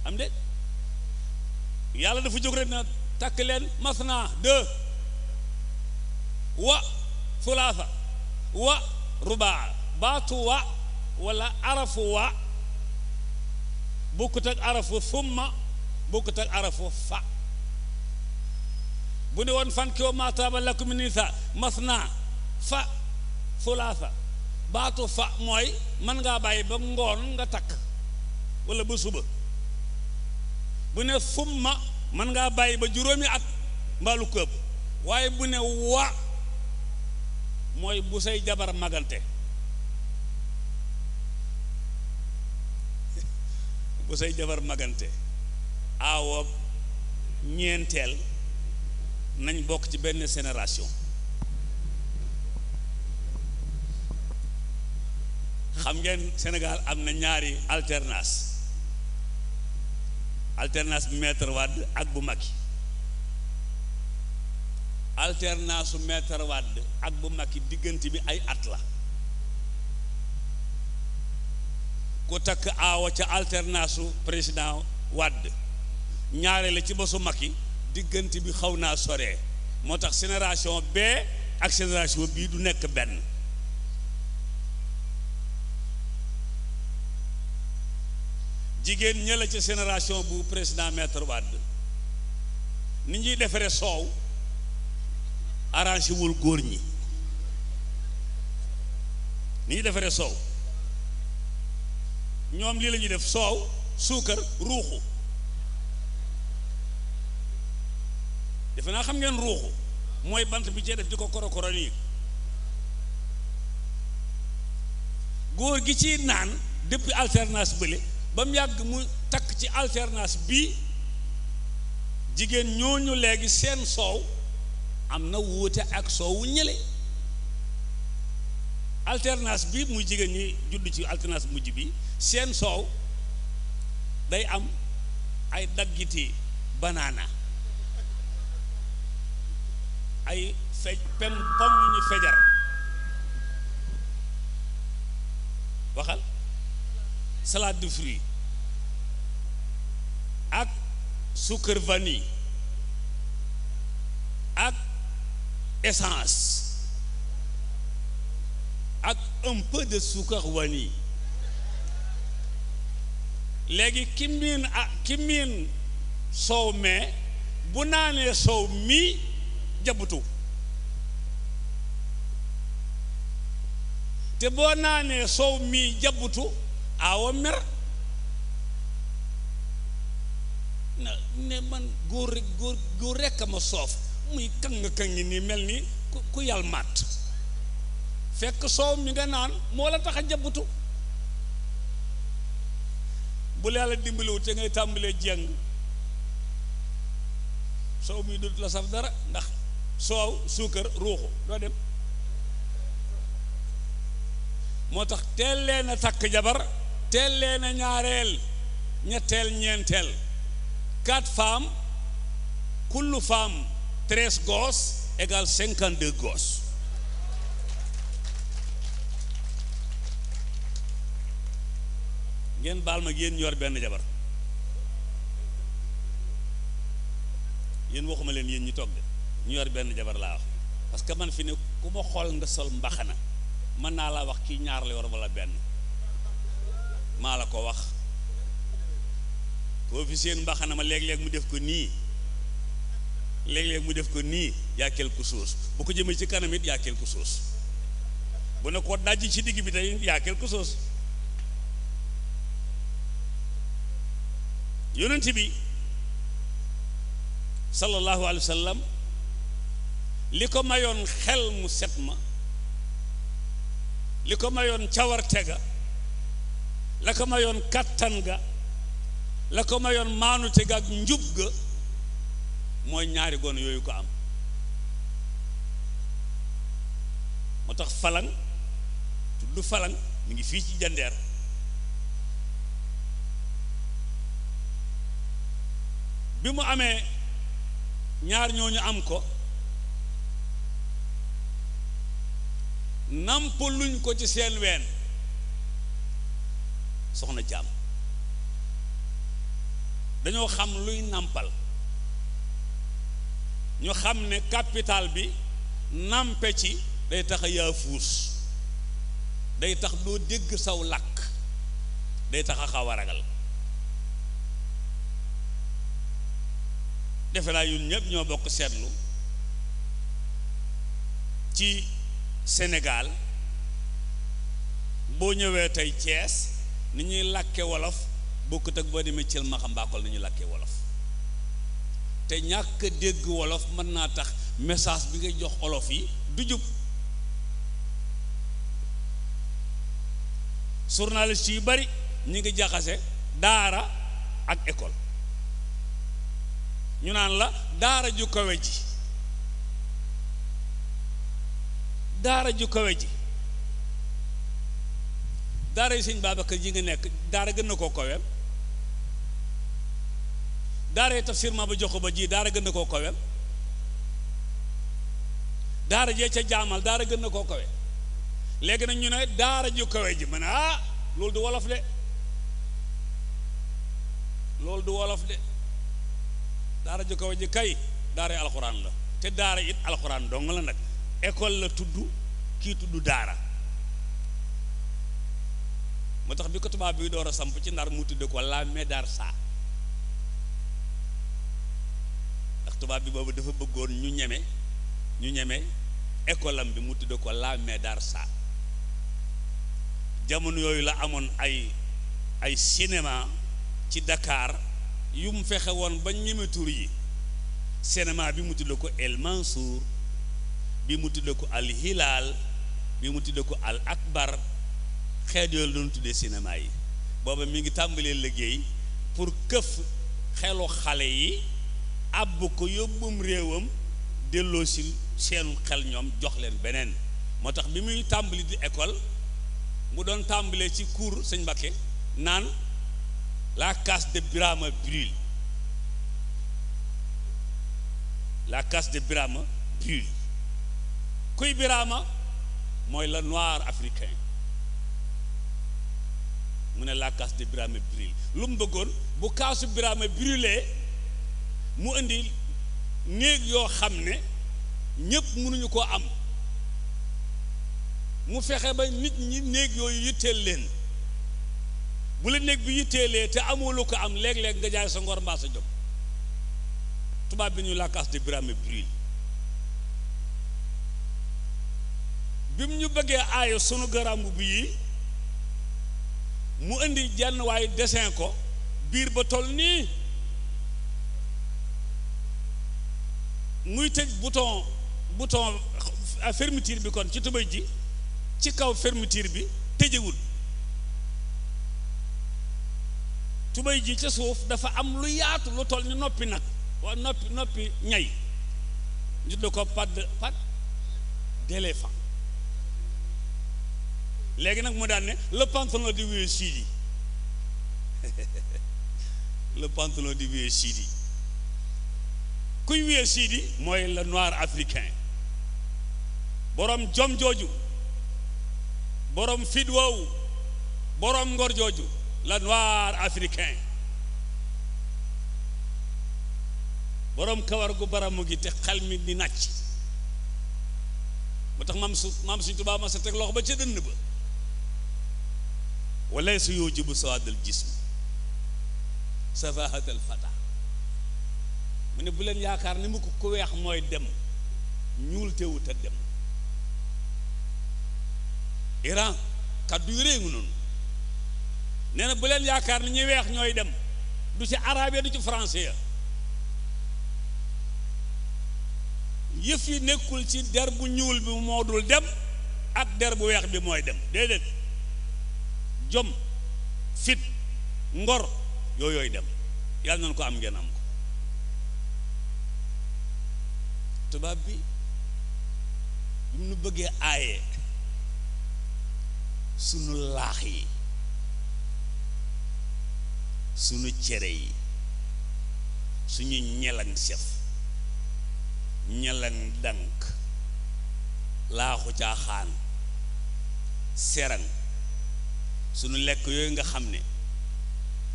am de yàlla dafa jóg rek na takk leen masna deux wa thulaatha wa rubaa baatu wa wala arafu wa bokkut ak arafu summa bokkut ak arafu fa bu woon fan ki wa maa taaba lakum fa thulaatha baatu fa mooy mën ngaa bàyyi ba ngoon nga takk walla ba suba bu ne summa mën ngaa bàyyi ba juróomi at mbaalu këpp waaye bu ne wa mooy bu say jabar magante bu say jabar magante aawoog ñeenteel nañ bokk ci benn génération xam ngeen Sénégal am na ñaari alternance alternance bu maître Wade ak bu maki alternance maître ak bu maki diggante bi ay at la ku takk aawa ca alternance su président Wade ñaare la ci ba maki bi xaw naa soree moo tax génération B ak génération bii du nekk benn jigéen ñëla ci génération bu président maître wad ni ñi defaree soow arrangé wul góor ñi ni ñuy defaree soow ñoom lii la def soow sukar ruuxu def na xam ngeen ruuxu moy bant bi ci def diko korokoro ni gi ci nan depuis alternance beulé ba mu yàgg mu takk ci alternance bi jigéen ñooñu léegi seen soow am na wuute ak soowu ñële alternance bi mu jigéen ñi judd ci alternance mujj bi seen soow day am ay daggiti banaana ay fej pem pom ñu fejar waxal salade de fruits avec sucre vanille avec essence avec un peu de sucre vanille les kimine qui ah ki mais bu naanee soow De te awamir na ne man gor gor gore ka mo sof muy ni mel ni ku yal mat fekk soow mi nga nan mo la tax a jabutu bu la yàlla dimbaliwu te ngay tambale jeng mi dut la saf dara ndax soow suukar ruuxu do dem motax tax teel jabar tel leena ñaarel ñettel ñentel quatre femmes kullu femme treize gosses égal 52 deux gosses ngeen baal ma yéen yor benn jabar yeen waxuma len yeen ñi tok de ñor ben jabar la wax parce que man fi ne ku ma nga sol mbaxana man na la wax ki ñaar la yor wala ben maa la ko wax koo fi seen mbaxana ma léeg-léeg mu def ko nii léeg-léeg mu def ko nii yaa quelque chose bu ko jëmee ci kanamit yàkkel yaa soos chose bu ne ko dajji ci digg bi tey yaa quelque chose yonent bi sallallahu alayhi wa sallam li ko mayoon xel mu set ma li ko mayoon cawarte ga la ko mayoon kàttan ga la ko mayoon maanute ga ak njub ga mooy ñaari gone yooyu ko am moo tax falang tudd falang mu ngi fii ci jandeer bi mu amee ñaar ñooñu am ko namp luñ ko ci seen ween soxna jaam dañoo xam luy nàmpal ñu xam ne capital bi nàmpe ci day tax a yaafuus day tax doo dégg saw làkk day tax a xaw a ragal defe naa ñun ñëpp ñoo bokk seetlu ci senegaal boo ñëwee tey Thiès ni ñuy walaf wolof bokut ak boo demee cël maxam mbàkkol ni ñu làkkee wolof te ñàkk dégg wolof mën na tax message bi nga jox olof yi du jub journalist yi bari ñi nga jaxase daara ak école ñu naan la daara ju kawé ji daara ju kawé ji daara yi sëñ Babacar ji nga nekk daara gën na koo koweel daara yi tafsir ma ba jox ko ba ji daara gën na koo koweel daara jee ca jaamal daara gën na koo kawe léegi nag ñu ne daara ju kawe ji ma ne ah, loolu du wolof de loolu du wolof de daara ju kawe ji kay daara yi alxuraan la te daara it alxuraan dong la nag école la tudd kii tudd daara moo tax bi ko tubaab biy door a samp ci ndar mu tudde ko la médarsa ndax tubaab bi boobu dafa bëggoon ñu ñeme ñu ñeme école am bi mu tudde ko la médarsa jamono yooyu la amoon ay ay cinéma ci dakaar yu mu fexe woon ba ñeme tuur yi cinéma bi mu tudde ko El Mansour bi mu tudde ko Al Hilal bi mu tudde ko Al Akbar xeet yooyu lu tuddee cinéma yi booba mi ngi tàmbalee liggéey pour këf xelu xale yi àbb ko yóbbum réewam delloo si seenu xel ñoom jox leen beneen moo tax bi muy tàmbali di école mu doon tàmbalee ci cour sëñ Mbakke naan la casse de Birama brûle la casse de Birama brûle kuy Birama mooy le noir africain mu ne la casse de Birame brûle lu mu bëggoon bu kaasu Birame brûlé mu indi néeg yoo xam ne ñëpp mënuñu ko am mu fexe ba nit ñi néeg yooyu yitteel leen bu la néeg bi yitteelee te amoo lu ko am léeg-léeg nga jaay sa ngor mbaa sa jom tubaab bi ñu la de Birame brûle bi mu ñu bëggee aayo sunu garambu bi yi mu indi jenn waaye dessin ko biir ba toll nii muy tëj bouton bouton fermeture bi kon ci tubëj ji ci kaw fermeture bi tëjewul tubëj ji ca suuf dafa am lu yaatu lu toll ni noppi nag waa noppi noppi ñay ñu tudd ko padd padd d'éléphant légui nak mu daan né le pantalon du vieux Sidi le pantalon du vieux Sidi kuy vieux Sidi moy le noir africain borom jom jooju borom fit woowu borom ngor jooju le noir africain borom kawar gu baramu gi te xalmi di natch motax mam mam su maam ma sa tek loxo ba ci dënd ba walaysa yujibu sawaadal jism safahatal fata mu ne bu leen yaakaar ni mu ko ku weex mooy dem ñuul teewut a dem Iran kaddu yu rëy ngi noonu nee bu leen yaakaar ni ñuy weex ñooy dem du ci arabe ya du ci français ya yëf yi nekkul ci der bu ñuul bi moo dul dem ak der bu weex bi mooy dem déedéet jom fit ngor yo dem ya nañ ko am ngeen am ko tubaab bi nu bëggee aaye sunu laax sunu cere yi suñu ñelang sef ñelang dank laaxu caaxaan serang sunu lekk yooyu nga xam ne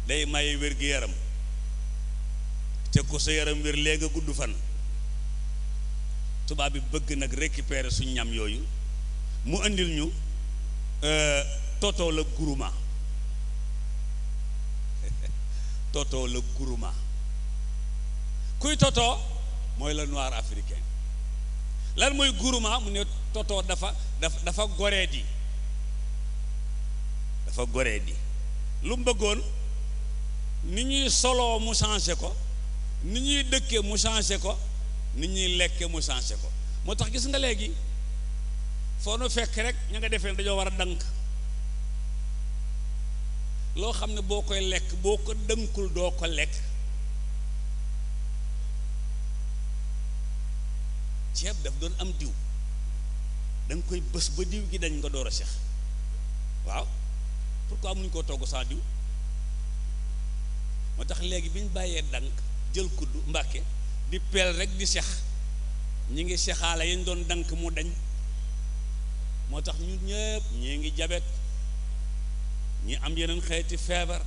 day maye wér-gi-yaram te ko sa yaram wér léegi nga gudd fan tubaab bi bëgg nag récupérer suñ ñam yooyu mu indil ñu tootoo la guruma tootoo la guruma kuy tootoo mooy le noir africain lan mooy guruma mu ne tootoo dafa dafa dafa goree di dafa goree di lu mu bëggoon ni ñuy soloo mu changé ko ni ñuy dëkkee mu changé ko ni ñuy lekkee mu changé ko moo tax gis nga léegi foo nu fekk rek ñu nga defee dañoo war a dënk loo xam ne boo koy lekk boo ko dënkul doo ko lekk ceeb daf doon am diw da nga koy bës ba diw gi dañ nga door a sex waaw pourquoi amuñ ko togg sans diw motax tax biñ bi dank jël kuddu mbàkke di pel rek di sex ñi ngi sexaale yeen doon dank mu dañ motax ñun ñepp ñi ngi jabet ñi am yeneen xéeti feebar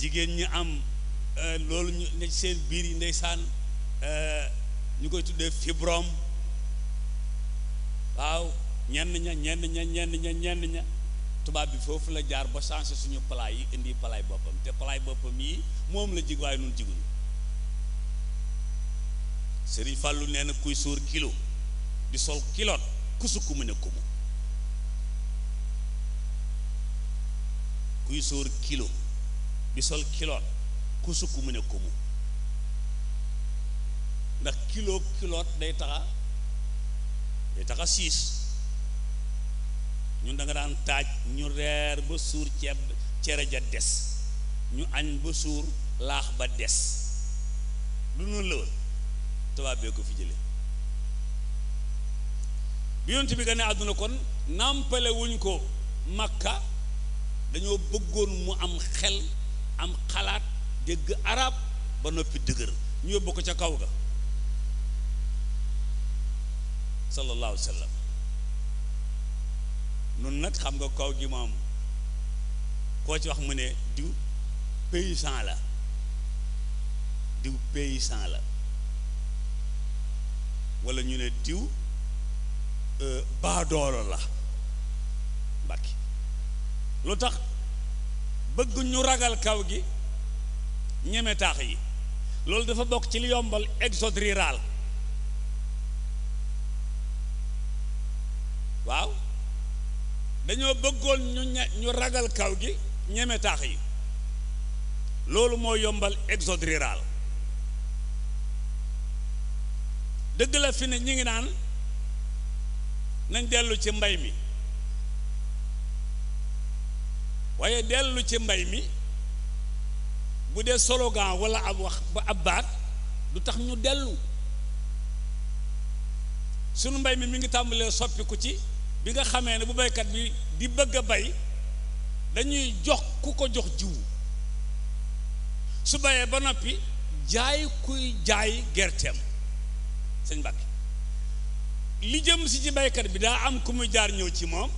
jigen ñi am euh lolu ñu ne seen biir yi ndeysaan euh, ñu koy tuddé fibrom waaw ñen ñen ñen ñen ñen ñen ñen ña tubaab bi foofu la jaar ba changé suñu palaay yi indi palaay boppam te palaay boppam yi moom la jig waaye nun jiguñu Sëriñ Fàllu nee na kuy suur kilo di sol kiloot ku mu ne kumu kuy sóor kilo di sol kiloot ku sukk mu ne kumu ndax kilo kiloot day taxa day taxa siis ñu da nga daan taaj ñu reer ba suur ceeb cere ja des ñu añ ba suur laax ba des lu ñu la woon ko fi jële bi yonte bi gane àdduna kon nàmpale wuñ ko makka dañoo bëggoon mu am xel am xalaat dégg arab ba noppi dëgër ñu yóbbu ko ca kaw ga sallallahu alayhi wa nun nag xam nga kaw gi moom koo ci wax mu ne diw paysan la diw paysan la walla ñu ne diw euh, baadoolo la mbàkki lu tax bëgg ñu ragal kaw gi ñeme taax yi loolu dafa bokk ci li yombal exode rural waaw dañoo bëggoon ñu ñu ragal kaw gi ñeme taax yi loolu moo yombal exode rural dëgg la fi ne ñu ngi naan nañ dellu ci mbay mi waaye dellu ci mbay mi bu dee slogan walla ab wax ba ab baat lu tax ñu dellu sunu mbay mi mi ngi tàmbalee soppiku ci bi nga xamee ne bu baykat bi di bëgg a bay dañuy jox ku ko jox jiw su bayee ba noppi jaay kuy jaay gerteem sëñ Mbàkke li jëm si ci baykat bi daa am ku mu jaar ñëw ci moom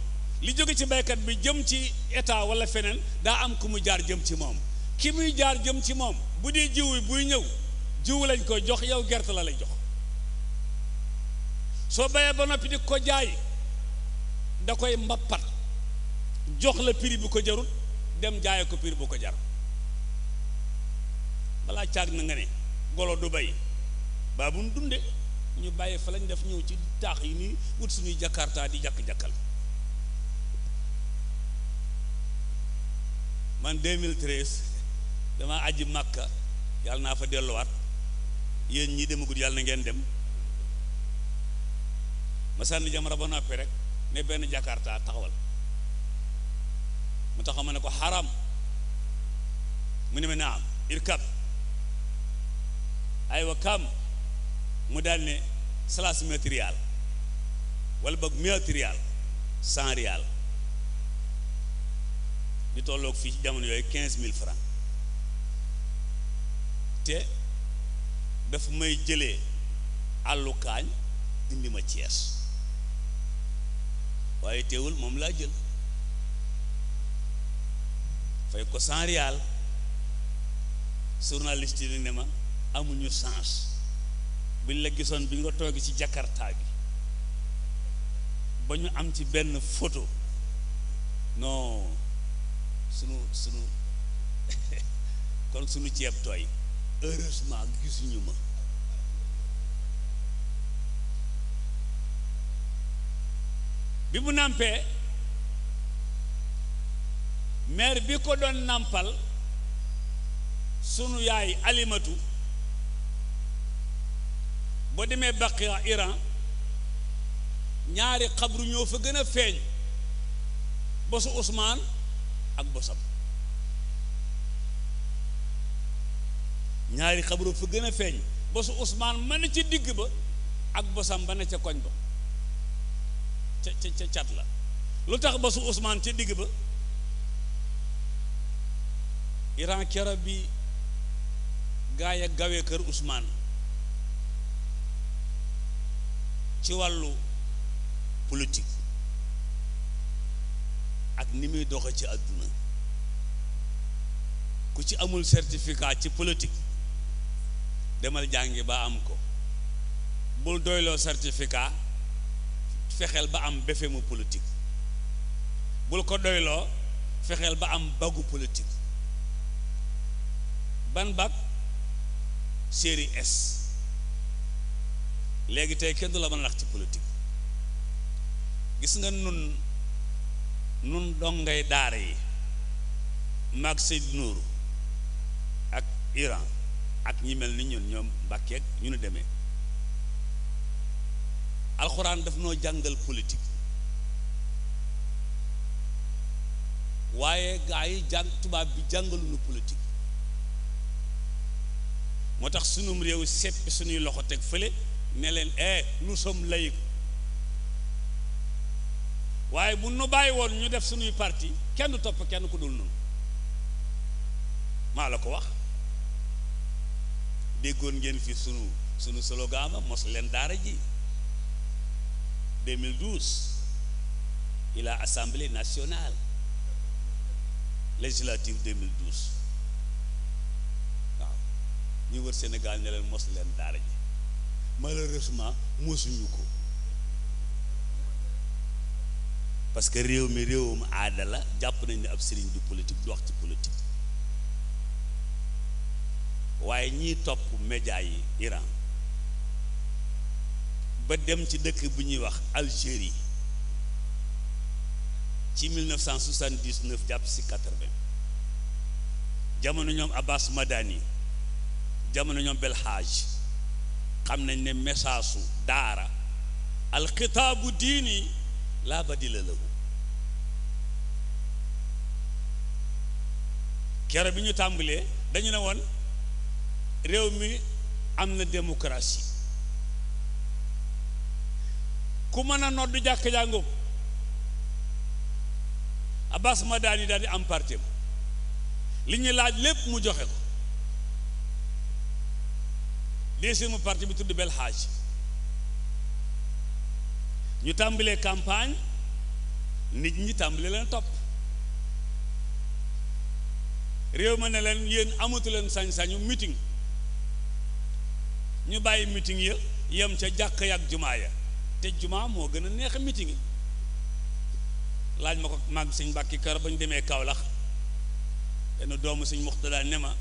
li jóge ci baykat bi jëm ci état walla feneen daa am ku mu jaar jëm ci moom ki muy jaar jëm ci moom bu dee jiw wi buy ñëw jiw lañ koy jox yow gerte la lay jox soo bayee ba noppi di ko jaay da koy mbappat jox la prix bu ko jarul dem jaaye ko prix bu ko jar balaa caag na nga ne golo du bay baa bu nu dunde ñu bàyyi fa lañ def ñëw ci taax yi nii wut suñuy jakartaa di jàkk jakkal man 2013 dama aji màkka yàlla naa fa delluwaat yéen ñii demagul yàlla na ngeen dem ma sànni jamara ba noppi rek ne benn jakarta taxawal mu taxaw ma ne ko xaram mu ne ma naam irkab aywa kam mu daal ne salaas matériel wala boog matériel cent rial di tolloog fii ci jamono yooyu quinze mille francs te daf may jële àllu kaañ indi ma Cees waaye teewul moom laa jël fay ko cent rial journaliste ne ma amuñu chance buñ la gisoon bi nga togg ci jakarta bi ba ñu am ci benn photo non sunu sunu kon sunu ceeb tooy heureusement gisuñu ma bi mu nàmpee mère bi ko doon nàmpal sunu yaay alimatu boo demee baqiya Iran ñaari xabru ñoo fa gën a feeñ bosu Ousmane ak bosam ñaari fa gën a feeñ bosu Ousmane mën na ci digg ba ak bosam ba na ca koñ ba ca ca ca cat la lu tax ba su Ousmane ca digg ba Iran kera bi gaay a gawee kër Ousmane ci wàllu politique ak ni muy doxe ci àdduna ku ci amul certificat ci politique demal jàngi ba am ko bul doyloo certificat fexeel ba am befemu politique bul ko doyloo fexeel ba am bagu politique ban bag série S léegi tey kenn du la mën a nax ci politique gis nga nun nun ngay daara yi mag Seydou Nourou ak Iran ak ñi mel ni ñun ñoom Mbàkke ak ñu nu demee alxuraan daf noo jàngal politik waaye gaa yi jàng tubaab bi jàngaluñu politique moo tax sunum réew seppi suñuy loxo teg fële neleen leen eh nous sommes waaye bu nu bàyyi woon ñu def suñuy parti kenn topp kenn ku dul noonu maa la ko wax déggoon ngeen fi sunu sunu slogan ba mos leen daara ji 2012 il a Assemblée nationale législative 2012 nous, ñu Sénégal nous, leen mos leen daara ji malheureusement mosuñu ko parce que Rio, mi réewum aada la jàpp nañ ne ab du politique du wax ci politique waaye ñiy top, média Iran ba dem ci dëkk bu ñuy wax Algérie ci 1979 jàpp ci 80 jamono ñoom Abbas Madani jamono ñoom Belhaj xam nañ ne message su daara alxitaabu diini laa badila lahu kero bi ñu tàmbalee dañu ne woon réew mi am na démocratie ku mën a nodd abbas ma dari am partim liñu laaj lepp mu joxe ko deuxième parti bi tuddu bel xaaj ñu tambalé campagne nit ñi tambalé leen top rew ma ne len yeen amatu len sañ-sañu meeting ñu meeting ya yam ca jakk yak ya jumaaya tëj jumaa moo gën a neex a meeting laaj ma ko mag sëñ Mbàkke kër ba ñu demee Kaolack benn doomu sëñ Muxtada ne ma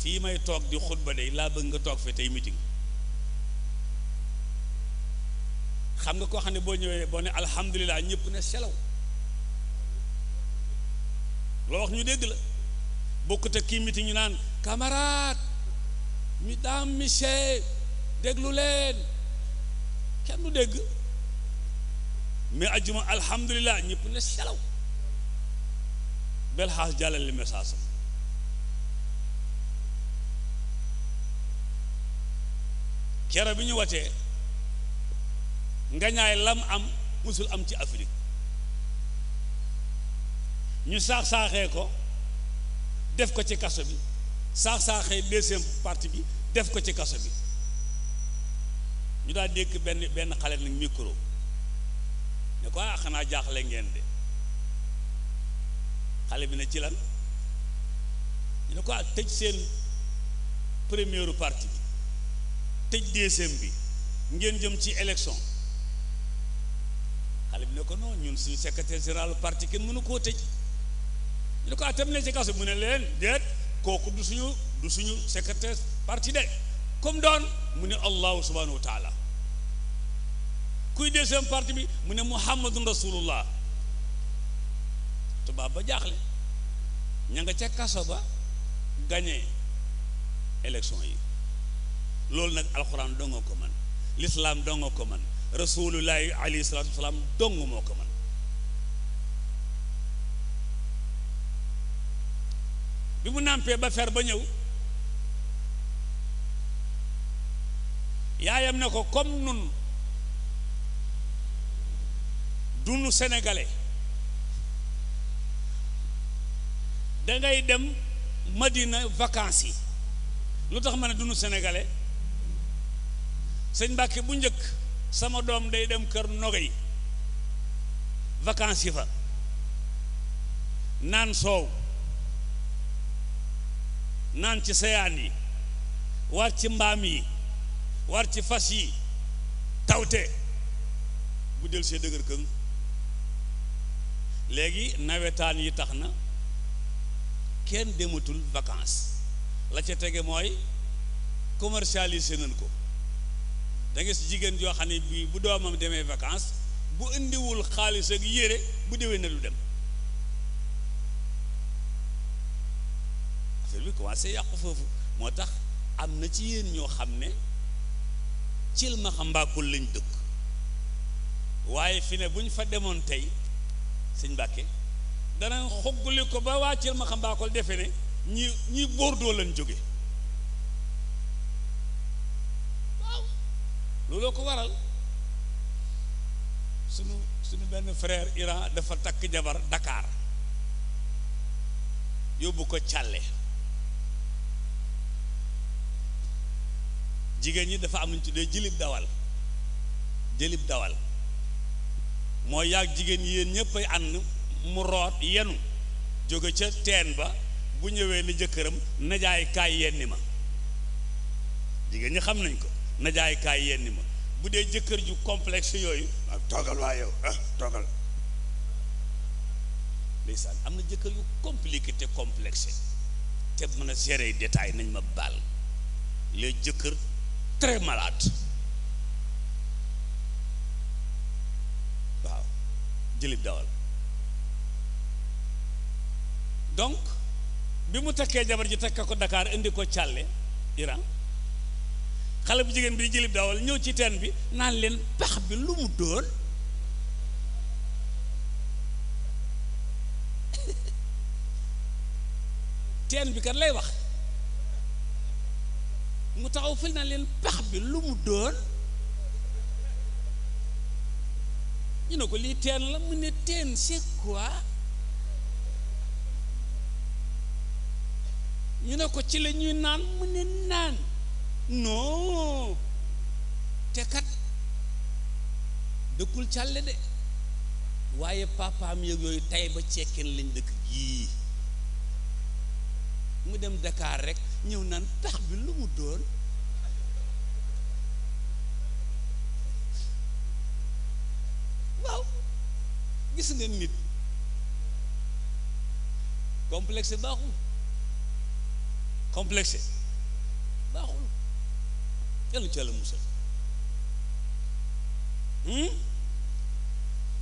fii may toog di ba day laa bëgg nga toog fee tey meeting xam nga koo xam ne boo ñëwee boo ne alhamdulilah ñëpp ne selaw loo wax ñu dégg la bokkut ak kii ñu naan camarade mesdames messieurs déglu leen kenn du dégg mais ajuma alhamdulilah ñëpp ne selaw bel xaas message kero bi ñu watee nga ñaay lam am musul am ci Afrique ñu saax-saaxee ko def ko ci kaso bi saax-saaxee deuxième partie bi def ko ci kaso bi ñu daal dékk benn benn xale nag micro ne ko ah xanaa jaaxle ngeen de xale bi ne ci lan ñu ne ko ah tëj seen première partie bi tëj deuxième bi ngeen jëm ci élection xale bi ne ko non ñun suñu secrétaire général parti kenn mënu koo tëj ñu ne ko ah ne ci kaso mu ne leen déet kooku du suñu du suñu secrétaire parti de kum don mu ne allahu subhanahu wa taala kuy deuxième partie bi mu ne muhammadun rasulullah tubaab ba jaxle nya nga ca kasso ba gagner élection yi lol nak alquran dongo ko man l'islam dongo ko man rasulullah ali sallallahu wasalaam dong moo moko man bi mu ba fer ba ñew yaayam ne ko comme nun dunu sénégalais dangay dem Madina vacances lu tax ma ne dunu sénégalais sëñ Mbàkke bu njëkk sama doom day dem kër Nogay vacances fa naan soow naan ci seyaan yi war ci mbaam yi war ci fas yi tawte bu del see dëgër këng léegi nawetaan yi tax na kenn dematul vacance la ca tege mooy commercialisé nañ ko da nga si jigéen joo xam ne bii bu doomam demee vacance bu indiwul xaalis ak yére bu dewee na lu dem affaire bi commencé yàqu foofu moo tax am na ci yéen ñoo xam ne cil ma lañ dëkk waaye fi ne bu fa demoon tey sëñ Mbàkke danañ xogguli ko ba waa cil ma xam mbaakul defe ne ñi ñi Bordeaux lañ jóge waaw looloo ko waral sunu suñu benn frère Iran dafa takk jabar dakaar yóbbu ko càlle jigéen ñi dafa am lu ñu tuddee jëlib dawal jëlib dawal moo yàgg jigéen ñi yéen ñëpp ànd mu root yenu jóge ca teen ba bu ñëwee ni jëkkëram najaay kaay yenni ma jigéen ñi xam nañ ko najaay kaay yenni ma bu dee jëkkër ju complexe yooyu ak ah, toogal waa yow ah toogal ndeysaan am na jëkkër yu compliqué te complexe te mën a gérer détail nañ ma baal les jëkkër très malade waaw jëlib dawal donc bi mu takkee jabar ji takka ko dakaar indi ko càlle Iran xale bu jigéen bi jëlib dawal ñëw ci teen bi naan leen pax bi lu mu doon teen bi kat lay wax mu taxaw fël na leen pax bi lu mu doon ñu ne ko lii teen la mu ne teen c'est quoi ñu ne ko ci lañuy naan mu ne naan non te kat dëkkul càlle de waaye papaam yëg yooyu tay ba cekkeen lañ dëkk gii mu dem dakaar rek ñëw naan tax bi lu mu doon waaw gis nga nit complexe baaxul complexe baaxul yàlla ci yàlla musal hmm?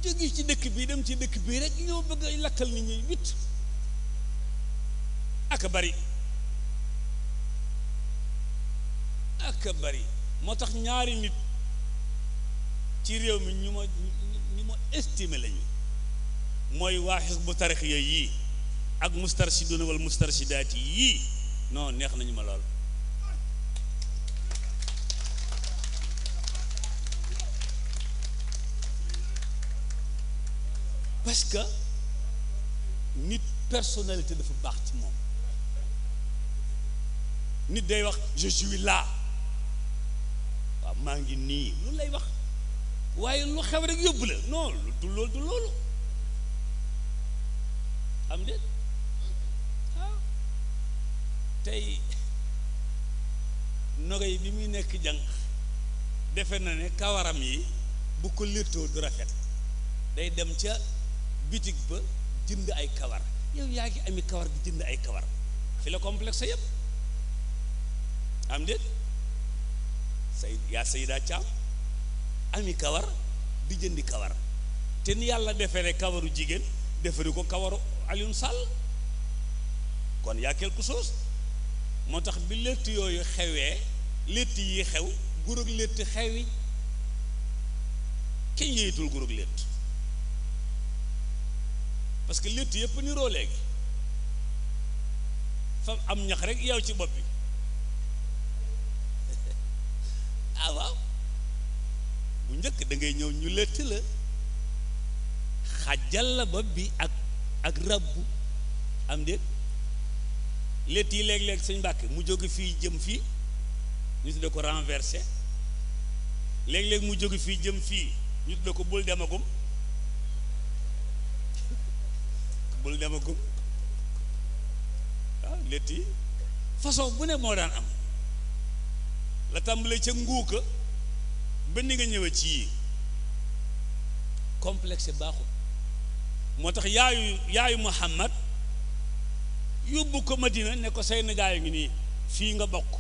jóge ci dëkk bi dem ci dëkk bi rek ñoo bëgg lakkal nit ñi wit aka bari ak bari moo ñaari nit ci rew mi ñuma ñuma estimer lañu moy wa xisbu tarix yi ak mustarshiduna wal mustarshidat yi non neex nañu ma lol parce que nit personnalité dafa bax ci mom nit day wax je suis là maa ngi nii loolu lay wax waaye lu xew rek yóbbu la non du loolu loolu am de waaw ah. tey nogay bi muy nekk jànq defe na ne kawaram yi bu ko léttoo du rafet day dem ca bitig ba jënd ay kawar yow yaa ngi ami kawar di jënd ay kawar fi la complexe yëpp am déet say yaa sayda caam ami kawar di jëndi kawar te ni yàlla defere kawaru jigéen defari ko kawaru Alioune Sall kon yaa quelque chose moo tax bi létt yooyu xewee létt yi xew gurug létt xewi kenn yeetul gurug létt parce que létt yépp niroo léegi fa am ñax rek yow ci bopp bi ah waaw bu njëkk dangay ñëw ñu lett la xajal la bopp bi ak ak rabbu am déet lett yi léeg-léeg suñ mbàkke mu jóge fii jëm fii ñu tudde ko renversé léeg-léeg mu jóge fii jëm fii ñu tudde ko bul demagum bul demagum waaw ah, lett yi façon bu ne moo daan am la tàmbalee ca nguuka ba nga ñëwee ci yii complexe moo tax yaayu yaayu Muhammad yóbbu ko Madina ne ko say nijaayu ngi nii fii nga bokk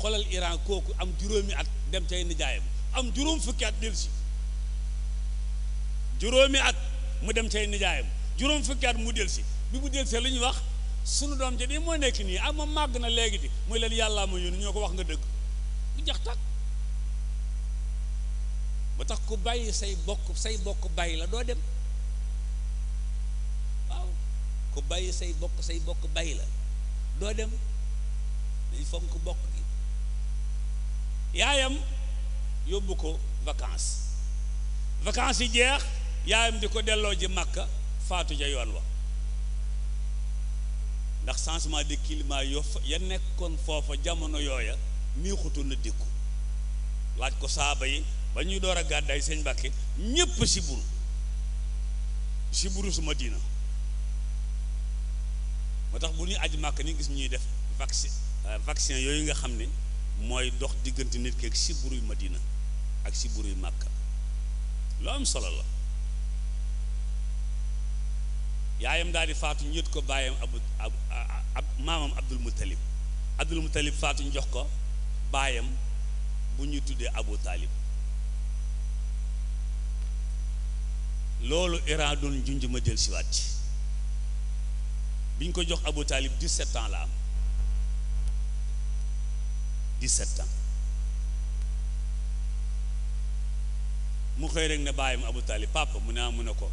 xolal Iran kooku am juróomi at dem cay nijaayam am juróom fukki at dellusi juróomi at mu dem cay nijaayam juróom fukki at mu dellusi bi mu dellusee lu ñuy wax sunu doom ji di moo nekk nii ah ma màgg na léegi di muy leen yàllaa ma ñoo ko wax nga dëgg bu jax tak ba tax ku bàyyi say bokk say bokk bàyyi la doo dem waaw ku bàyyi say bokk say bokk bàyyi la doo dem dañ fonk bokk yaayam yóbbu ko vacances vacances yi jeex yaayam di ko delloo ji màkka faatu ja yoon wa ndax changement de climat yo ya nekkoon foofa jamono yooya mii xutu na dikku laaj ko saaba yi ba ñuy door a gàddaay sëñ Mbàkke ñépp siburu siburu su Madina moo tax bu ñuy aj màkk ni gis ñuy def vaccin euh, vaccin yooyu nga xam ne mooy dox diggante nit ki ak siburu yu Madina ak siburu yu màkk lu am solo la yaayam daal di faatu ñu yët ko baayam abu ab maamam abdul muttalib abdul muttalib faatu ñu jox ko baayam bu ñu tuddee abu taalib loolu Iran doon junj ma jël siwaat ci bi ñu ko jox abu taalib 17 ans la am 17 ans mu xëy rek ne baayam abu taalib papa mu ne ah mu ne ko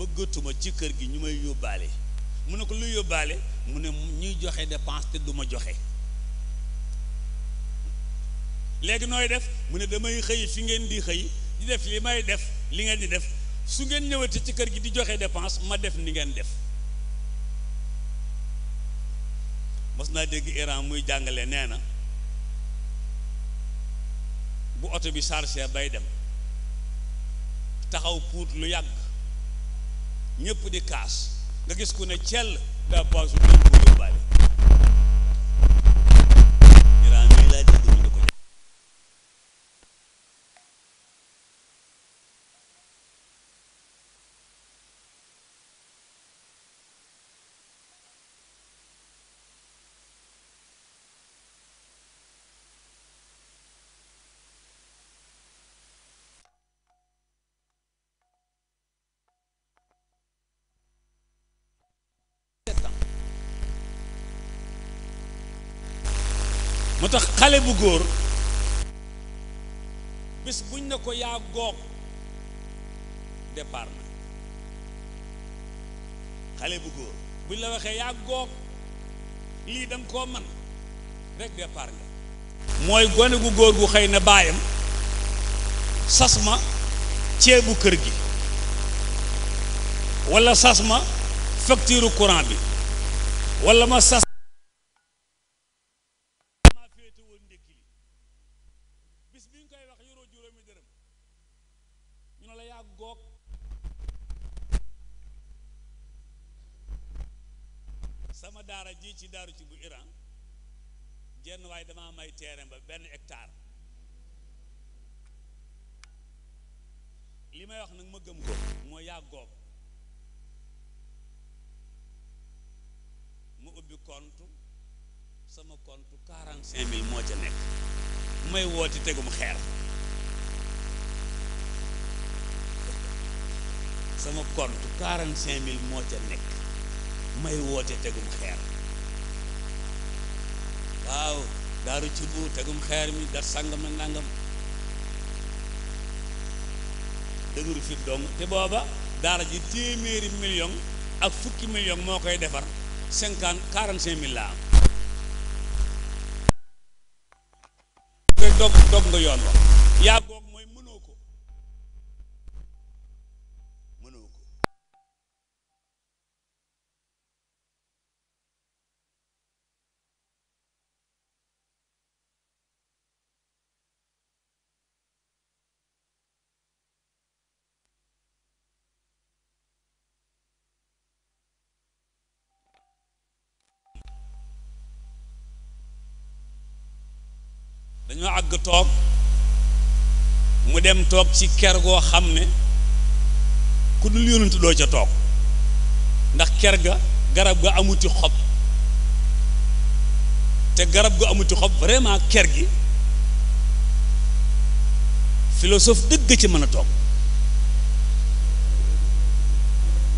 ba bëggatuma ci kër gi ñu may yóbbaale mu ne ko lu yóbbaale mu ne ñuy joxe dépense te du ma joxe léegi nooy def mu ne damay xëy fi ngeen di xëy di def li may def li ngeen di def su ngeen ñëwati ci kër gi di joxe dépense ma def ni ngeen def mos naa dégg Iran muy jàngale nee na bu oto bi chargé bay dem taxaw puut lu yàgg ñëpp di kaas nga gis ku ne cell daa o dénk ko moo tax xale bu góor bés buñ ne ko yaa goog départ na xale bu góor buñ la waxee yaa goog lii da nga koo man rek départ nga mooy gone gu góor gu xëy na baayam sas ma ceebu kër gi wala sas ma facture courant bi wala ma sas daara ji ci daaru ci bu Iran jenn waaye damaa may terrain ba benn hectare li may wax nag ma gëm ko moo yaa goob mu ubbi compte sama compte quarante moo ca nekk may wooti tegum xeer sama compte quarante cinq moo ca nekk may woote tegum xeer waaw daaru ci bu tegum xeer mi dar sàngam nag nangam dëgëru fit dong te booba daara ji téeméeri million ak fukki million moo koy defar cinquante quarante cinq mille la am dog dog nga yoon wa dañoo àgg toog mu dem toog ci ker goo xam ne ku dul yonent doo ca toog ndax ker ga garab ga amuti xob te garab gu amuti xob vraiment ker gi philosophe dëgg ci mën a toog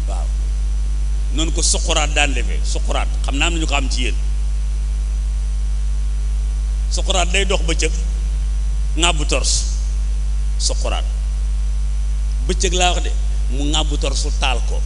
waaw noonu ko suquraat daan defee suquraat xam naa am ñu ko am ci yéen suquraat day dox bëccëg ŋàbbu tors suquraat bëccëg laa wax de mu ŋàbbu torsu taal ko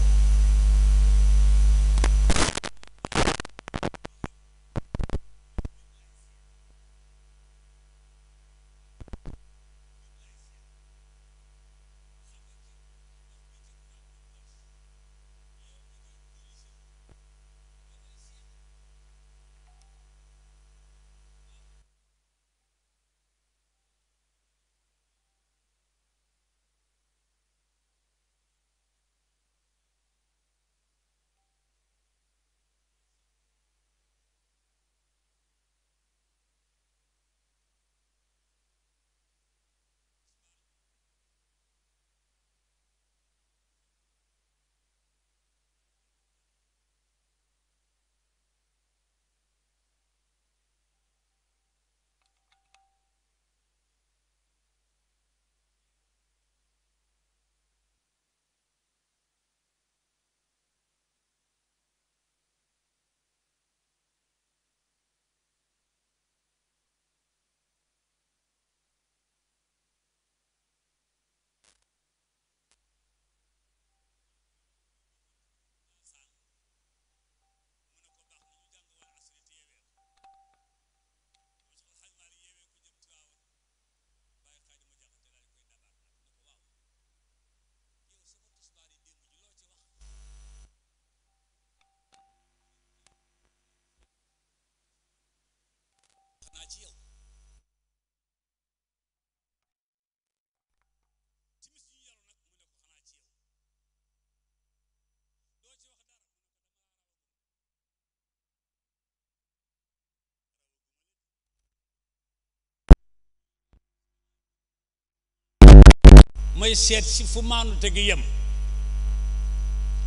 damay seet si fu maanu te gi yem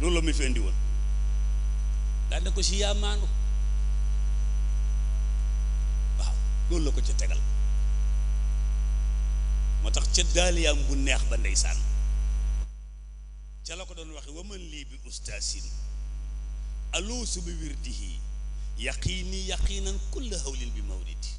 loolu la mu fi indi woon ko si yaa maanu waaw loolu la ko ca tegal moo tax ca daaliyaam bu neex ba ndeysaan ca la ko doon waxe waman lii bi ustaasin aluusu bi wirdihi yaqiini yaqiinan kulla hawlin bi mawlidi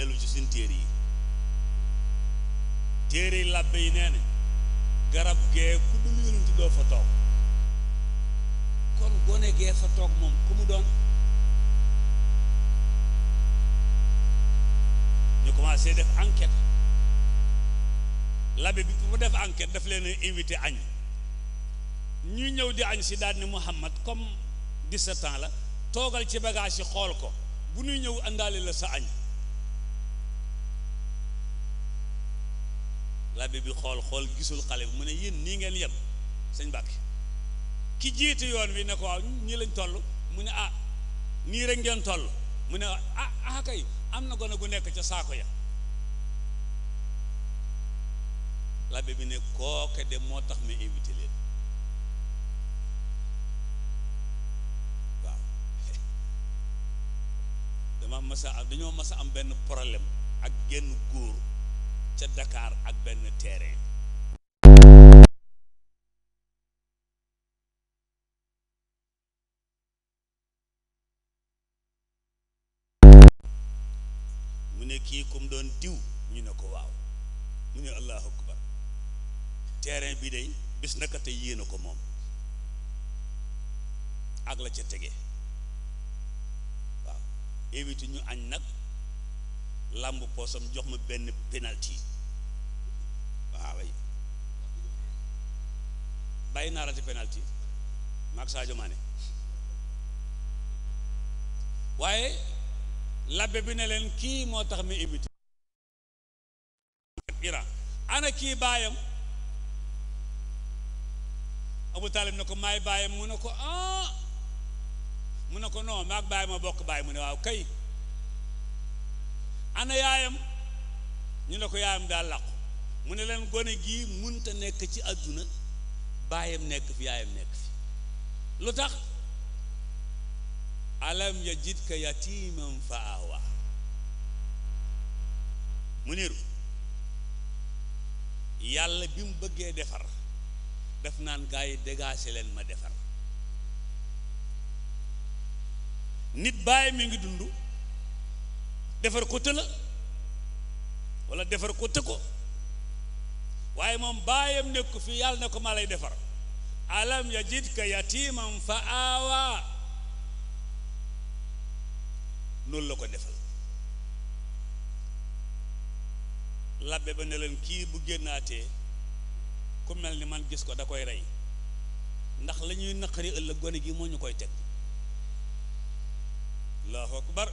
dellu ci yi téere yi làbbe yi nee nañ garab gee ku fa toog kon gone gee toog moom ku mu ñu commencé def enquête labe bi bu def enquête daf leen invité añ ñuy ñëw di añ si daal ni Muhammad comme 17 ans la toogal ci bagage yi xool ko bu ñuy ñëw àndaale la sa añ labbe bi xool xool gisul xale bi mu ne yéen nii ngeen yem sëñ Mbàkke ki jiitu yoon wi ne ko waaw ñii lañ toll mu ne ah nii ah, ah, ah, am na gone gu nekk ca saako ya labbe bi ne kooke de moo tax ma invité leen waaw dama masa am dañoo masa am benn problème ak genn góor ca dakaar ak benn terrain mu ne kii kum doon diw ñu ne ko waaw mu ne allahu akbar terrain bi day bis naka te yéena ko moom ak la ca tege waaw ñu añ nag làmb poosam jox ma benn penalty ah oui bàyyi naa rati penalti maag Sadio mane waaye labbe bi ne leen kii moo tax mi imité Iran ana kii baayam Abu Talib ne ko may baayam mu ne ko ah mu ne ko noo maag baayam ma bokk baay mu ne waaw kay ana yaayam ñu ne ko yaayam daal làqu mu ne leen gone gi gii munta nekk ci àdduna baayam nekk fi yaayam nekk fi lu tax alam yajidka yatiman fa awa mu niru yàlla bi mu bëggee defar daf naan gay yi leen ma defar nit bàyyi mi ngi dund defar ko tëla walla defar ko tëkko waaye moom baayam ko fi yàlla ne ko ma lay defar alam yajidka yatiman fa aawa noonu la ko defal labbe ba ne leen kii bu génnaatee ku mel ni man gis ko da koy rey ndax lañuy ñuy naqari ëllëg gone gi moo ñu koy teg allahu akbar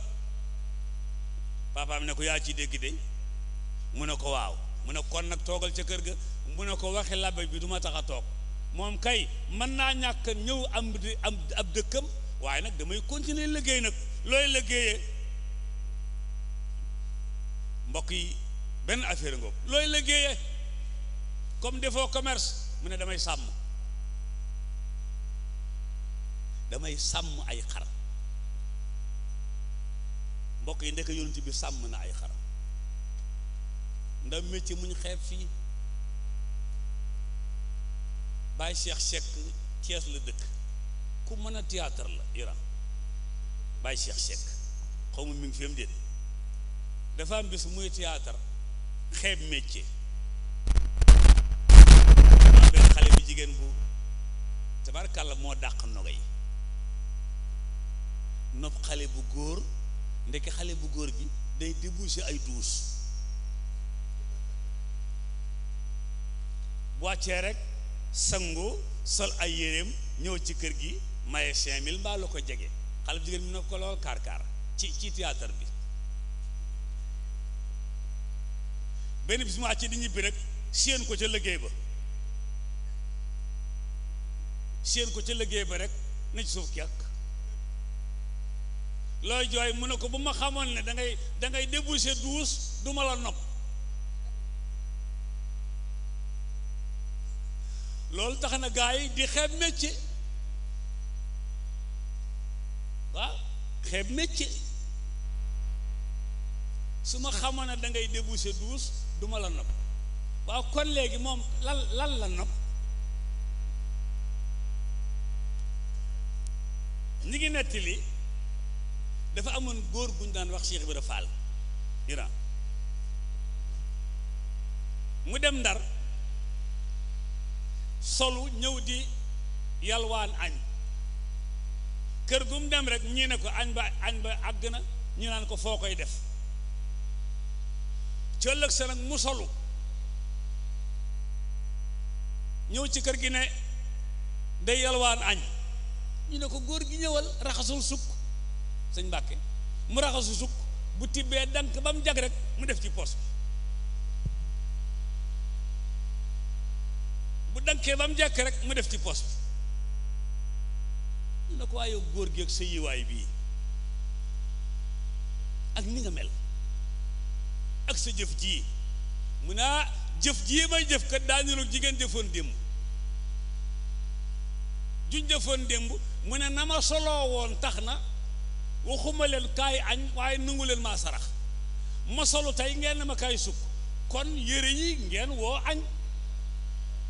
papaam ne ko yaa ci dégg de mu ne ko waaw mu ne kon nag toogal ca kër ga mu ne ko waxi labbe bi du ma tax a toog moom kay mën naa ñàkk ñëw am ab dëkkam waaye nag damay continuer liggéey nag looy liggéeyee mbokk yi benn affaire ngoog looy liggéeyee comme defoo commerce mu ne damay sàmm damay sàmm ay xar mbokk yi ndekk yonent bi sàmm na ay xar ndam metti muñ xeb fi bay Cheikh cheikh Thiès le deuk ku meuna a théâtre la Iran bay Cheikh cheikh xawmu ma mi fi am déet dafa am bis muy théâtre xeb metti am xale bi jigen bu tabarkàlla mo dàq nogo yi nopp xale bu góor ndek xale bu góor bi day débouché ay douce bu wàccee rek sangu sol ay yéreem ñëw ci kër gi maye 5000 ba lako jégué ko jigen mi ne ko lool kar kaar ci ci théâtre bi ben bis mu acci di ñibbi rek seen ko ci liggéey ba seen ko ci liggéey ba rek na ci suuf kekk loy joy mu nako buma xamone da ngay da ngay déboucher douze duma la nopp loolu tax na gaa yi di xeeb métier waaw xeeb métier su ma xamoon ne dangay ngay débouché douze du la nopp waaw kon léegi moom lan lan la nopp ñi ngi netti li dafa amoon góor gu daan wax Cheikh Ibra Fall Iran mu dem Ndar solu ñëw di yalwaan añ kër gu mu dem rek ñii ne ko añ ba añ ba àgg na ñu naan ko foo koy def ci ëllëg sa nag mu solu ñëw ci kër gi ne day yalwaan añ ñu ne ko góor gi ñëwal raxasul sukk sëñ Mbàkke mu raxasu sukk bu tibbee dank ba mu jag rek mu def ci poos bu dankee ba mu jekk rek mu def ci poste ñu ne ko waaye góor gi ak sa yiwaay bii ak ni nga mel ak sa jëf jii mu naa ah, jëf jii may jëf kat daañu jigéen jëfoon démb juñ jëfoon démb mu ne na ma soloo woon tax na waxuma leen kaay añ waaye nangu leen maa sarax ma solu tey ngeen ma kaay sukk kon yére yi ngeen woo añ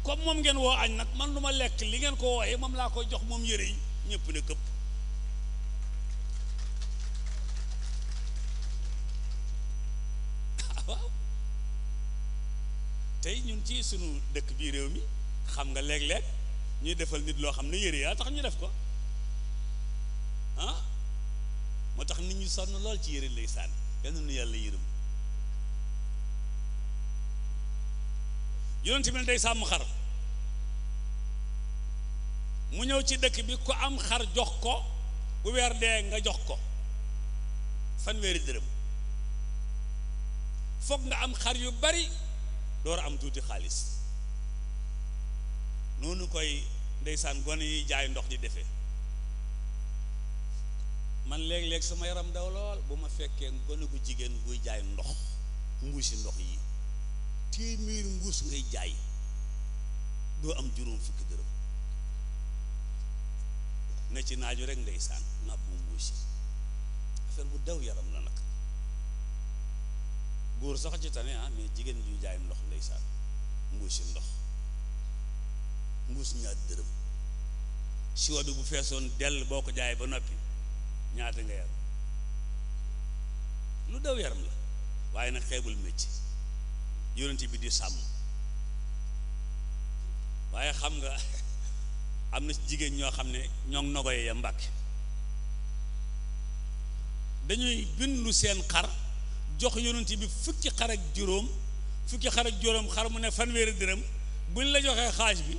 comme moom ngeen woo añ nag man lu ma lekk li ngeen ko wooyee moom laa koy jox moom yëre yi ñëpp ne këpp ah, waaw tey ñun ci sunu dëkk bii réew mi xam nga léeg-léeg ñuy defal nit loo xam ne yére yaa tax ñu def ko ah moo tax nit ñu sonn lool ci yére lay sànn yal na yàlla yërëm yonent bi ne day sàmm xar mu ñëw ci dëkk bi ku am xar jox ko bu weer dee nga jox ko fanweeri dërëm foog nga am xar yu bari door am tuuti xaalis noonu koy ndeysaan gone yi jaay ndox di defee man léeg-léeg sama yaram daw lool bu ma fekkee gone gu jigéen guy jaay ndox mbuusi ndox yi téeméer mbuus ngay jaay doo am juróom fukk dërëm ne ci naaju rek ndeysaan naab bu mbuus yi affaire bu daw yaram la nag góor sax ci tane ah mais jigéen ñuy jaay ndox ndeysaan mbuusi ndox mbuus ñaar dërëm siwo bi bu feesoon dell boo ko jaay ba noppi ñaata nga yaram lu daw yaram la waaye nag xeebul métier yonent bi di sàmm waaye xam nga am na ci jigéen ñoo xam ne ñoo ngi nogoye ya mbàkke dañuy bindu seen xar jox yonent bi fukki xar ak juróom fukki xar ak juróom xar mu ne fanweeri dërëm buñ la joxee xaaj bi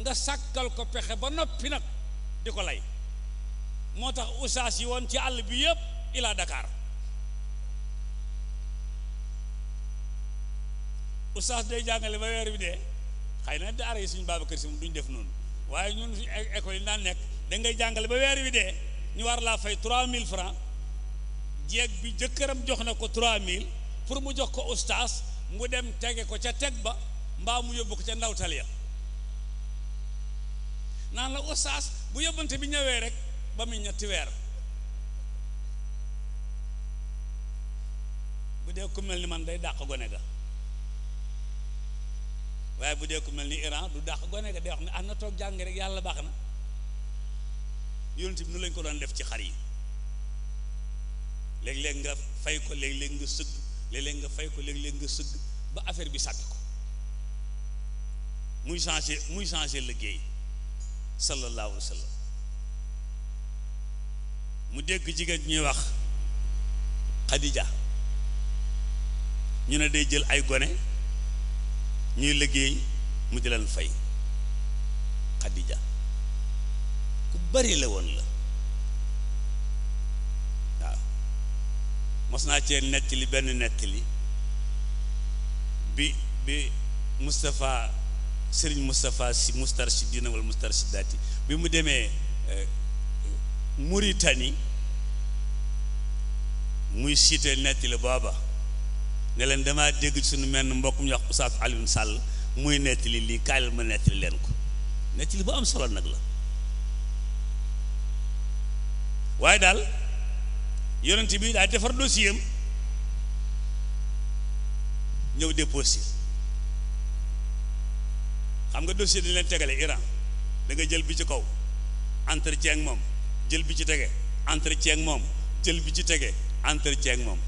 nga sàkkal ko pexe ba noppi nag di ko lay moo tax usaas yi woon ci àll bi yëpp ilaa Dakar oustaz day jàngale ba weer bi dee xëy na daara yi suñu Babacar Si duñ def noonu waaye ñun suñu école yi naa nekk da ngay jàngale ba weer bi dee ñu war laa fay 3000 francs jeeg bi jëkkëram jox na ko mille pour mu jox ko oustaz mu dem tege ko ca teg ba mbaa mu yóbbu ko ca ndawtal ya naan la oustaz bu yóbbante bi ñëwee rek ba muy ñetti weer bu dee ku mel ni man day dàq gone ga waaye bu dee ku mel ni Iran du dàq gone ga day wax ne ah na toog jàng rek yàlla baax na yonent bi nu lañ ko doon def ci xar yi léeg-léeg nga fay ko léeg-léeg nga sëgg léeg nga fay ko léeg-léeg nga sëgg ba affaire bi sàkk ko muy changé muy changé liggéey sallallahu alayhi wa sallam mu dégg jigéen ñuy wax Khadija ñu ne day jël ay gone ñuy liggéey mu di leen fay Xadija ku bari la woon la waaw mos naa cee nettali benn nettali bi bi Moustapha Serigne Moustapha si Moustarchidina wala Moustarchidaati bi mu demee euh, Mauritanie muy siite nettali booba ne leen damaa dégg ci suñu menn mbokk mu wax Oustaz Alioune Sall muy nettali lii kaay la ma nettali leen ko nettali bu am solo nag la waaye daal yonent bi daal defar dossier am ñëw déposé xam nga dossier dañ leen tegale Iran da nga jël bi ci kaw entretien ak moom jël bi ci tege entretien ak moom jël bi ci tege entretien ak moom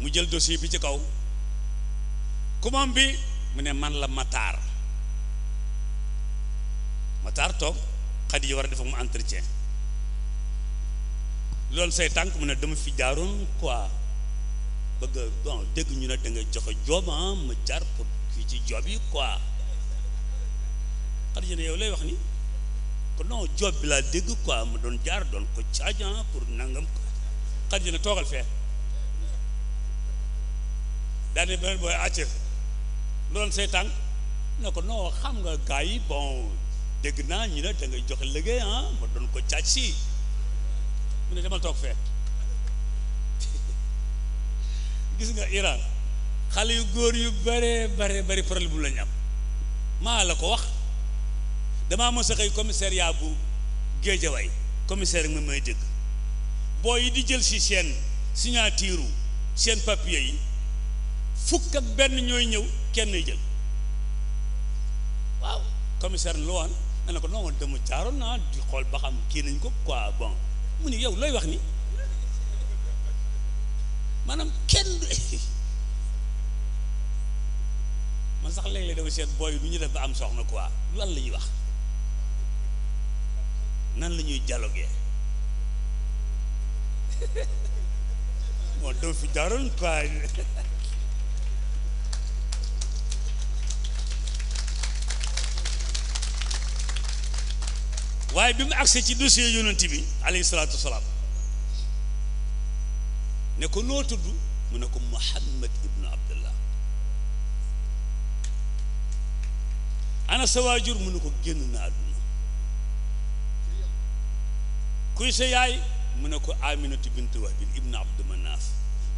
mu jël dossier bi ci kaw commande bi mu ne man la Matar Matar tok xadi war def mu entretien lu say tank mu ne dama fi jaaroon quoi bëgg bon dégg ñu ne da nga joxe joba ah, ma jaar pour ki ci job yi quoi xadi ne yow lay wax ni ko non job bi la dégg quoi mu don jaar don ko caajan ah, pour nangam xadi ne togal fee. daane beneen booy acca loolu say tànk ne ko non xam nga gars yi bon dégg naa ñi ne da ngay joxe liggéey ah ma doon ko càcc si mu ne demal toog fee gis nga Iran xale yu góor yu bare bare bari problème bu la ñu am maa la ko wax damaa mos a xëy commissariat bu Géejawaay commissaire yi moom may dégg booy yi di jël si seen signature seen papier yi fukk ak benn ñooy ñëw kenn jël waaw commissaire lu woon na ko non dama jaaroon na di xol ba xam ki nañ ko quoi bon mu ni yow loy wax ni manam kenn man sax leg leg dama seet boy lu ñu def ba am soxna quoi lan lañuy wax nan lañuy dialogue fi waaye bi mu agsee ci dossier yonent bi alayhi salaatu wasalaam ne ko noo tudd mu ne ko Muhammad ibnu Abdullah ana sa waajur mu ne ko génn na kuy sa yaay mu ne ko Aminatu bint Wahb ibnu Abdu Manaaf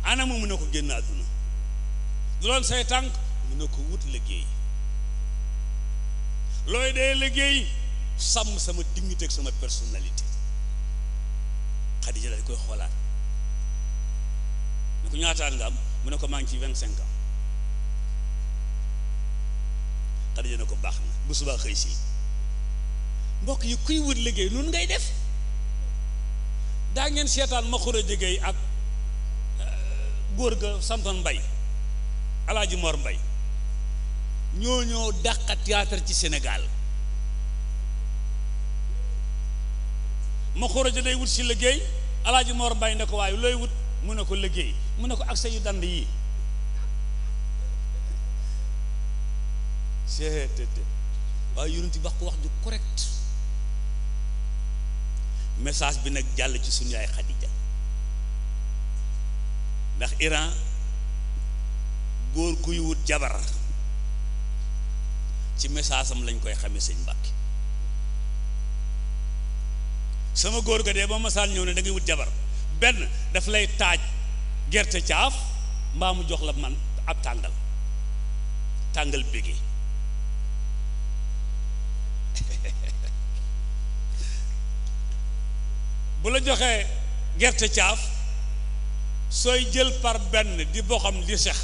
ana mu mu ne ko génn àdduna du loon say tànk mu ne ko wut liggéey looy dee liggéey sàmm sama dignité sama personnalité Xadija daal di koy xoolaat ne ko ñaataan nga am mu ne ko maa ngi ci vingt cinq ans Xadija ne ko baax na bu subaa xëy si mbokk yi kuy wut liggéey nun ngay def daa ngeen seetaan ma jege jigéey ak euh, góor ga samton mbay alaaji mor mbay ñoo ñoo dàqa théâtre ci senegaal ma xoroja day wut si liggéey alaaji Moor Mbay ne ko waaye looy wut mu ne ko liggéey mu ne ko ak sa yu dand yi seetete waaye yonent bi wax ko wax ju correct message bi nag jàll ci suñ yaay Xadija ndax Iran góor guy wut jabar ci message am lañ koy xamee sëñ Mbàkke sama dia ga de ba masaan ñew ne da ngay wut jabar benn daf lay taaj gerte tiaf mbaa mu jox la man ab tangal tangal bege bu la joxe gerte tiaf soy jël par ben di boxam di sex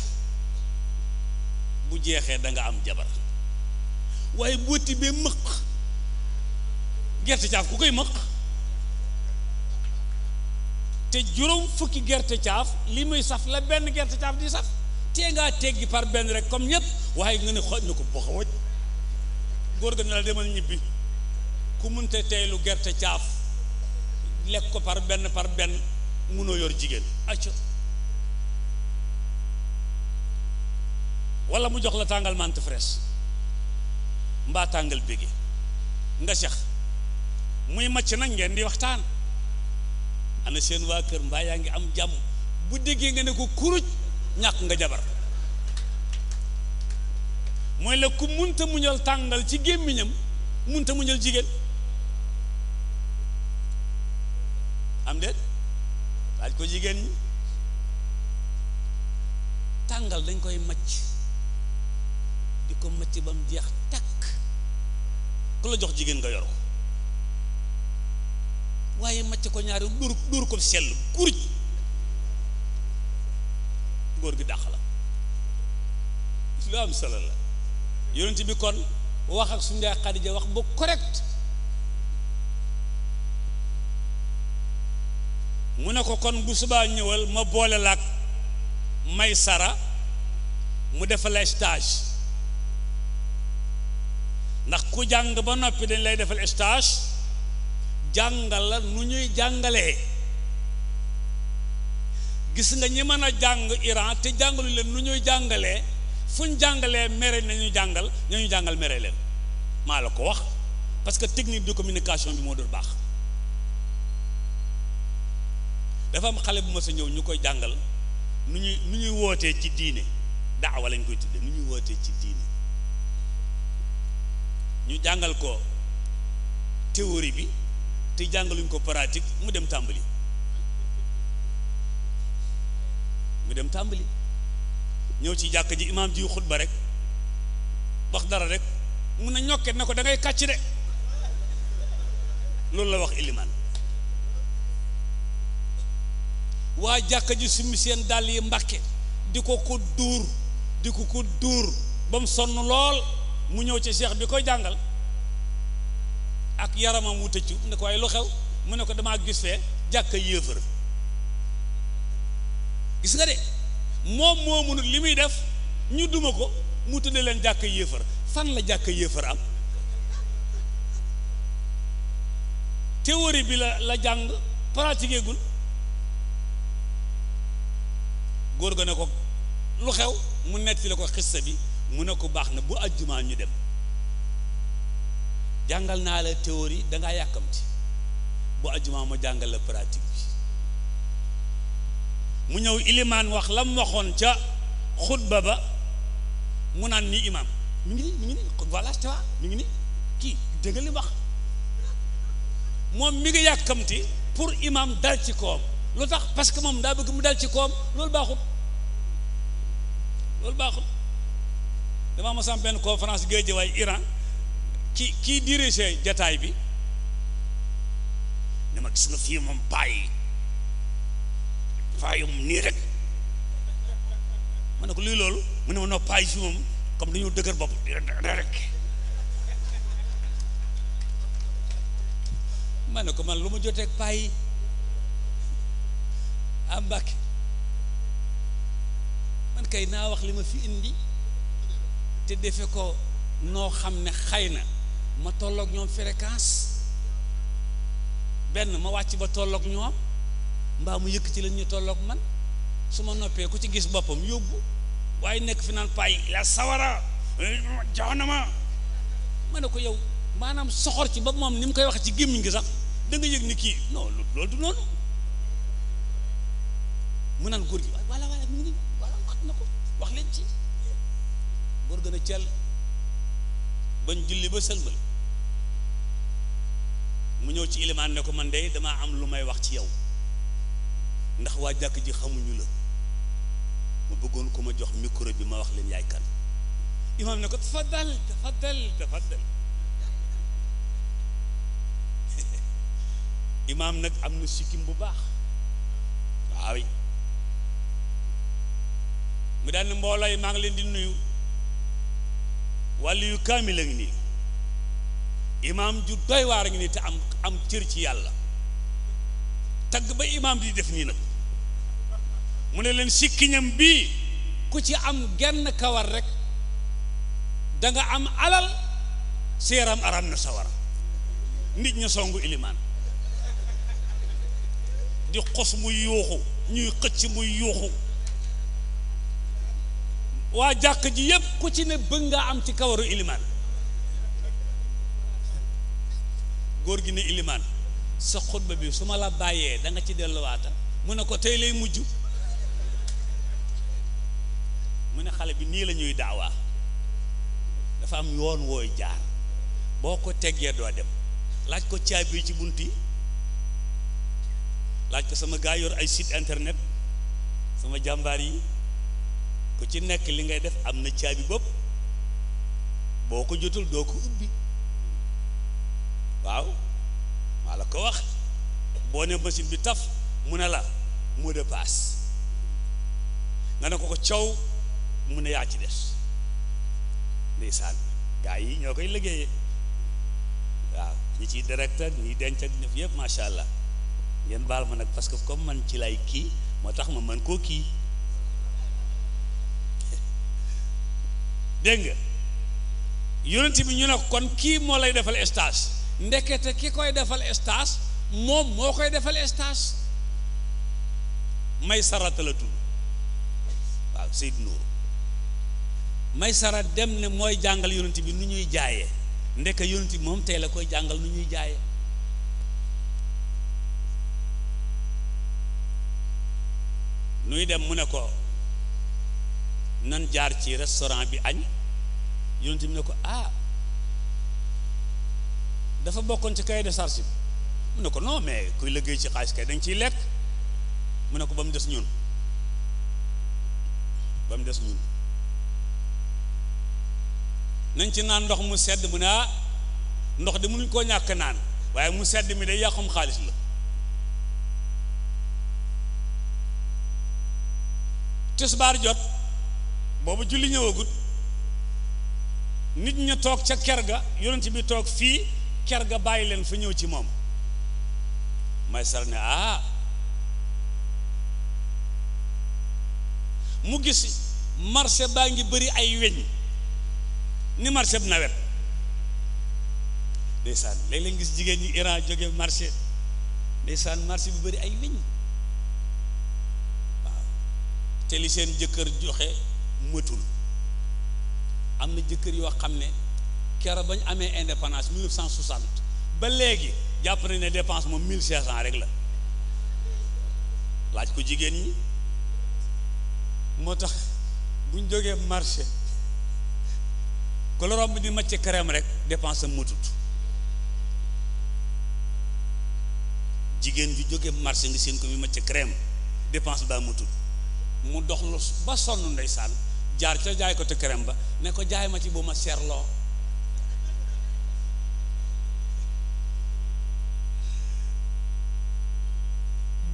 bu jexé da nga am jabar waye boo tibbee mak, gerte tiaf ku koy mak. te juróom fukki gerte caaf li muy saf la benn gerte caaf di saf tee ngaa teggi par benn rek comme ñëpp waaye nga ne xoj na ko boxa waj góor ga ne la demal ñibbi ku munte tey lu gerte caaf lekk ko par benn par benn munoo yor jigéen acca wala mu jox la tàngal mante fraîche mbaa tàngal bége nga sex muy macc nag ngeen di waxtaan ana seen wa keur mba yaangi am jam bu degge nga ne ko kuruj ñak nga jabar moy la ku munta muñal tangal ci gemmiñam munta muñal jigen am déet dal ko jigen tangal dañ koy macc di macc bam jeex tak ko la jox jigen nga yoro waaye macc ko ñaari dóor dóor ko sell kuruj góor gi dàq la lu am solo la yonent bi kon wax ak suñu yaay Xadija wax ba correct mu ne ko kon bu subaa ñëwal ma boole laak may sara mu defal stage ndax ku jàng ba noppi dañ lay defal stage jàngal la nu ñuy jàngalee gis nga ñi mën a jàng Iran te jàngalu leen nu ñuy jàngale jàngalee fuñ jàngalee mere nañu jàngal nañu jàngal mere leen maa la ko wax parce que technique de communication bi moo dul baax dafa am xale bu ma sa ñëw ñu koy jàngal nu ñuy nu ñuy wootee ci diine daawa lañ koy tuddee nu ñuy wootee ci diine ñu jàngal ko théorie bi te jàngaluñ ko pratique mu dem tàmbali mu dem tàmbali ñëw ci jàkk ji imaam ji xutba rek wax dara rek mun na ñokket na ko da ngay kàcc de loolu la wax ilimaan waa jàkk ji summi seen dàll yi mbàkke di ko ko duur di ko ko duur ba mu sonn lool mu ñëw ci cheikh bi koy jàngal ak yaramam wu ci ne ko waaye lu xew mu ne ko damaa gis fee jàkka yéefër gis nga de moom moo munut li muy def ñu duma ko mu tudde leen jàkka yéefër fan la jàkka yéefër am théorie bi la la jàng pratiqué góor ga ne ko lu xew mu nettali ko xissa bi mu ne ko baax na bu àjjumaa ñu dem jangal na la théorie da nga yakamti bu aljuma mo jangal la pratique bi mu ñew iliman wax lam waxon ca khutba ba mu nan ni imam mi ngi mi ngi voilà tu vois mi ngi ki deugal wax mom mi ngi yakamti pour imam dal ci koom lutax parce que mom da bëgg mu dal ci koom lool baxul lool baxul dama ma sam ben conférence Iran ki kii dirigé jataay bi ne ma gis nga fii moom payi payi nii rek ma ne ko luy loolu mu ne ma no payi fii moom comme dañoo dëgër bopp rek ma ne ko man lu ma joteeg payi am ah, mbàkke man kay naa wax li ma fi indi te defe ko noo xam ne xay na ma tollook ñoom fréquence benn ma wàcc ba tolloog ñoom mbaa mu yëkk ci la ñu tolloog man su ma noppee ku ci gis boppam yóbbu waaye nekk fi naan paay la sawara jox na ma ne ko yow maanaam soxor ci ba moom ni mu koy wax ci gémmiñ gi sax da nga yëg ni kii non loolu du noonu mu naan ji gi wala wala mu ngi wala wax na ko wax leen ci góor gën a cell bañ julli ba sëlmal mu ñëw ci ilimaan ne ko man de damaa am lu may wax ci yow ndax waa jàkk ji xamuñu la ma bëggoon ko ma jox micro bi ma wax leen yaay kan imaam ne ko tafaddal tafaddal tafaddal imaam nag am na sikkim bu baax waaw mu daal ne yi maa ngi leen di nuyu wàllu yu kaamil a ngi nii imaam ju doy waar a ngi nii te am am cër ci yàlla tagg ba imaam di def nii nag mu ne leen sikkiñam bii ku ci am genn kawar rek da am alal seeram aram na sawar nit ña songu ilimaan di xos muy yuuxu ñuy xëcc muy yuuxu Wajah jak ji yeb ku ci ne bëgg nga am ci kawaru iliman gor gi ne mana sa khutba bi suma la baye da nga ci delu wata ne ko tey lay muju mu bi ni la ñuy dafa am yoon woy jaar boko do dem laaj ko caabi ci bunti ko sama gaa yor ay site internet sama jambar yi ku ci nek li ngay def amna ciabi bop boko jotul do ko ubbi waw mala ko wax boo ne machine bi taf munela ne mot de passe nga ne ko ko caw ci dess ndeysal gaay yi ñokay waw ni ci directeur ni denc ak neuf machallah bal ma nak parce que comme man ci lay ki motax ma man ko ki dégg nga yonent bi ñu ne kon kii moo lay defal stage ndekete ki koy defal stage moom moo koy defal stage may sarata la tudd waaw Seydou may sara dem ne mooy jàngal yonent bi nu ñuy jaaye ndeke yonent moom tey la koy jàngal nu ñuy jaayee nuy dem mu ne ko nan jaar ci restaurant bi añ ci bi ne ko ah dafa bokkoon ci kay de charge bi mu ne ko non mais kuy liggéey ci xaalis kay dañ ciy lekk mu ne ko ba mu des ñun ba mu des ñun nañ ci naan ndox mu sedd mu ne ah ndox de mënuñ koo ñàkk naan waaye mu sedd mi day yàqum xaalis la tisbaar jot boobu julli ñëwagut nit ña toog ca ker ga yonent bi toog fii ker ga bàyyi leen fa ñëw ci moom maysar ne ah mu gis marché baa ngi bari ay weñ ni marché bi nawet ndeysaan léeg-léeg gis jigéen ñu Iran jóge marché ndeysaan marché bu bëri ay weñ waaw te li seen jëkkër joxe mëtul am na jëkkër yoo xam ne keroog ba ñu amee indépendance 1960 ba léegi jàpp nañ ne dépense moom 1500 rek la laaj ko jigéen ñi moo tax bu ñu jógee marché ku la romb di macc crème rek dépense am matut jigéen ju jógee marché nga seen ko bi macc crème dépense baa matut mu dox lu ba sonn ndeysaan jaar ca jaay ko te këram ba ne ko jaay ma ci bu ma seerloo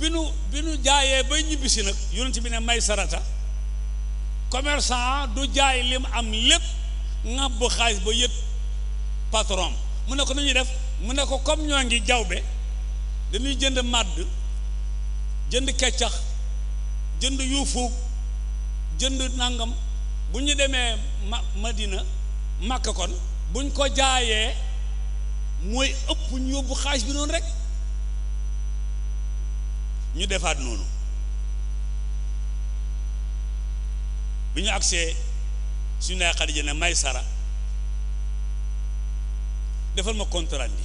bi nu bi nu jaayee bay ñibbisi nag yonent bi ne may sarata commerçant du jaay lim am lépp ŋàbb xaalis ba yëpp patron mu ne ko nu ñuy def mu ne ko comme ñoo ngi jawbe dañuy jënd màdd jënd keccax jënd yuufuug jënd nangam bu ñu demee ma Madina Makka kon buñ ko jaayee mooy ëpp ñu yóbbu xaalis bi noonu rek ñu defaat noonu bu ñu agsee suñu naay Xadija ne may sara defal ma contrat bi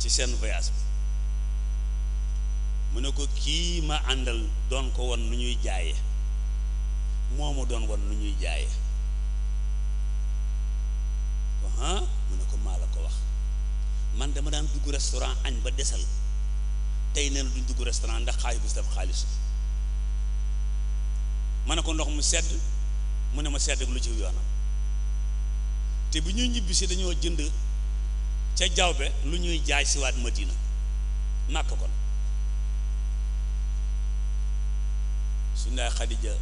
ci seen voyage bi mu ne ko kii ma àndal doon ko won lu ñuy jaayee moo ma doon wan lu ñuy jaayee ko ah mu ne ko maa ko wax man dama daan dugg restaurant añ ba desal tey nee na duñ dugg restaurant ndax xaalis bi si def xaalis ma ne ko ndox mu sedd mu ne ma sedd lu ci yoonam te bu ñuy ñibbi si dañoo jënd ca jawbe lu ñuy jaay si waat madina màkk kon suñ laay xadija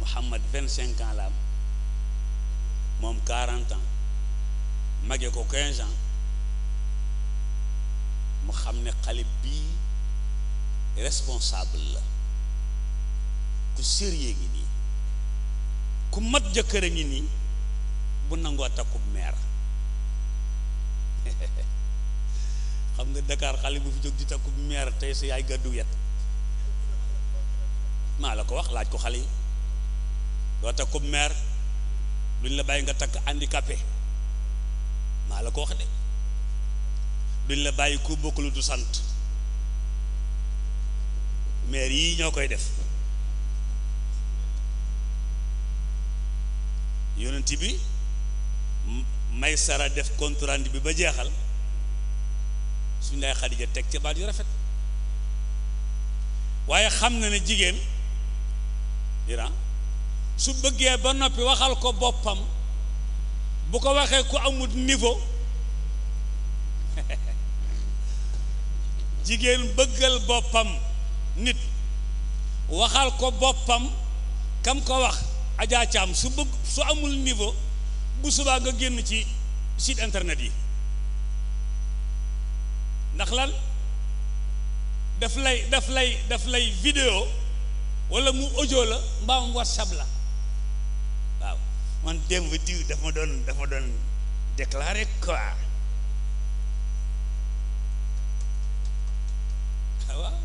Mouhamad vingt cinq ans la am moom quarante ans mage ko quinze ans mu xam ne xalib bii responsable la ku sérieux ngi nii ku mat jëkkër a ngi nii bu nangoo bu meer xam nga Dakar xale bu fi jóg di bu meer tey sa yaay gàddu wet maa la ko wax laaj ko xale yi doo takku maire duñ la bàyyi nga takk handicapé maa la ko wax de duñ la bàyyi ku bokkul du sant maire yii ñoo koy def yonent bi may sara def compte rendu bi ba jeexal suñ lay Xadija teg ca baat yu rafet waaye xam na ne jigéen Iran su bëggee ba noppi waxal ko boppam bu ko waxee ku amul niveau jigéen bëggal boppam nit waxal ko boppam kam ko wax ajaa caam su bëgg su amul niveau bu subaa nga génn ci site internet yi ndax lan daf lay daf lay daf lay vidéo wala mu audio la mbaam whatsapp la man démb diw daf ma doon daf ma doon quoi waaw ah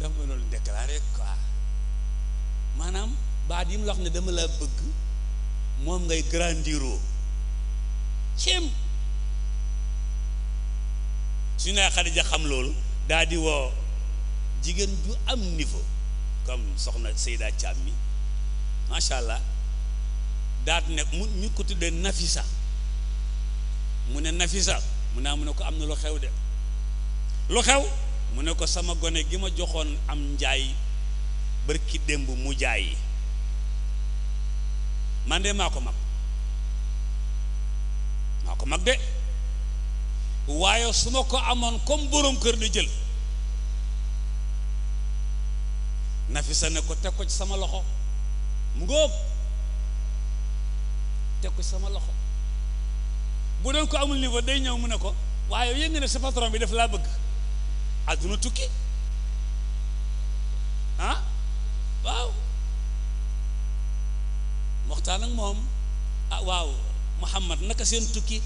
dafa don déclarer quoi manam baat yi mu wax ne dama la bëgg mom ngay grandiro chim su khadija xam loolu daa di woo jigéen ju am niveau comme soxna Seyda chammi mi macha allah daat ne mu ñu ko tuddee Nafisa mu ne Nafisa mu naa ah, mu ne ko am na lu xew de lu xew mu ne ko sama gone gi ma joxoon am njaay bërki démb mu jaay man de maa ko mag maa ko mag de waaye su ma ko amoon comme boroom kër di jël Nafisa ne ko teg ko ci sama loxo mu góob teg sama loxo bu doon ko amul niveau day ñew mu ne ko waye yeen ne sa patron bi def la bëgg aduna tukki ah waaw waxtaan ak mom ah waaw Muhammad naka seen tukki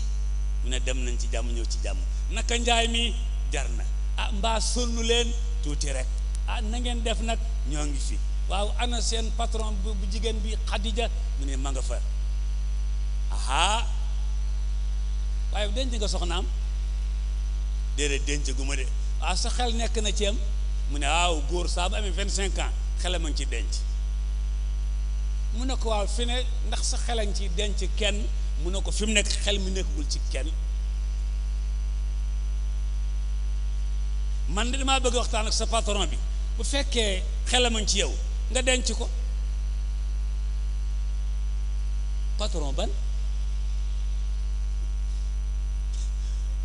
mu ne dem nañ ci jamm ñew ci jamm naka njaay mi jarna ah mba sonu len tuti rek ah na ngeen def nak ñoo ngi fi waaw ana seen patron bu jigen bi Khadija mu ne ma nga fa aha waaye denc nga soxnaam déedéet denc gu ma de waaw ah, sa xel nekk na ci am mu ne waaw góor saa bu amee vingt cinq ans xelam a ci denc mu ne ko waaw fi ne ndax sa xel a ci denc kenn mu ne ko fi mu nekk xel mu nekk nekkagul ci kenn man de damaa bëgg waxtaan ak sa patron bi bu fekkee xelam a ci yow nga denc ko patron ban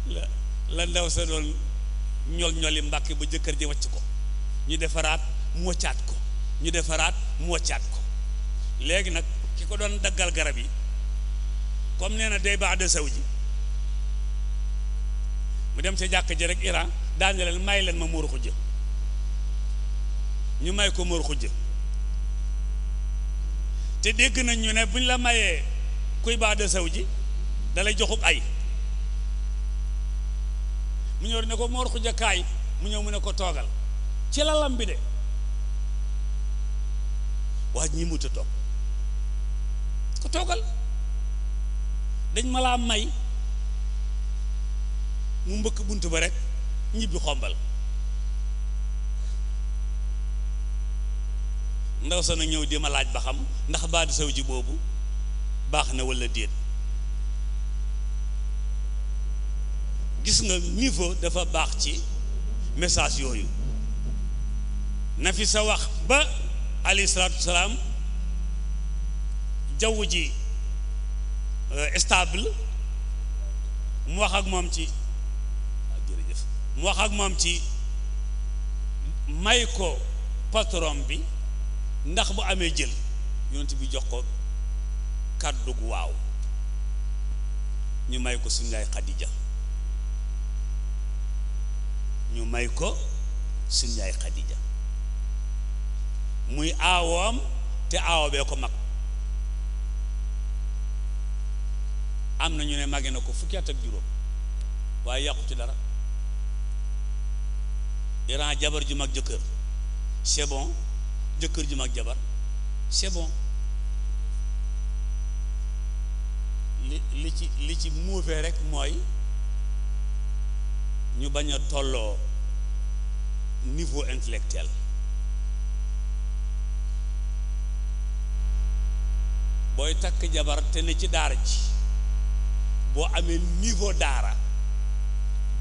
la la ndaw sa doon ñol ñoli mbàkk ba jëkkër ji wacc ko ñu defaraat mu ko ñu defaraat mu wàccaat ko léegi nag ki ko doon daggal garab yi comme nee na day baax de sew ji mu dem ca jàkk ji rek Iran daan leen may leen ma móoru jë ñu may ko móoru jë te dégg nañ ñu ne buñ la mayee kuy baax de saw ji dalay joxub ay mu ñëw ne ko moor xuja kaay mu ñëw mu ne ko toogal ci lalam bi de waa ñi muta toog ko toogal dañ ma laa may mu mbëkk bunt ba rek ñibbi xombal ndaw sa na ñëw di ma laaj ba xam ndax baadu saw ji boobu baax na walla déet gis nga niveau dafa baax ci message yooyu nafi sa wax ba alayhi salaatu wasalaam ji euh, stable mu wax ak moom ci ah, jërëjëf mu wax ak moom ci may ko patron bi ndax bu amee jël yonent bi jox ko kàddu gu waaw ñu may ko suñu lay Xadija ñu may ko suñ yaay Xadija muy aawoom te aawo bee ko mag am na ñu ne mage na ko fukki at ak juróom waaye yàqu ci dara a jabar ju mag jëkkër c'est bon jëkkër ju jabar c'est bon li li ci li ci muufee rek mooy ñu bañ a tolloo niveau intellectuel booy takk jabar te ne ci daara ji boo amee niveau daara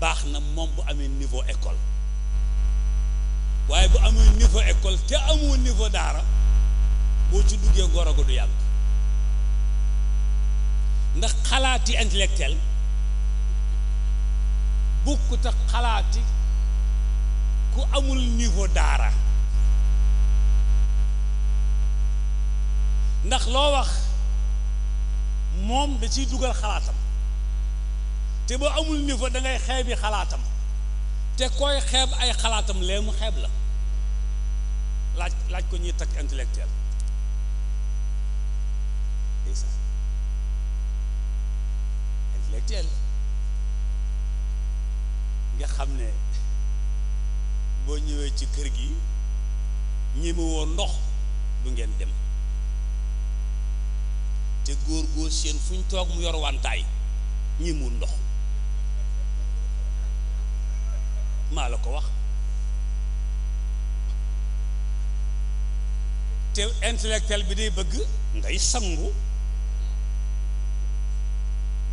baax na moom bu amee niveau école waaye bu amee niveau école te amoo niveau daara boo ci duggee goro du yàgg ndax xalaati intellectuel بوكو تخلاتي كو امول نيفو دارا نخ لو موم دا سي دوغال تي بو امول نيفو دا خيبي خلاتام تي كوي خيب اي خلاتام ليم خيب لا لاج لاج كو ني تاك انتليكتوال انتليكتوال nga xam ne boo ñëwee ci kër gi ñeme ndox du ngeen dem te góor góor seen fu toog mu yor wantaay ñemewul ndox maa la ko wax te intellectuel bi day bëgg ngay sangu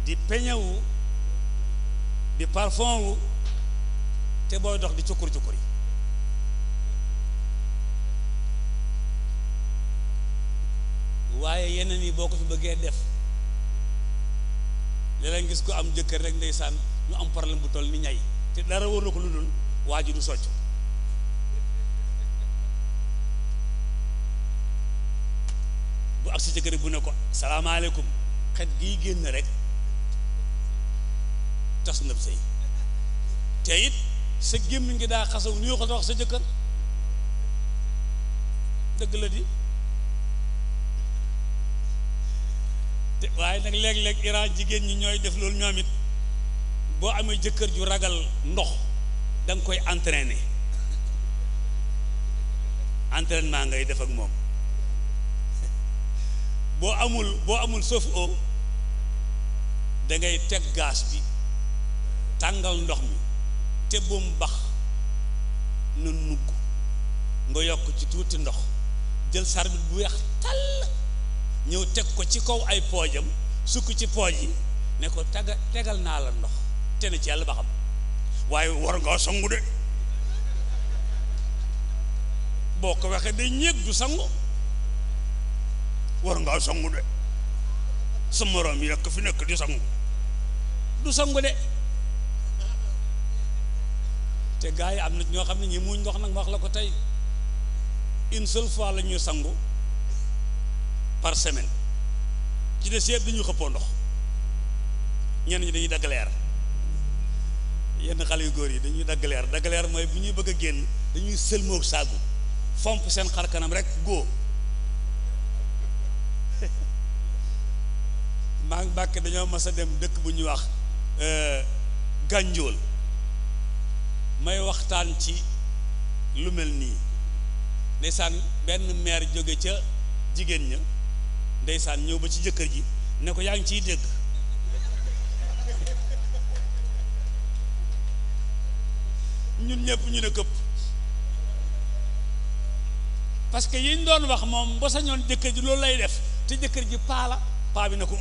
di peñewu di parfum te booy dox di cukkur cukkur yi waaye yeneen nii boo ko fi bëggee def léeg gis ko am jëkkër rek ndeysaan ñu am problème bu toll ni ñay te dara wóor na ko lu dul waa ji du bu agsi si bu ne ko salaamaaleykum xet gii génn rek tas nëb sëy sa gémmiñ ngi daa xasaw nuyoo ko wax sa jëkkër dëgg la di waaye nag léeg-léeg Iran jigéen ñi ñooy def loolu ñoom it boo amee jëkkër ju ragal ndox danga nga koy entraîner entraînement ngay def ak moom boo amul boo amul sauf o da teg gaas bi tàngal ndox mi te bum bax na nugg nga yokk ci tuuti ndox jël sarbit bu weex tàll ñëw teg ko ci kaw ay poojam sukk ci pooj yi ne ko taga tegal naa la ndox te ne ci yàlla baxam waaye war ngaa sangu de boo ko wexe da ñéeg du sangu war ngaa sangu de sa moroom yekk fi nekk di sangu du sangu de te gaay yi am na ñoo xam ne ñi muñ ndox nag ma wax la ko tey une seule fois la ñuy sangu par semaine ci des yëpp dañuy xëppoo ndox ñen ñi dañuy dagg leer yenn xale yu góor yi dañuy dagg leer dagg leer mooy bu ñuy bëgg a génn dañuy sëlmoog saagu fomp seen xar kanam rek góo maa ngi bàkke dañoo mas a dem dëkk bu ñuy wax euh, gànjool may waxtaan ci lu mel nii ndeysaan benn meer jóge ca jigéen ña ndeysaan ñëw ba ci jëkkër ji ne ko yaa ngi ciy dégg ñun ñëpp ñu ne këpp parce que yiñ doon wax moom ba sañoon jëkkër ji loolu lay def te jëkkër ji paa la paa bi ne ko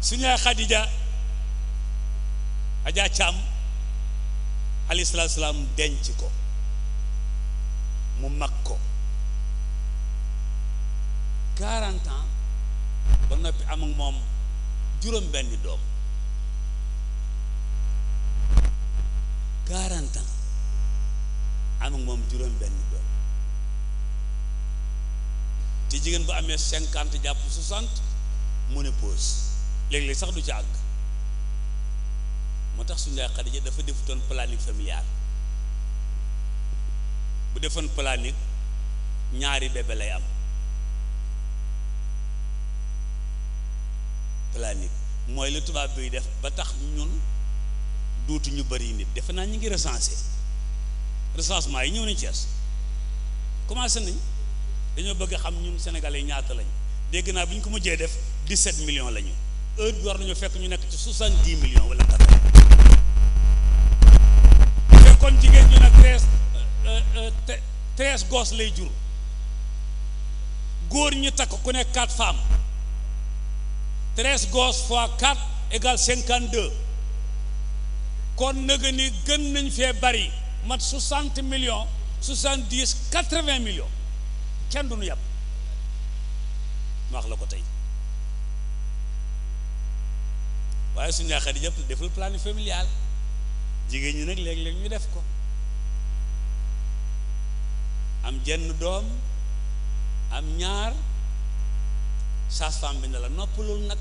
suñu khadija aja cham ali sallallahu alaihi wasallam denc ko mu mag ko 40 ans ba nopi am ak moom juróom benn dom 40 ans am ak moom juróom benn dom te jigen bu amé 50 japp 60 mu ne pause léeg-léeg sax du ci àgg moo tax suñu yaay Xadija dafa defutoon planning familial bu defoon planning ñaari bébé lay am planning mooy lu tubaab biy def ba tax ñun duutu ñu bëri nit defe naa ñu ngi recensé recensement yi ñëw nañ Thiès commencé nañ dañoo bëgg xam ñun sénégalais ñaata lañ dégg naa bi ko mujjee def 17 millions la ñu. nous avons nous millions euh, euh, quatre gosses les jours femmes 13 gosses fois 4 égale 52 kon ni millions 70, 80 millions kenn du ñu wax la ko waaye suñu yaakaar yëpp deful planning familial jigéen ñi nag léeg-léeg ñu def ko am jenn doom am ñaar sage-femme bi ne la noppalul nag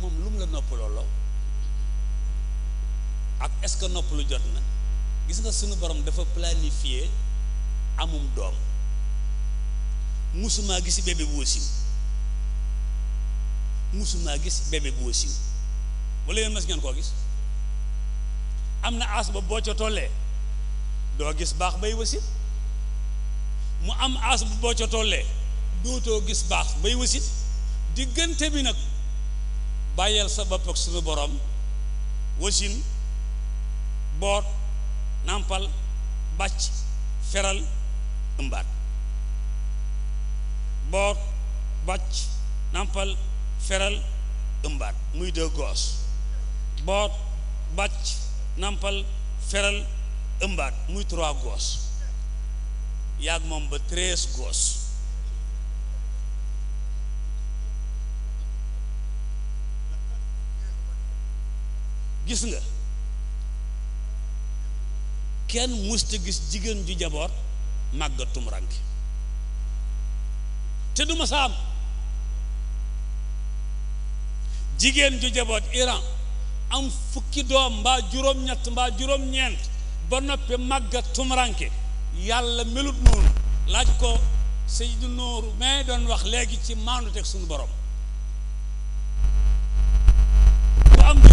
moom lu mu la noppaloo ak est-ce que noppalu jot na gis nga suñu borom dafa planifié amum doom musuma gisi bébé bu wasin musumaa gis bébé bu wasiw wala yéen mas ngeen koo gis am na as ba boo ca tollee doo gis baax bay wasin mu am as bu boo ca tollee dootoo gis baax bay wasin diggante bi nag bàyyeel sa bopp suñu borom wasin boot nàmpal bàcc feral ëmbaat boot bàcc nàmpal feral ëmbaat muy de goos boot bàcc nampal feral ëmbaat muy trois goos yàgg moom ba treize goos gis nga kenn musta gis jigéen ju jaboot màggatum rank te du ma saam jigéen ju jaboot Iran am fukki doom mbaa juróom-ñett mbaa juróom-ñeent ba noppi màgga tumuranke yàlla melut noonu laaj ko Seydou Nooru mais doon wax léegi ci maandu teg suñu borom bu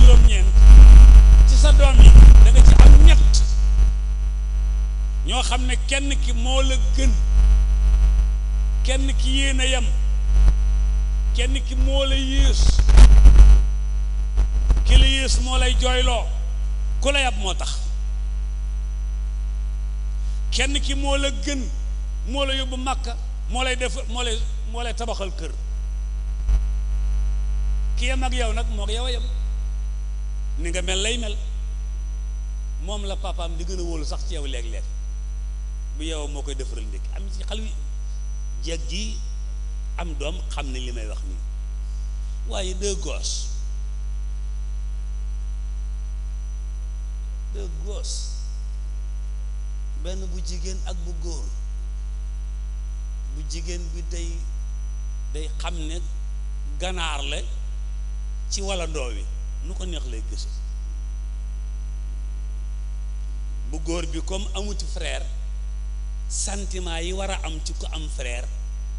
juróom ñeent ci sa doom yi da ci am ñett ñoo xam ne kenn ki moo la gën kenn ki yéen a yem kenn ki moo la yées ki la yées moo lay jooyloo ku la yab moo tax kenn ki moo la gën moo la yóbbu màkka moo lay def moo lay tabaxal kër ki yem ak yow nag moo yow a yem ni nga mel lay mel moom la papaam di gën a wóolu sax ci yow léeg-léeg bu yow moo koy defaral ndékki am ci xal wi jeeg ji am doom xam ne li may wax nii waaye deux gosses benn bu jigéen ak bu góor bu jigéen bi day day xam ne ganaar la ci walla ndoo wi nu ko neex lay gise bu góor bi comme amuti frère santiment yi war a am ci ku am frère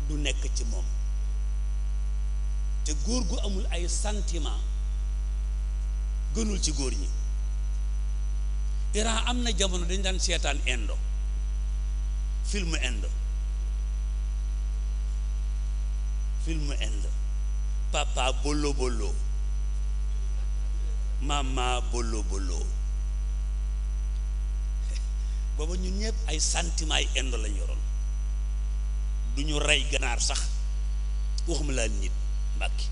du nek ci mom te gu amul ay sentiment gënul ci góor ñi Iran amna na jamono dañ dan seetaan endo film endo, film endo. papa bolo bolo mama bolo bolo booba ñun ñepp ay sentiment ay endo du ñu rey ganaar sax waxuma laa nit mbàkki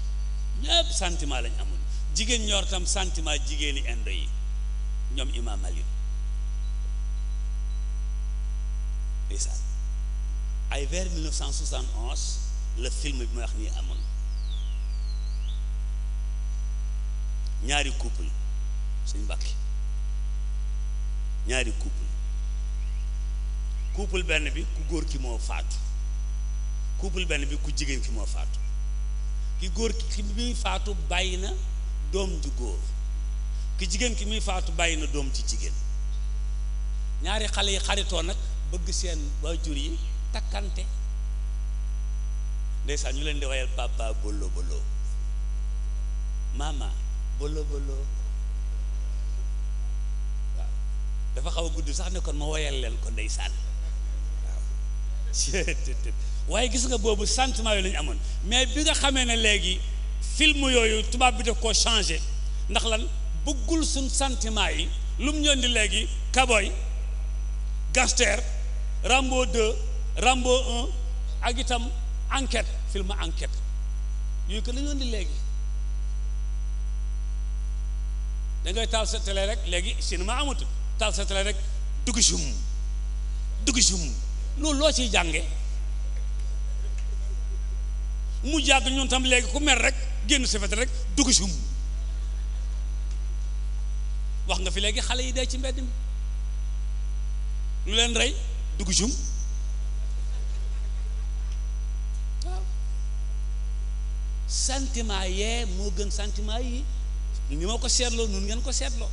ñëpp sentiment lañ amoon jigéen ñor tam sentiment jigéeni indo yi ñoom imaam Ali ndeysaan ay vers 1971 le film bi ma wax nii amoon ñaari couple suñ mbàkki ñaari couple couple benn bi ku góor ki moo faatu couple benn bi ku jigéen ki moo faatu ki góor ki muy faatu bàyyi na doom ju góor ki jigéen ki muy faatu bàyyi na doom ci jigéen ñaari xale yi xaritoo nag bëgg seen waajur yi takkante ndeysaan ñu leen di wayal papa bolo bolo mama bolo bolo waaw dafa xaw a gudd sax ne kon ma woyal leen ko ndeysaan waaw waaye gis nga boobu sentiment yooyu lañu amoon mais bi nga xamee na léegi film yooyu tubaab bi daf ko changé ndax lan bëggul suñ sentiment yi lu mu ñoon di léegi kaboy gangster Rambo 2 Rambo ak itam enquête film enquête yooyu que la ñoon di léegi dangay ngay taal sa télé rek léegi cinéma amatu taal sa télé rek dugg jum dugg jum loolu loo ciy jànge mu jàgg ñun tam léegi ku mer rek génn sefet rek dugg sum wax nga fi léegi xale yi dee ci mbedd mi lu leen rey dugg sum santiment yee moo gën santiment yi ni ma ko seetloo nun ngeen ko seetloo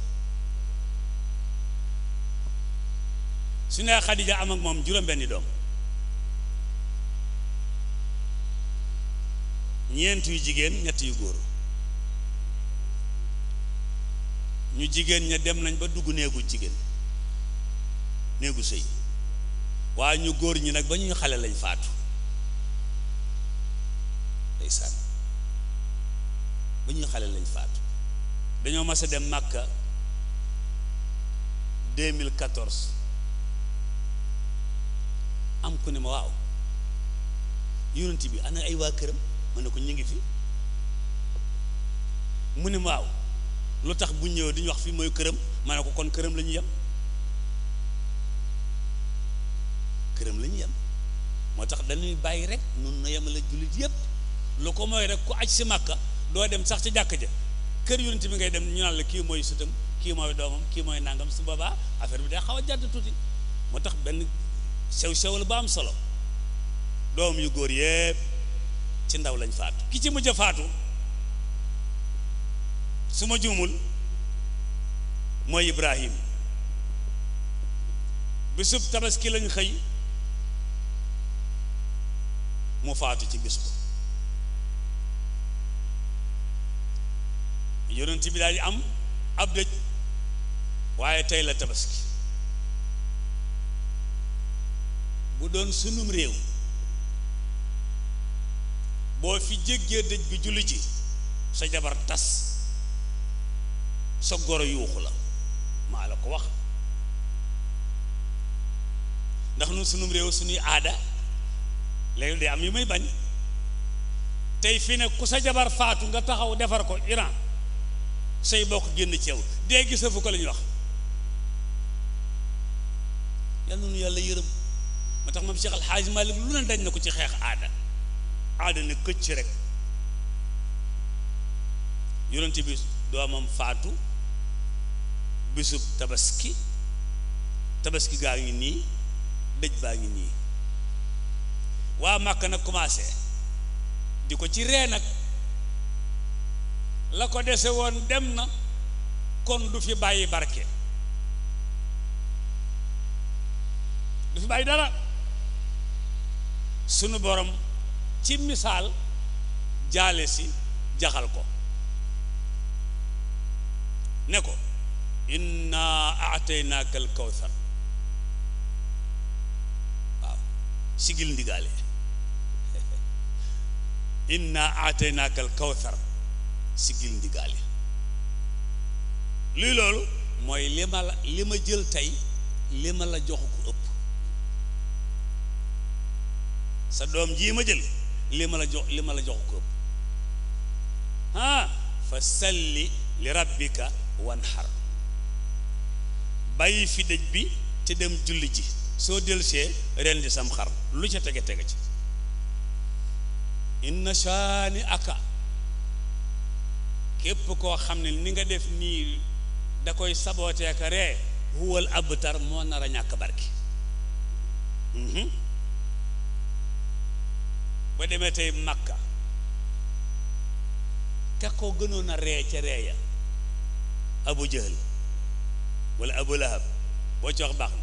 su ne Xadija am moom juróom-benni doom ñeent yu jigéen ñett yu góor ñu jigéen ña dem nañ ba dugg néegu jigéen néegu sëy waaye ñu góor ñi nag ba ñuy xale lañ faatu ndeysaan ba xale lañ faatu dañoo mas a dem Màkka 2014 am ku ne ma waaw yonent bi ana ay waa këram ma ne ko ñi ngi fi mu ne waaw lu tax bu ñëw diñu wax fi mooy këram ma ne ko kon këram la ñu yem këram dañuy rek nun na yépp lu ko rek ku aj si màkka dem sax ci jàkk ja kër bi ngay dem ñu naan la kii mooy sutam kii mooy doomam kii mooy nangam su boobaa affaire bi day xaw a jàdd tuuti sew sewal ba am solo dom yu yépp ci ndaw lañ faatu ki ci mujj a faatu su ma juumul mooy Ibrahim bisub tabaski lañ xëy mu faatu ci bis ko yonent bi daal am ab dëj waaye tey la tabaski bu doon sunum réew boo fi jéggee dëj bi julli ji sa jabar tas sa goro yuuxu la maa la ko wax ndax nu sunum réew suñuy aada léegi day am yu may bañ tey fi ne ku sa jabar faatu nga taxaw defar ko Iran say bokk génn ci yow dee gisa fu ko la wax yal na nu yàlla yërëm ma tax moom Cheikh Alxaaj Malik lu ne dañ na ko ci xeex aada aada ne këcc rek yonent bi doomam faatu bisub tabaski tabaski gaa ngi nii dëj baa ngi nii waa màkk na commencé di ko ci ree nag la ko dese woon dem na kon du fi bàyyi barke du fi bàyyi dara sunu borom ci misaal jaale si jaxal ko ne ko inna aataynaaka al kawsar waaw sigil ndigaale luy loolu mooy li ma la li ma jël tey li ma la jox ko ëpp sa doom jii ma jël li ma la jox li ma la jox ko ah fa salli li rabbika wanhar bàyyi fi dëj bi te dem julli ji soo delsee rendi sam xar lu ca tege tege ci inna ni aka képp koo xam ne ni nga def nii da koy sabooteeka ree huwal abtar moo nar a ñàkk barki mhm. boo demee tey Makka ka koo gënoon a ree ca reeya Abu Jahl wala Abu Lahab boo jox wax baax na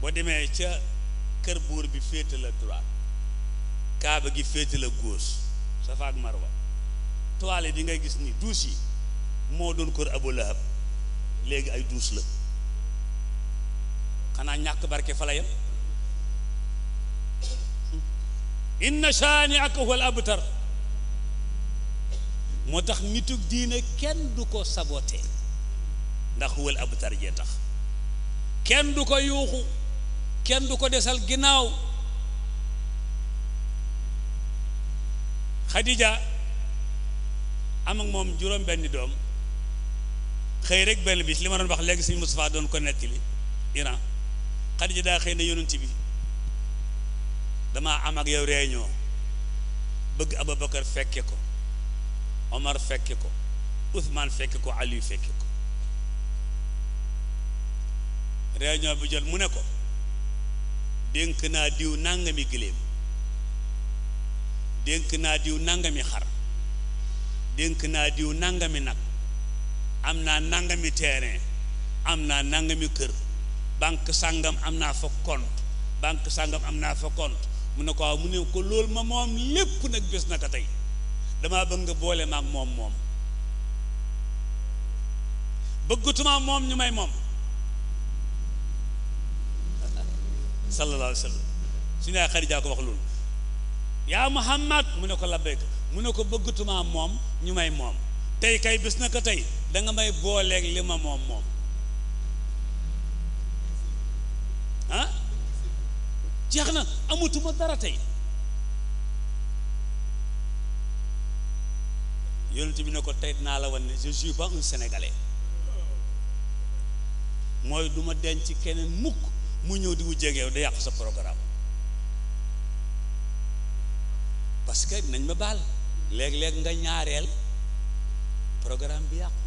boo demee ca kër buur bi féete la droite kaaba gi féete a gauche Safa ak Marwa toile di nga gis ni duus yi moo doon kër Abu Lahab léegi ay duus la xanaa ñàkk barke fa la yam inna shaani'aka huwal abtar moo tax nitug diine kenn du ko sabote ndax huwal abtar jee tax kenn du ko yuuxu kenn du ko desal ginnaaw Khadija am ak moom juróom benni doom xëy rek benn bis li ma doon wax léegi suñu Moustapha doon ko nettali Iran Khadija daa xëy na yonent bi dama am ak yow réunion bëgg Aboubacar fekke ko Omar fekke ko Ousmane fekke ko Aliou fekke ko réunion bi jot mu ne ko dénk naa diw nangami giléem dénk naa diw nangami xar dénk naa diw nangami nag am naa nangami terrain am naa nangami kër banque sàngam am naa fa compte banque sàngam am naa fa kont mu ne ko waaw mu ne ko loolu ma moom lépp nekk nag na ko tey damaa bëgg nga boole maag moom moom bëggatuma moom ñu may moom sallallahu alayhi wa sallam suñu yaay Xadija mu ne ko labbayk mu ne ko bëggatuma moom ñu may moom tey kay na ko tey da nga may booleeg li ma moom moom ah jeex na amatuma dara tey yonent bi ne ko tey naa la wan ne je suis pas un mooy du ma denc keneen mukk mu ñëw di mu yow da yàqu sa programme parce que nañ ma baal léeg-léeg nga ñaareel programme bi yàqu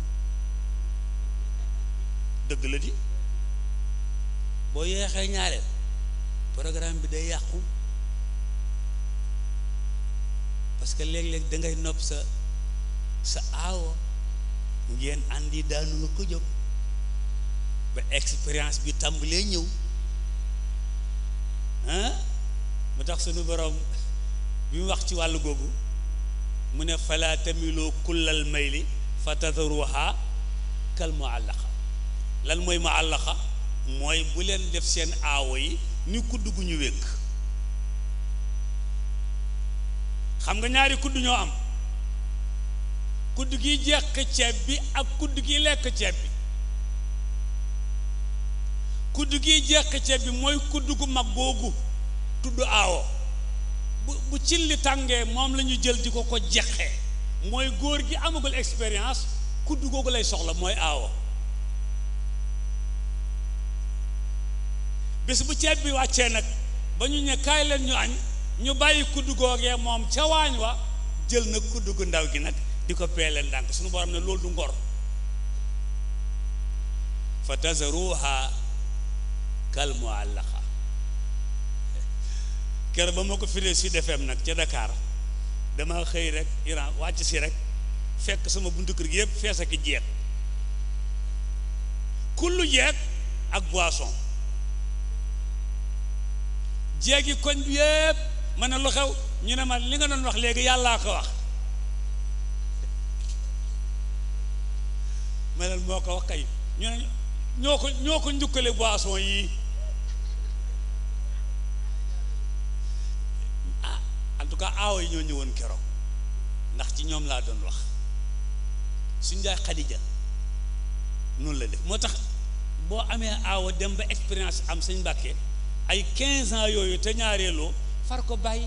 dëgg la di boo yeexee ñaareel programme bi day yàqu parce que léeg-léeg da ngay nopp sa sa aawo ngeen àndi daanu nga ko jóg ba expérience bi tàmbalee ñëw ah mu tax sunu borom bi wax ci wàllu googu mu ne fala tamiloo may li fa tadaruha kal muallaqa lan mooy muallaqa mooy bu leen def seen aawo yi ni kudd gu ñu wékk xam nga ñaari kudd ñoo am kudd gi jeq ceeb bi ak kudd gi lekk ceeb bi kudd gi jeq ceeb bi mooy kudd gu mag googu tudd aawo bu bu cilli tàngee moom lañu jël di ko ko jeqee mooy góor gi amagul expérience kudd googu lay soxla mooy aawo bis bu ceeb bi wàccee nag ba ñu ne leen ñu añ ñu bàyyi kudd googee moom ca waañ wa jël nag kudd gu ndaw gi nag di ko peeleel ndànk suñu borom ne loolu du ngor fa tazaruha kal muallaqa ker ba ma ko firee si defeem nag ca Dakar dama xëy rek Iran wàcc si rek fekk sama buntu kër gi yëpp fees ak jeeg kullu jeeg ak boisson jeegi koñ bi yépp ma ne lu xew ñu ne ma li nga doon wax léegi yàllaa ko wax ma leen moo ko wax kay ñu ne ñoo ko ñoo ko njukkale boisson yi ah, en tout cas aawo yi ñoo ñëwoon keroog ndax ci ñoom laa doon wax suñ jaay xadija noonu la def moo tax boo amee aawo dem ba expérience am sëñ Mbàkke ay 15 ans yooyu te ñaareeloo far ko bàyyi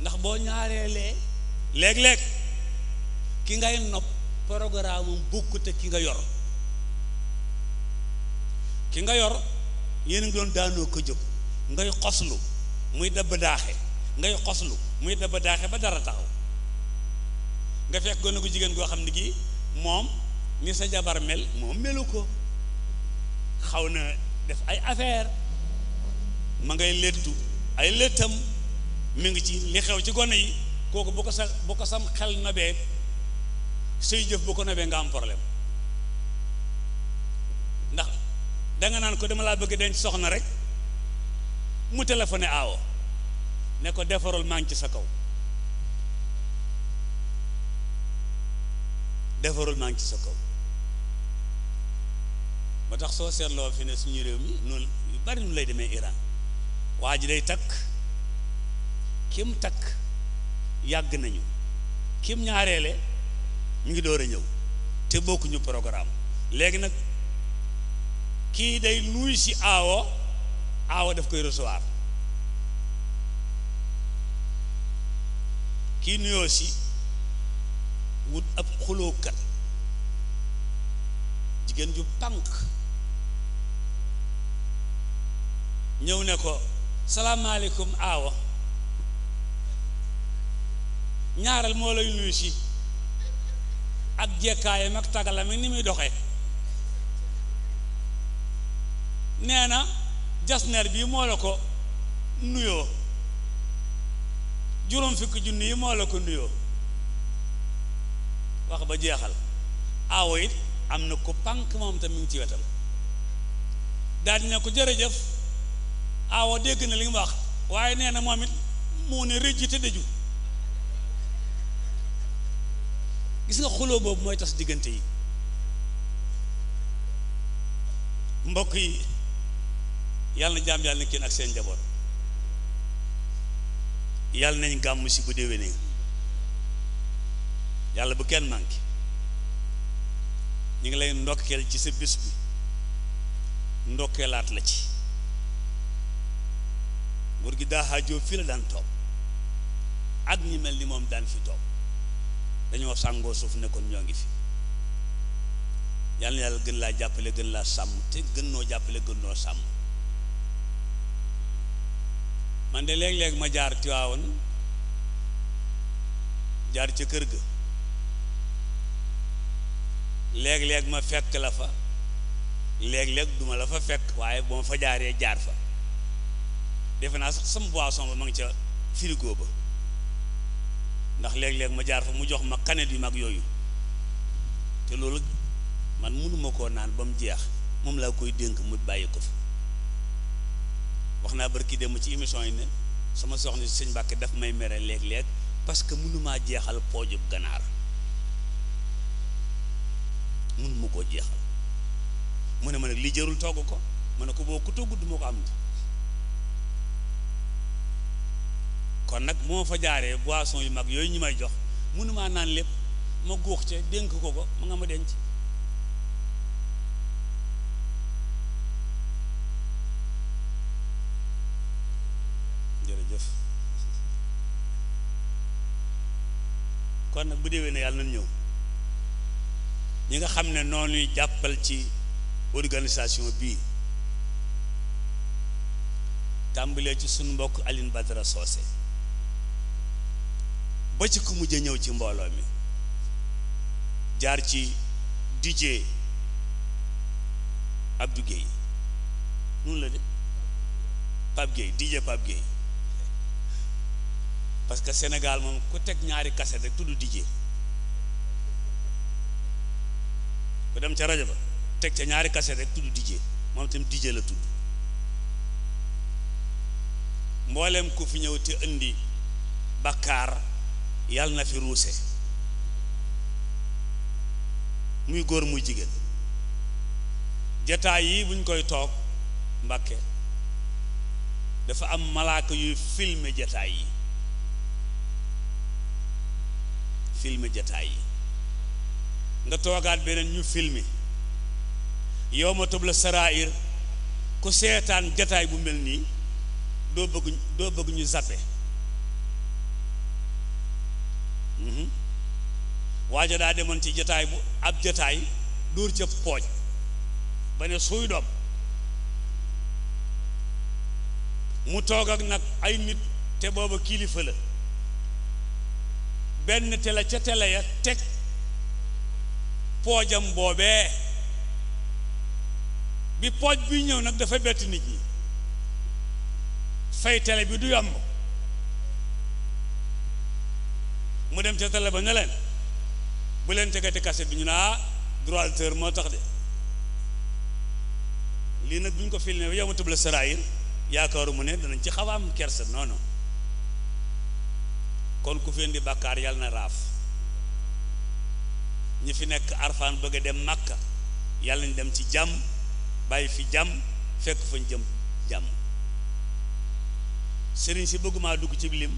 ndax boo ñaareelee léeg-léeg ki ngay nopp programme am bokkut ak ki nga yor ki nga yor yéen a ngi doon daanoo ko jóg ngay xoslu muy daba daaxe ngay xoslu muy daba daaxe ba dara taxaw nga fekk gone jigéen goo xam ne gi moom ni sa jabar mel moom melu ko xaw na def ay affaire ma ngay léttu ay léttam mi ngi ci li xew ci gone yi kooku bu ko sa bu ko sam xel nabee say jëf bu ko nabee nga am problème ndax danga naan ko dama laa bëgg denc soxna rek mu téléphoné aawo ne ko defarul maa ci sa kaw defarul maa ci sa kaw boo tax soo seetloo fi ne suñu réew mi noonu yu bari nu lay demee Iran waa ji day takk kim takk yàgg nañu kim ñaareele mu ngi door a ñëw te bokkuñu programme léegi nag kii day nuy si aawo aawo daf koy recevoir kii nuyoo si wut ab xulookat jigéen ju pànk ñëw ne ko salaamaaleykum aawa ñaaral moo lay nuyu si ak jekkaayam ak tagalam ak ni muy doxe nee na jasneer bi moo la ko nuyoo juróom fukki junni yi moo la ko nuyoo wax ba jeexal aawo it am na ko pànk moom tam mi ngi ci wetam daal dina ko jërëjëf Ah, awo dégg na li mu wax waaye nee na moom it moo ne rëjj te dëju gis nga xuloo boobu mooy tas diggante yi mbokk yi yàlla na jaam yàlla na kenn ak seen njaboot yàlla nañ gàmmu si bu déwénee yàlla bu kenn manqué ñu ngi lay ndokkeel ci sa bis bi laat la ci nguur gi daaxaa jóob fii la daan toog ak ñi mel ni moom daan fi toog dañoo sàngoo suuf nekkoon ñoo ngi fi yàlla na yàlla gën laa jàppale gën laa sàmm te gën noo jàppale gën noo sàmm man de léeg-léeg ma jaar Tiwaawan jaar ca kër ga léeg-léeg ma fekk la fa léeg-léeg duma la fa fekk waaye boo ma fa jaaree jaar fa defe naa sax sam boisson ba mang ci frigo ba ndax léeg-léeg ma jaar fa mu jox ma canette yu mag yoyu te lolu man munu mako nan bam jeex mom la koy denk mu bayiko fa waxna barki dem ci émission yi ne sama soxni seigne bakki daf may mere léeg-léeg parce que ma jeexal pojub ganar munu mako jeexal mune ma li jeerul togo ko ko togu am kon nag bu ma fa jaaree boisson yu mag yooyu ñu may jox mënumaa naan lépp ma guux ca dénk ko ko mu nga ma denc jërëjëf kon nag bu déwee ne yàlla nañ ñëw ñi nga xam ne noonuy jàppal ci organisation bii tàmbalee ci suñu mbokk Aline Badara Socé ba ci ku mujj ñëw ci mbooloo mi jaar ci DJ Abdou Guèye noonu la de Pape Guèye DJ Pape Guèye parce que senegal moom ku teg ñaari kaset rek tudd DJ ku dem ca rajo ba teg ca ñaari kaset rek tudd DJ moom tam DJ la tudd mbooleem ku fi ñëw te indi bakkaar yàlla na fi ruuse muy góor muy jigéen jataay yi buñ koy toog mbàkke dafa am malaaka yuy filme jataay yi filme jataay yi nga toogaat beneen ñu filme yow ma tëb la sarair ku seetaan jataay bu mel nii doo bëgg doo bëgg ñu zappe Mhm. waaja daa demoon ci jataay bu ab jataay dóor ca pooj ba ne suuy doom mu toog ak nag ay nit te booba kilifa la benn tele ca tele ya teg poojam boobee bi pooj bi ñëw nag dafa betti nit ñi fay tele bi du yomb dem ca télé ba ne leen bu leen tegati cassette bi ñu naa ah, droit d'auteur moo tax de lii nag duñ ko filmé ba yow ma tëb la saraayir yaakaaru mu ne danañ ci xaw a am kersa kon ku fi indi bàkkaar yàlla na raaf ñi fi nekk arfaan bëgg dem màkka yàlla ñu dem ci jàmm bàyyi fi jàmm fekk fañ jëm jàmm sëriñ si bëgguma dugg ci lim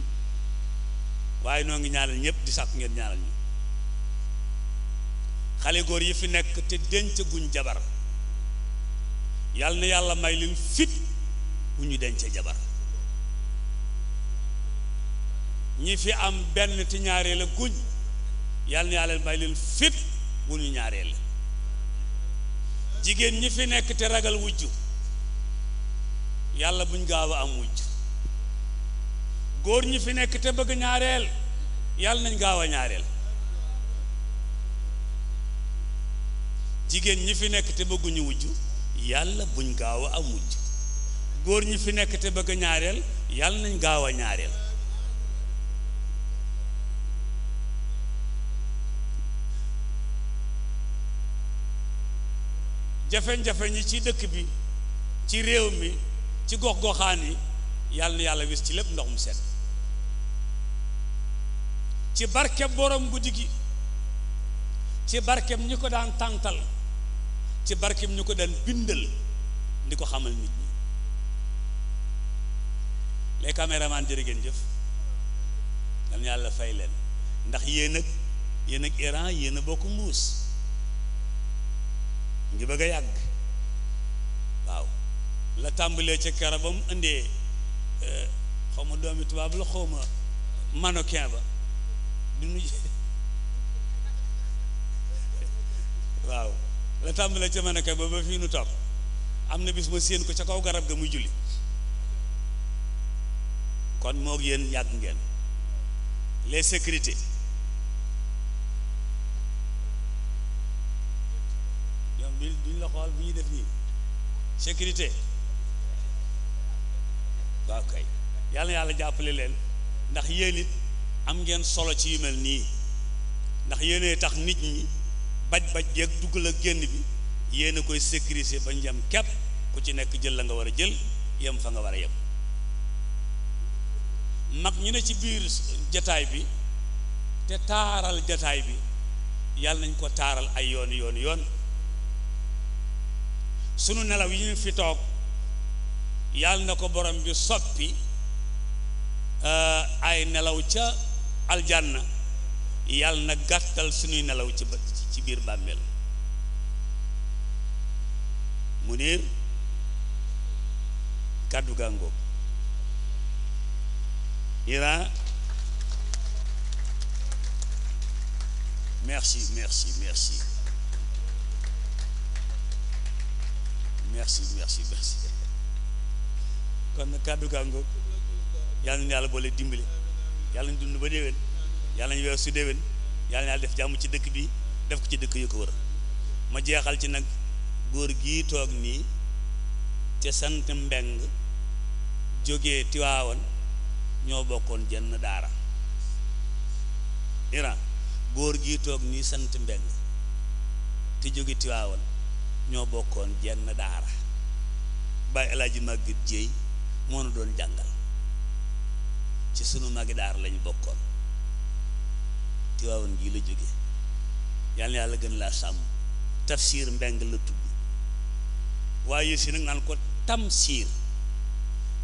waaye noo ngi ñaanal ñëpp di sàkku ngeen ñaanal ñu xale góor yi fi nekk te denc guñ jabar yal na yàlla may leen fit bu ñu dencee jabar ñi fi am benn ti ñaareel la guñ yal na yàlla may leen fit bu ñu ñaareel jigéen ñi fi nekk te ragal wujj yàlla buñ gaaw a am wujj góor ñi fi nekk te bëgg ñaareel yàlla nañ gaaw ñaareel jigéen ñi fi nekk te bëgguñu wujj yàlla buñ gaaw a am wujj góor ñi fi nekk te bëgg ñaareel yàlla nañ gaawa ñaareel jafe-jafe ñi ci dëkk bi ci réew mi ci gox-goxaan yi yàlla na yàlla wis ci lépp ndox mu set ci barkeb borom guddi gi ci barkeb ñi ko daan tàntal ci barkeb ñi ko daan bindal di ko xamal nit ñi les caméramans jërëgéen jëf dam yàlla fay leen ndax yéen ak yéen ak Iran yéen a bokk mbuus ngi bëgg a yàgg waaw la tàmbalee ca mu indee xaw ma la xaw ma ba du waaw la tàmbale ba ba nu am bis ma séen ko ca kaw garab ga muy julli kon yéen ngeen les sécurités ñoom duñ la xool def sécurité waaw kay yàlla yàlla jàppale leen ndax yéen it am ngeen solo ci yu mel nii ndax yéenee tax nit ñi baj baj yeeg duggal ak génn bi yéen a koy sécuriser ba njam kepp ku ci nekk jël la nga war a jël yem fa nga war a yem mag ñu ne ci biir jataay bi te taaral jataay bi yàlla nañ ko taaral ay yoon yoon yoon sunu nelaw yi ñu fi toog yàlla na ko boroom bi soppi euh, ay nelaw ca aljanna yàlla na gàttal suñuy nelaw ci biir bàmmeel mu niir kàddu gàngoog Iran merci merci merci merci merci merci kon nag kàddu gaa ngoog yàlla na yàlla boole dimbali yàlla nañ dund weer su déwén yàlla na def jàmm ci dëkk bi def ko ci dëkk yu wër ma jeexal ci nag góor gii toog nii te sant mbeng jógee tiwaawan ñoo jenn daara iran góor gii toog nii sant te jóge tiwaawan ñoo bokkoon jenn daara bàyyi alaaji màggat jéey moo nu doon jàngal ci sunu magi daar lañu bokkoon tiwaawan gii la jóge yàlla na yàlla gën laa sàmm tafsir mbeng la tudd waaye si nag ko tamsiir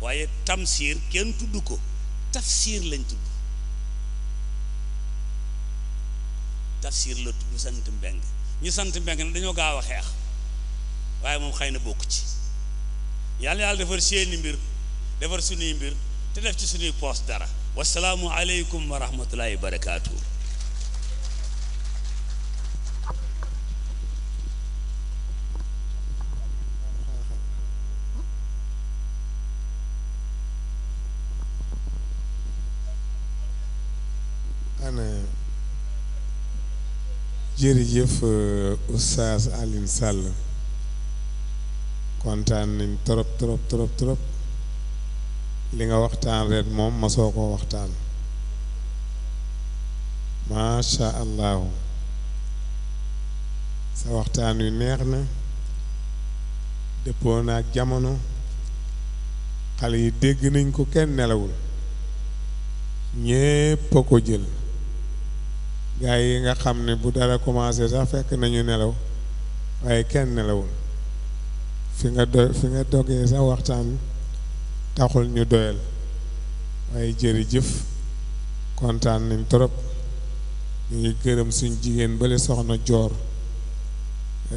waaye tamsiir kenn tudd ko tafsir lañ tudd tafsir la tudd sant mbeng ñu sant mbeng na dañoo gaaw a xeex waaye moom xëy na bokk ci yàlla yàlla defar seeni mbir defar suñuy mbir te def ci suñuy poos dara wasalaamu aleykum wa rahmatullahi wa barakaatuhu ana jërëjëf Oustaz Alioune Sall kontaan nañ trop trop trop trop li nga waxtaan ren moom masoo koo waxtaan maasha allahu sa waxtaan wi neex na dëppoo naa jamono xale yi dégg nañ ko kenn nelawul ñépp a ko jël gaa yi nga xam ne bu dara commencé sax fekk nañu nelaw waaye kenn nelawul fi nga do fi nga dogee sax waxtaan taxul ñu doyal waaye jëf kontaan nañ trop ñu ngi gërëm suñ jigéen bale soxna joor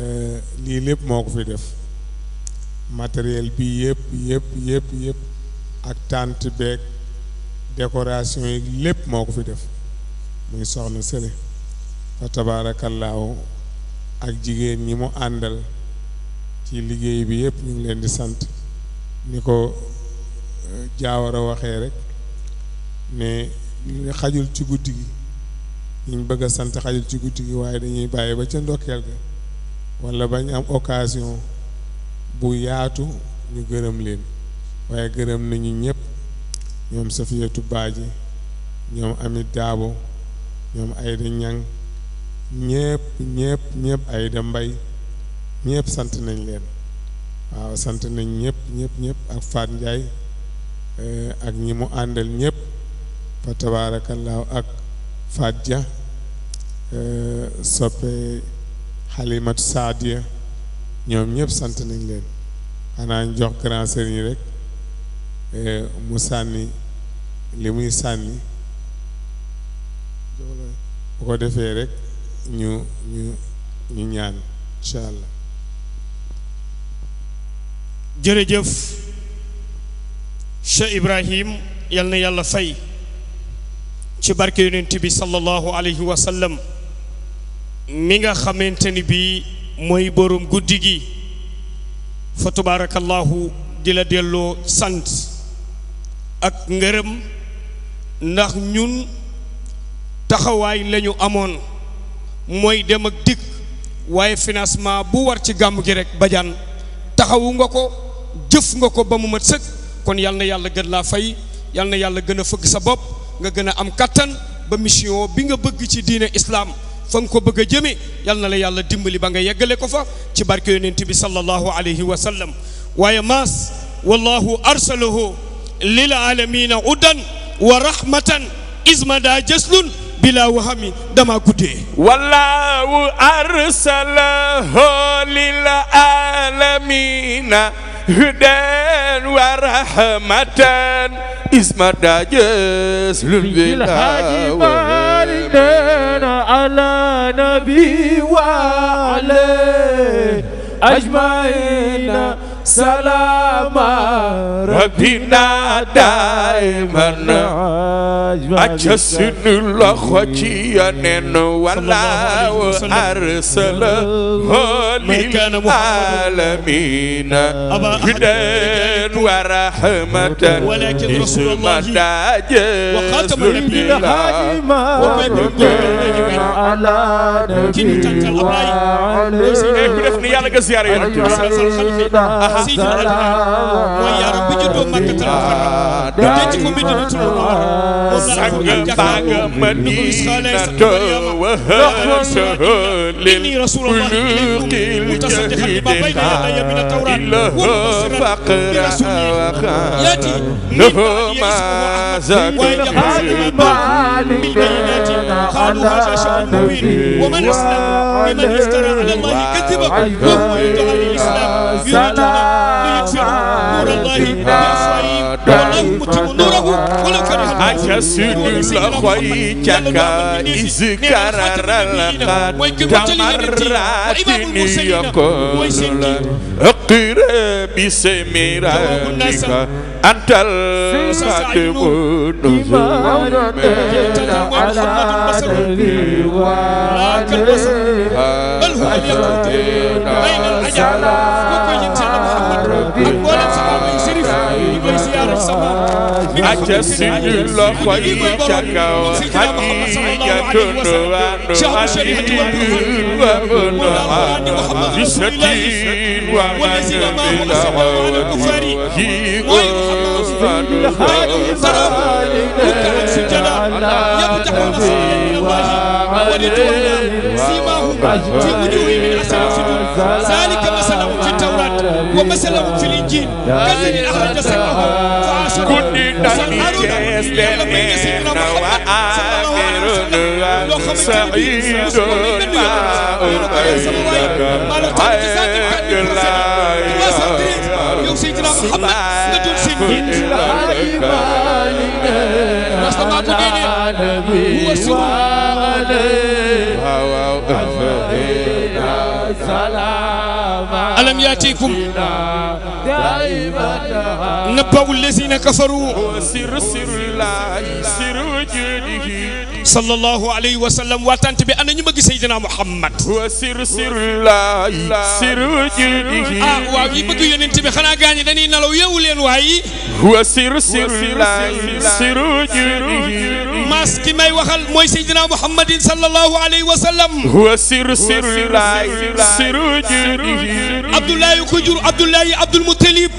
eh, lii lépp moo ko fi def matériel bi yëpp yépp yëpp yëpp ak tànt beeg décoration yi lépp moo ko fi def muy soxna sële fa tabaarakallaahu ak jigéen ñi mu àndal ci liggéey bi yëpp ñu ngi leen di sant ni ko jaawara waxee rek ne xajul ci guddi gi ñu bëgg a sant xajul ci guddi gi waaye dañuy bàyyi ba ca ndokkeel ga wala bañ am occasion bu yaatu ñu gërëm leen waaye gërëm nañu ñëpp ñoom Safiyatu Baaji ñoom Amit Daabo ñoom Ayda Ñang ñëpp ñëpp ñëpp Ayda Mbay ñëpp sant nañ leen waaw sant nañ ñëpp ñëpp ñëpp ak Faat Njaay Eh, ak ñi mu àndal ñëpp fa tabaarakallaahu ak Faat Ja eh, xalimat saad ya ñoom ñëpp sant nañ leen xanaa ñu grand sëriñ rek eh, mu sànni li muy sànni bu ko defee rek ñu ñu ñaan incha allah jërëjëf Cheikh Ibrahim yal na yàlla fay ci barke yonent bi sallallahu alayhi wa sallam mi nga xamante ni bii mooy borom guddi gi fa tabarakallahu di la delloo sant ak ngërëm ndax ñun taxawaay lañu amoon mooy dem ak dikk waaye financement bu war ci gàmm gi rek bajaan taxawu nga ko jëf nga ko ba mu mat sëkk kon yal na yàlla gën laa fay yal na yàlla gën a fëgg sa bopp nga gën a am kattan ba mission bi nga bëgg ci diine islaam fa nga ko bëgg a jëme yal na la yàlla dimbali ba nga yeggale ko fa ci barke yonent bi sallallahu alayhi wa sallam waaye maas wallahu arsalahu lil alamina udan wa rahmatan ismada jëslun bila wahami dama guddee wallahu arsalahu lil alamina هدى ورحمة اسم داجس للولا والدنا على نبي وعليه أجمعين سلام ربنا دائما أجسن الله خيانا ولا أرسله للعالمين هدى ورحمة ولكن رسول الله وخاتم النبيين على نبي وعلى نبي seydina adama mooy yaaram bi juddoo makka tara fara du denc ko medina turu no war mo sang bang madina وهل سهل إني رسول الله إليكم متصدقا لما بين يدي من التوراة ومفسرا يأتي لما زكى بالبينات قالوا هذا شأن مبين ومن أسلم ممن افترى على الله كذبا وهو يدعى للإسلام يريد أجسد الأخوي كاكا إذكار الأخد تمراتني يقول أقر بسميرانك أنت الخاتم نزول على نبي وعلي أين الحجاب ak mboolem saxaaba yi Chérif ñu koy ziyaar ak sa bopp. mi ngi ko si loxo yi ca kaw Xadiija tondo wa do Aliyu wa bono ha bisatin wa man bi lahawati yi osmanu wa wa wa wa ومثلهم في الانجيل كالذي اخرج سكره فعاشره وسنعرض يلا بين سيدنا محمد صلى الله عليه وسلم لو خمسين سعيد سيدنا محمد نجول سنين مصطفى بنيني هو سوى عليه سلام ألم يأتيكم نبأ الذين كفروا سر سر الله سر وجوده sallallahu alayhi wa sallam waatante bi ana ñu bëgg Seydina Muhammad wa sir sir la sir jildihi ah waaw yi bëgg yonent bi xanaa gaañi dañuy nalaw yeewu leen waayi wa sir sir la sir jildihi mas ki may waxal mooy Seydina Muhammadin sallallahu alayhi wa sallam wa sir sir la sir jildihi Abdullahi ko jur Abdullahi Abdul Muttalib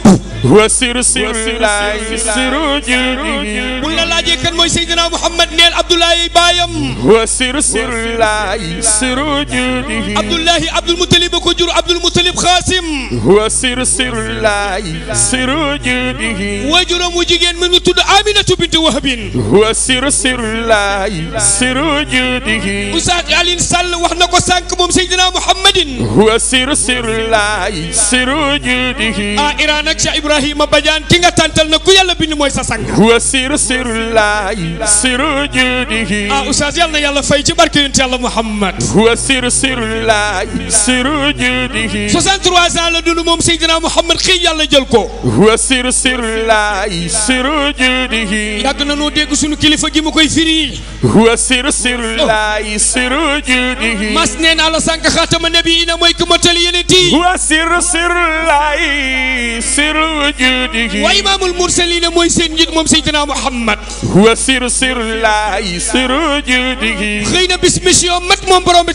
wasir sir laay siru jildi bu la laajee kan mooy Seydina Muhammad neel Abdoulaye baayam wasir sir laay siru jildi Abdoulaye Abdoul Moutalib ko jur Abdoul Moutalib Xaasim wasir sir laay siru jildi waajuram wu jigéen mi ngi tudd Aminatu bint Wahbin wasir sir laay siru jildi Oustaz Alioune Sall wax na ko sànq moom Seydina Muhammadin wasir sir laay siru jildi ah Iran ak Cheikh Ibrahima Ibrahima Badiane ki nga tàntal na ku yàlla bind mooy sa sang. wa siru siru laay siru judihi. ah oustaz yal na yàlla fay ci barke yonent yàlla Muhammad. wa siru siru laay siru judihi. 63 ans la dund moom Seydina Muhammad xëy yàlla jël ko. wa siru siru laay siru judihi. yàgg na noo dégg la sànq xaatama nabi ina mooy ku ma tali yeneen tii. wa siru siru laay وجوده وإمام المرسلين mooy seen njiit moom moom borom bi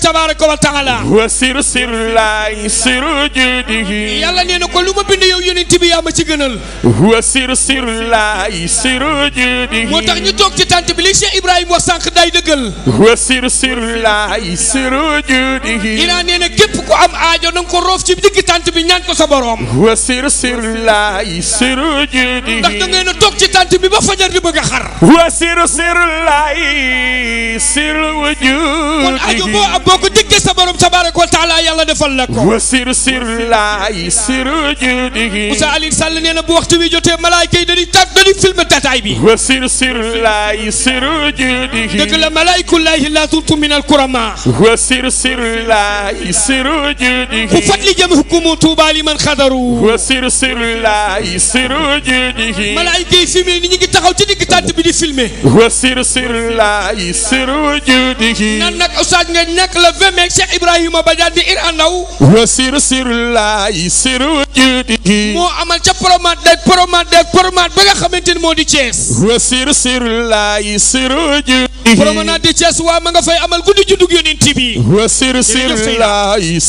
wa taala هو سر سر الله سر وجوده yàlla ko lu ma bind yow yonent bi yaa ma ci gënal هو سر سر الله سر وجوده moo tax ñu toog ci tànt bi li Cheikh Ibrahima wax sànq day dëggal هو سر سر الله سر وجوده ilaa nee na képp ku am aajo na nga ko roof ci digg tànt bi ñaan ko sa borom ndax da ngeen a toog ci tànt bi ba fajar di bëgg a xar. wa siru siru laay siru wujudi. kon aju boo boo ko jëkkee sa borom tabaaraka wa taala yàlla defal la ko. wa siru siru laay siru wujudi. Moussa Aliou Sall nee na bu waxtu bi jotee malaayka yi dañuy tàgg dañuy filmer tataay bi. wa siru siru laay siru wujudi. dëgg la malaaykullaahi laa tultu min al kurama. wa siru siru laay siru wujudi. ku fadli jëm hukumu Tuubaa li man xadaru. wa siru siru laay. laay siru juudihi malaayika yi filmé ni ñu ngi taxaw ci digg tànt bi di filmé wa sir sir laay siru juudihi nan nag oustaz la vingt mai Cheikh Ibrahima Badiane di ir andaw wa sir sir laay siru juudihi moo amal ca promat de promat de promat ba nga xamante ni moo di Thiès wa sir sir laay siru juudihi promenade di Thiès waa ma nga fay amal guddi juddug yonent bi wa sir sir laay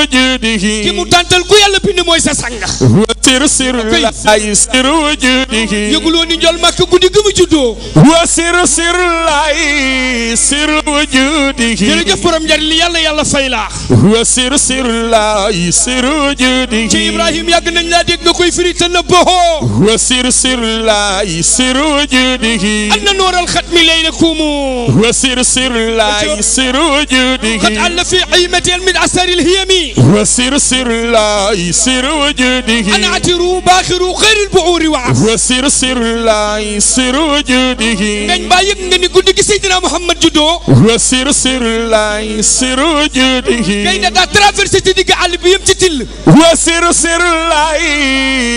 وجوده كي متانتل كو يالا بيند موي سا سانغ وسر سر لا سر وجوده يغلو ني نجول ماك غودي غمو جودو وسر سر لا سر وجوده جيري جف بروم جار لي يالا يالا فاي لا وسر سر لا سر وجوده كي ابراهيم ياغ نان لا ديك نكوي فري تنبه وسر سر لا سر وجوده ان نور الختم ليلكم وسر سر لا سر وجوده قد ألف في عيمة من أسر الهيمين وسر سر الله سر وجوده أنا عترو باخر خير البعور وعف وسر سر الله سر وجوده نان با يك نغني غودي كي سيدنا محمد جودو وسر سر الله سر وجوده كاين دا ترافيرسي تي ديغ عال بيم تي تيل وسر سر الله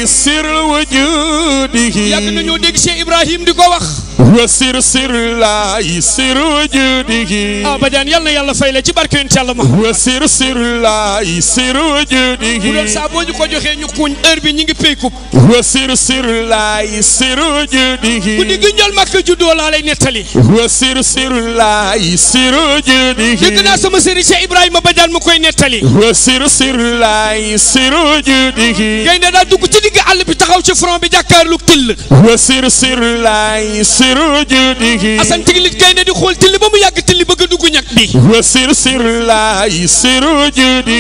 سر وجوده ياك نانيو ديغ شيخ ابراهيم ديكو واخ وسر سر الله سر وجوده ابدا يالنا يالا فاي لا سر سر الله ay siru judi bu doon bi ñu ngi pay kub wa sir sir laay siru judi guddi gi ñol màkk nettali wa sir sir laay siru judi dégg naa sama sëriñ Cheikh Ibrahima ba daan mu koy nettali wa sir sir laay siru judi gaynde daa dugg ci digg àll bi taxaw ci front bi jàkkaarlu till wa sir sir laay siru judi asan tiglit gaynde di xool till ba mu yàgg till bëgg dugg ñag bi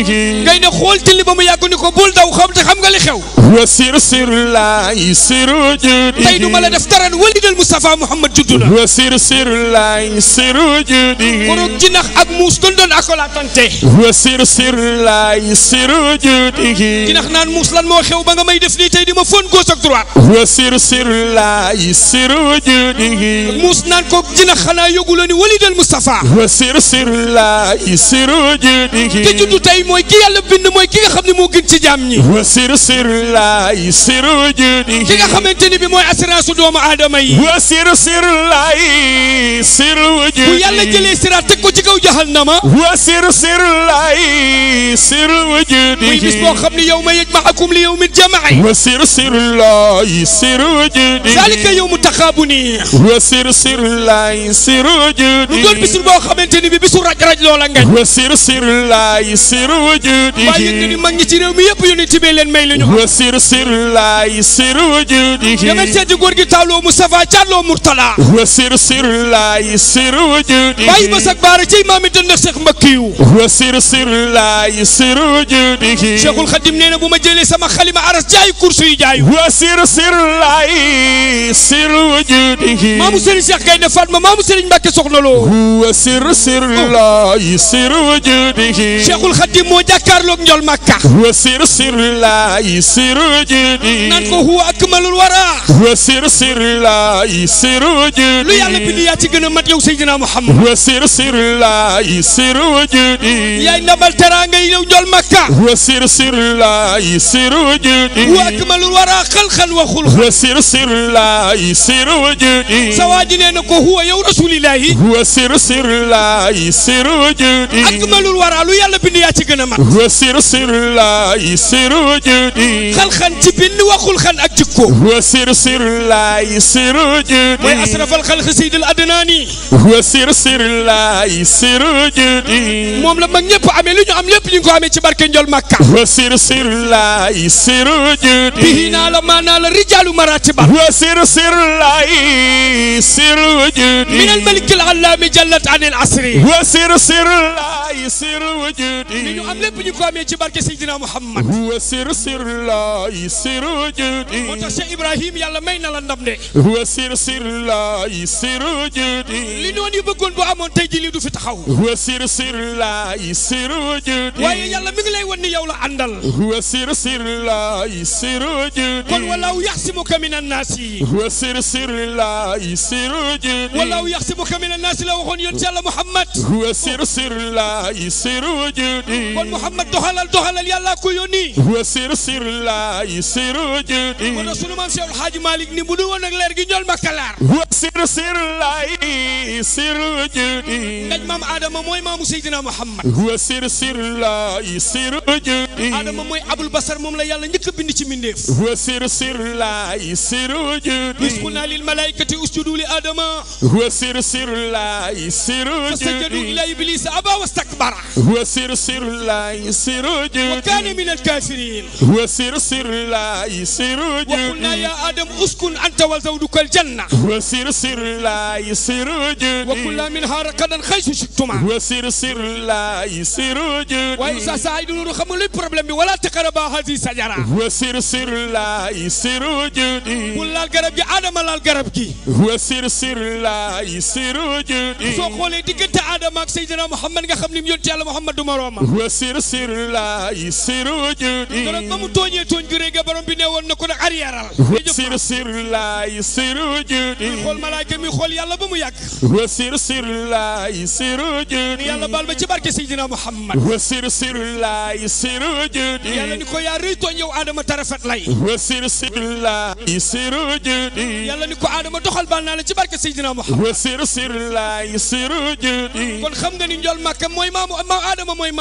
ji ngay ne xool tilli ba mu yàgg ni ko bul daw xam te xam nga li xew wa sir sir laay siru judi tey du ma la def dara walidal Mustafa Muhammad juddu la wa sir sir laay siru judi korog jinax ak muus doon doon akolatante wa sir sir laay siru judi jinax naan muus lan moo xew ba nga may def nii tey di ma fon gauche ak droite wa sir sir laay siru judi muus naan ko jinax xanaa yëgu la ni walidal Mustafa wa sir sir laay siru judi ki juddu tey mooy mooy ki yàlla bind mooy ki nga xam ne moo gën ci jaam ñi. wa sir sir laay sir judi. ki nga xamante ni bi mooy assurance doomu aadama yi. wa sir sir laay sir judi. bu yàlla jëlee siraat teg ko ci kaw jahannama. wa sir sir laay sir judi. muy bis boo xam ne yow ma yajma'akum li yawmil jamaa'i. wa sir sir laay sir judi. zalika yawmu taqaabuni. wa sir sir laay sir judi. lu doon bisu boo xamante ni bi bisu raj raj loola nga. wa sir sir laay sir وجوده وسر سر الله سر وجوده وسر سر الله سر وجوده وسر سر الله سر وجوده شيخ الخديم نينا بوما جيلي سما خليما عرس جاي كورسو جاي وسر سر الله سر وجوده مامو سيري شيخ غاينا فاطمه مامو سيري مباكي سخنا لو وسر سر الله سر وجوده شيخ الخديم moo jàkkaarloog njol makka wa sir sir laay sir jidi naan ko huwa akmalul wara wa sir sir laay sir jidi lu yàlla bind yaa ci gën a mat yow Seydina Muhammad wa sir sir laay sir jidi yaay ndabal teraanga yi yow njol makka wa sir sir laay sir jidi huwa akmalul wara xalxan wa xul wa sir sir laay sir jidi sawaaji nee na ko huwa yow rasulillahi wa sir sir laay sir jidi akmalul wara lu yàlla bind yaa ci gën نما هو سر سر الله سر جودي خل خن تبين وخل خن أكتكو هو سر سر الله سر جودي وي أسرف الخلق سيد الأدناني هو سر سر الله سر جودي موم لما نيب عملو نيو عملو بنيو عملو تبارك نجول مكة هو سر سر الله سر جودي بهنا لما نال رجال مراتبا هو سر سر الله سر جودي من الملك العلام جلت عن العصر هو سر سر الله سر وجودي am lépp ñu ko amee ci barke Seydina Muhammad huwa sir sir laay sir judi moo tax Cheikh Ibrahim yàlla may na la ndam de huwa sir sir laay sir judi li noon yu bëggoon bu amoon tey ji lii du fi taxaw huwa sir sir laay sir judi waaye yàlla mi ngi lay wan ni yow la àndal huwa sir sir laay sir judi kon walaaw yaxsimuka min annaasi huwa sir sir laay sir judi walaaw yaxsimuka min annaasi la waxoon yoon ci yàlla Muhammad huwa sir sir laay sir judi kon Muhammad doxalal doxalal yàlla ko yónni. wa sir sir laay sir judi. kon sunu maam Seex Alxaaji Malik ni bu dul woon ak leer gi ñool ma kalaar. wa sir sir laay sir judi. ndaj maam Adama mooy maamu Seydina Muhammad. wa sir sir laay sir judi. Adama mooy Abul Basar moom la yàlla njëkk a bind ci mbindeef. wa sir sir laay sir judi. is qulnaa lil malaa'ikati usjudu li Adama. wa sir sir laay sir judi. fasajadu illaa Ibliisa abaa wastakbara. wa sir sir لا يصير جود وكان من الكافرين وسرسر لا يصير جود وقلنا يا آدم اسكن أنت وزوجك الجنة وسرسر لا يصير جود وكلا منها ركدا حيث شئتما وسرسر لا يصير جود وإذا سعيد نور خمولي بروبلم ولا تقربا هذه الشجرة وسرسر لا يصير جود ولا الغرب جي آدم لا الغرب جي وسرسر لا يصير جود سو خولي ديغنت آدم ak Seydina Muhammad nga xam ni yonent Yàlla Muhammad du moroomam sir sir laay siru judi ba mu tooñee tooñ bi ne woon na ko nag arrièreal sir sir laay siru judi xool malaayka mi xool yàlla ba mu yàgg wa sir sir ci barke Seydina Muhammad wa sir sir laay siru judi yàlla ni ko yaa rëy tooñ yow Adama tarafet lay wa sir sir laay siru judi yàlla ni ko Adama doxal baal naa la ci barke Seydina Muhammad wa sir sir laay siru judi kon xam nga ni njool Makka mooy maamu Adama mooy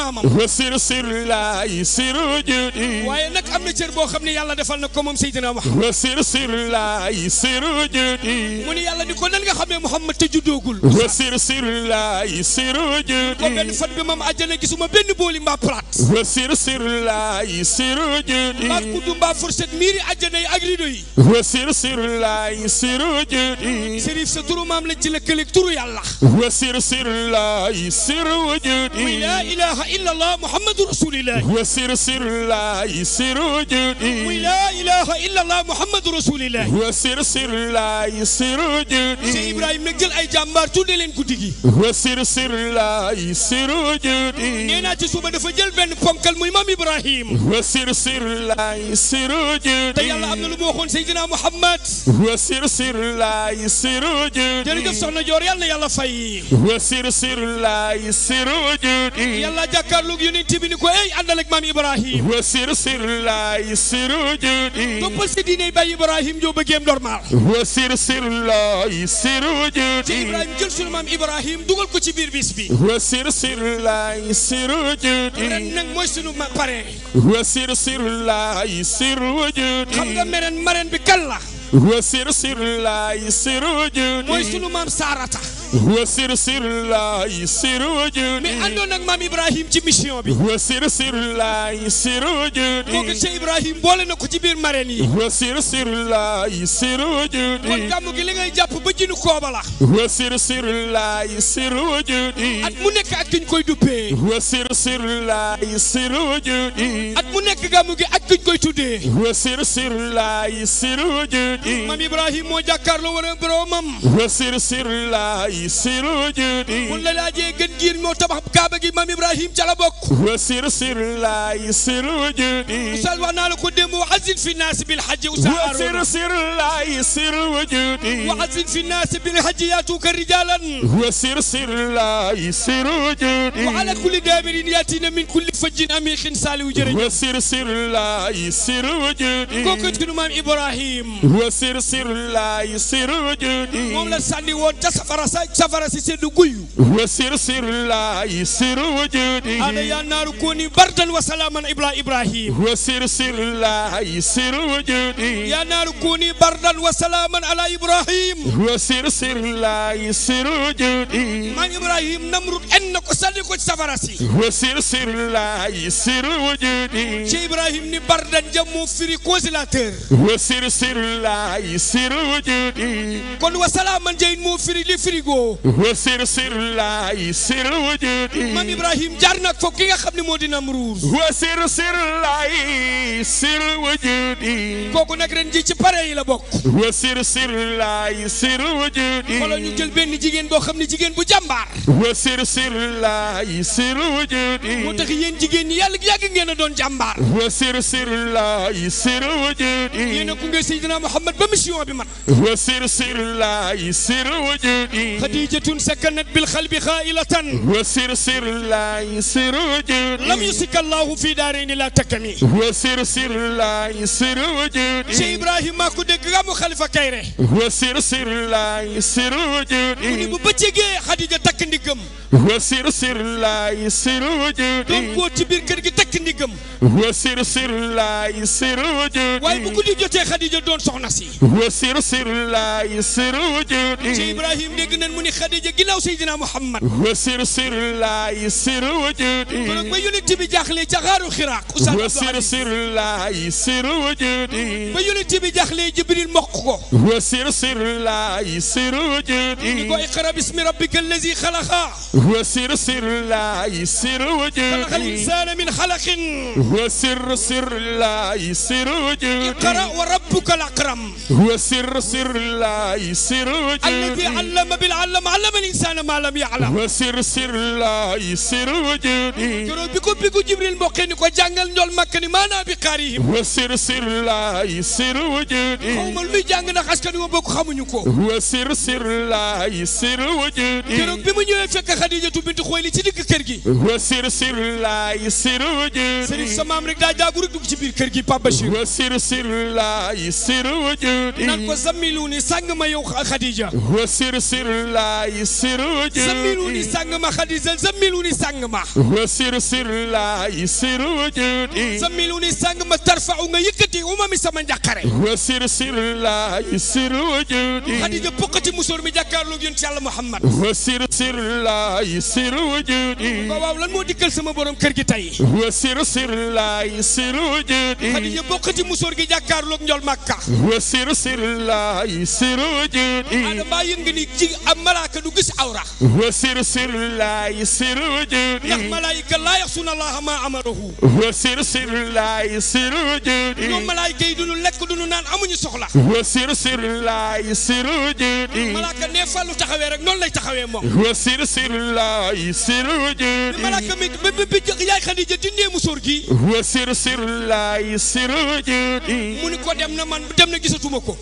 sir sir laay sir judi waaye nag am na cër boo xam ne yàlla defal na ko moom Seydina Muhammad wa sir sir laay sir judi mu ne yàlla ni ko nan nga xamee Muhammad te juddoogul wa sir sir laay sir judi ko benn fan bi maam àjjana gisuma benn booli mbaa plat wa sir sir laay sir judi mbaa kuddu mbaa fourchette miiri àjjana yi ak rido yi wa sir sir laay sir judi Serif sa turu maam lañ ci lëkkaleeg turu yàlla wa sir sir laay sir judi muy laa ilaha illa allah محمد رسول الله هو سر سر الله سر وجودي ولا إله إلا الله محمد رسول الله هو سر سر الله سر وجودي سي إبراهيم نجل أي جامبار تودي لين كوديكي هو سر سر الله سر وجودي نينا تسوبة دفجل بن فنكال مهم إبراهيم هو سر سر الله سر وجودي تيالا أبن بوخون سيدنا محمد هو سر سر الله سر وجودي جرجف سونا جوريال يالا فاي هو سر سر الله سر وجودي يالا جاكار لوجي yonent bi ni ko ey àndal ak maam Ibrahim sir sir laay siru judi toppal si diine bay Ibrahim joo bëggeem normal wa sir sir laay siru judi ci Ibrahim jël sunu maam Ibrahim dugal ko ci biir bis bi sir sir laay sir sir laay siru judi bi kan la wa sir sir laay siru judi maam Saarata wa sir sir laay sir wujudi mais àndoon ak maam Ibrahim ci mission bi. wa sir sir laay sir wujudi. kooku Cheikh Ibrahim boole na ko ci biir marraine yi. wa sir sir laay sir wujudi. kon gàmm gi li ngay jàpp ba jinu kooba la. wa sir sir laay sir wujudi. at mu nekk ak ki ñu koy duppee. wa sir sir laay sir wujudi. at mu nekk gàmm gi ak ki ñu koy tuddee. wa sir sir laay sir wujudi. maam Ibrahim moo jàkkaarloo wala boromam. wa sir sir laay. sir judi mun la laajee gën giir moo tabax kaaba gi maam Ibrahim ca la bokk wa sir sir laay sir judi usal wax naa la ko démb wa azin fi naas bil hajji wa sir sir laay sir judi wa azin fi naas bil hajji yaatuuka rijaalan wa sir sir laay sir judi wa ala kulli daabirin yaatiina min kulli fajjin amiiqin saaliw jërëjëf wa sir sir laay sir judi kooku tunu maam Ibrahim wa sir sir laay sir judi moom la sànni woon ca safara sa toj si ibrahim ni bardan jammu firi consulateur wa wa salaaman jayn mo firi li frigo وسر سر لاي سر وجودي مام ابراهيم جارناك فوق كيغا خامني مودي نمروز وسر سر لاي سر وجودي كوكو نك رن جي سي باراي لا بوك وسر سر لاي سر وجودي ولا ني جيل بن جيجين بو خامني جيجين بو جامبار وسر سر لاي سر وجودي موتاخ يين جيجين ني يالا ياغ ngeen doon jàmbaar وسر سر لاي سر وجودي يينا كونغي سيدنا محمد بمسيون بي مات وسر سر لاي سر وجودي خديجة سكنت بالقلب خائلة وسرسر لا يسرج لم يسك الله في دارين لا تكمي وسرسر لا يسرج شي إبراهيم ما كنت غام خليفة كيري وسرسر لا يسرج مني ببتيجي خديجة تكندقم وسرسر لا يسرج دون بوتي بيركر تكندقم وسرسر لا يسرج واي بكل جوتي خديجة دون سخنسي وسرسر لا يسرج شي إبراهيم دقنن مني خديجة جناو سيدنا محمد وسر سر لا يسر وجودي برك بيونتي بجاخلي جغارو خراق وسر سر لا يسر وجودي بيونتي بجاخلي جبريل مقو وسر سر لا يسر وجودي اقرا باسم ربك الذي خلق وسر سر لا يسر وجودي خلق الانسان من خلق وسر سر لا يسر وجودي اقرا وربك الاكرم وسر سر لا يسر وجودي الذي علم بالعلم علم علم الانسان ما لم يعلم وسر سر لا سر وجودي جورو بيكو بيكو جبريل مبوكي نيكو جانغال نول مكني مانا بقاريهم وسر سر لا سر وجودي خمول لي جانغ نا خاسكاني مبوك خامنيو كو وسر سر لا سر وجودي جورو بيمو نيوي فك خديجه بنت خويلي سي ديغ كيرغي وسر سر لا سر وجودي سيري سمام رك دا جاغو رك دوك سي بير كيرغي باب بشير وسر سر لا سر وجودي نانكو زميلوني سانغ ما يو خديجه وسر سر لا laay siruju zamilu ni sang ma xadisa zamilu ni sang ma wa sir sir laay siruju zamilu ni sang ma tarfau nga yëkkati umami sama njàqare wa sir sir laay siruju xadija pokkati musóor mi jàkkaarloog yonent yàlla Muhammad wa sir sir laay siruju waaw lan moo dikkal sama borom kër gi tey wa sir sir laay siruju xadija pokkati musóor gi jàkkaarloog njol Makka wa sir sir laay siruju ada bàyyi nga ni ci am malaaka du gis awra wa sir sir laay sir wujudi ndax malaayika laa yaxsuuna amuñu soxla wa sir sir laay sir wujudi malaaka ne fàllu taxawee rek noonu lay taxawee moom wa sir sir laay sir wujudi malaaka mi bi yaay Xadija dindee musóor gi wa sir sir laay sir wujudi mu dem na man dem na gisatuma ko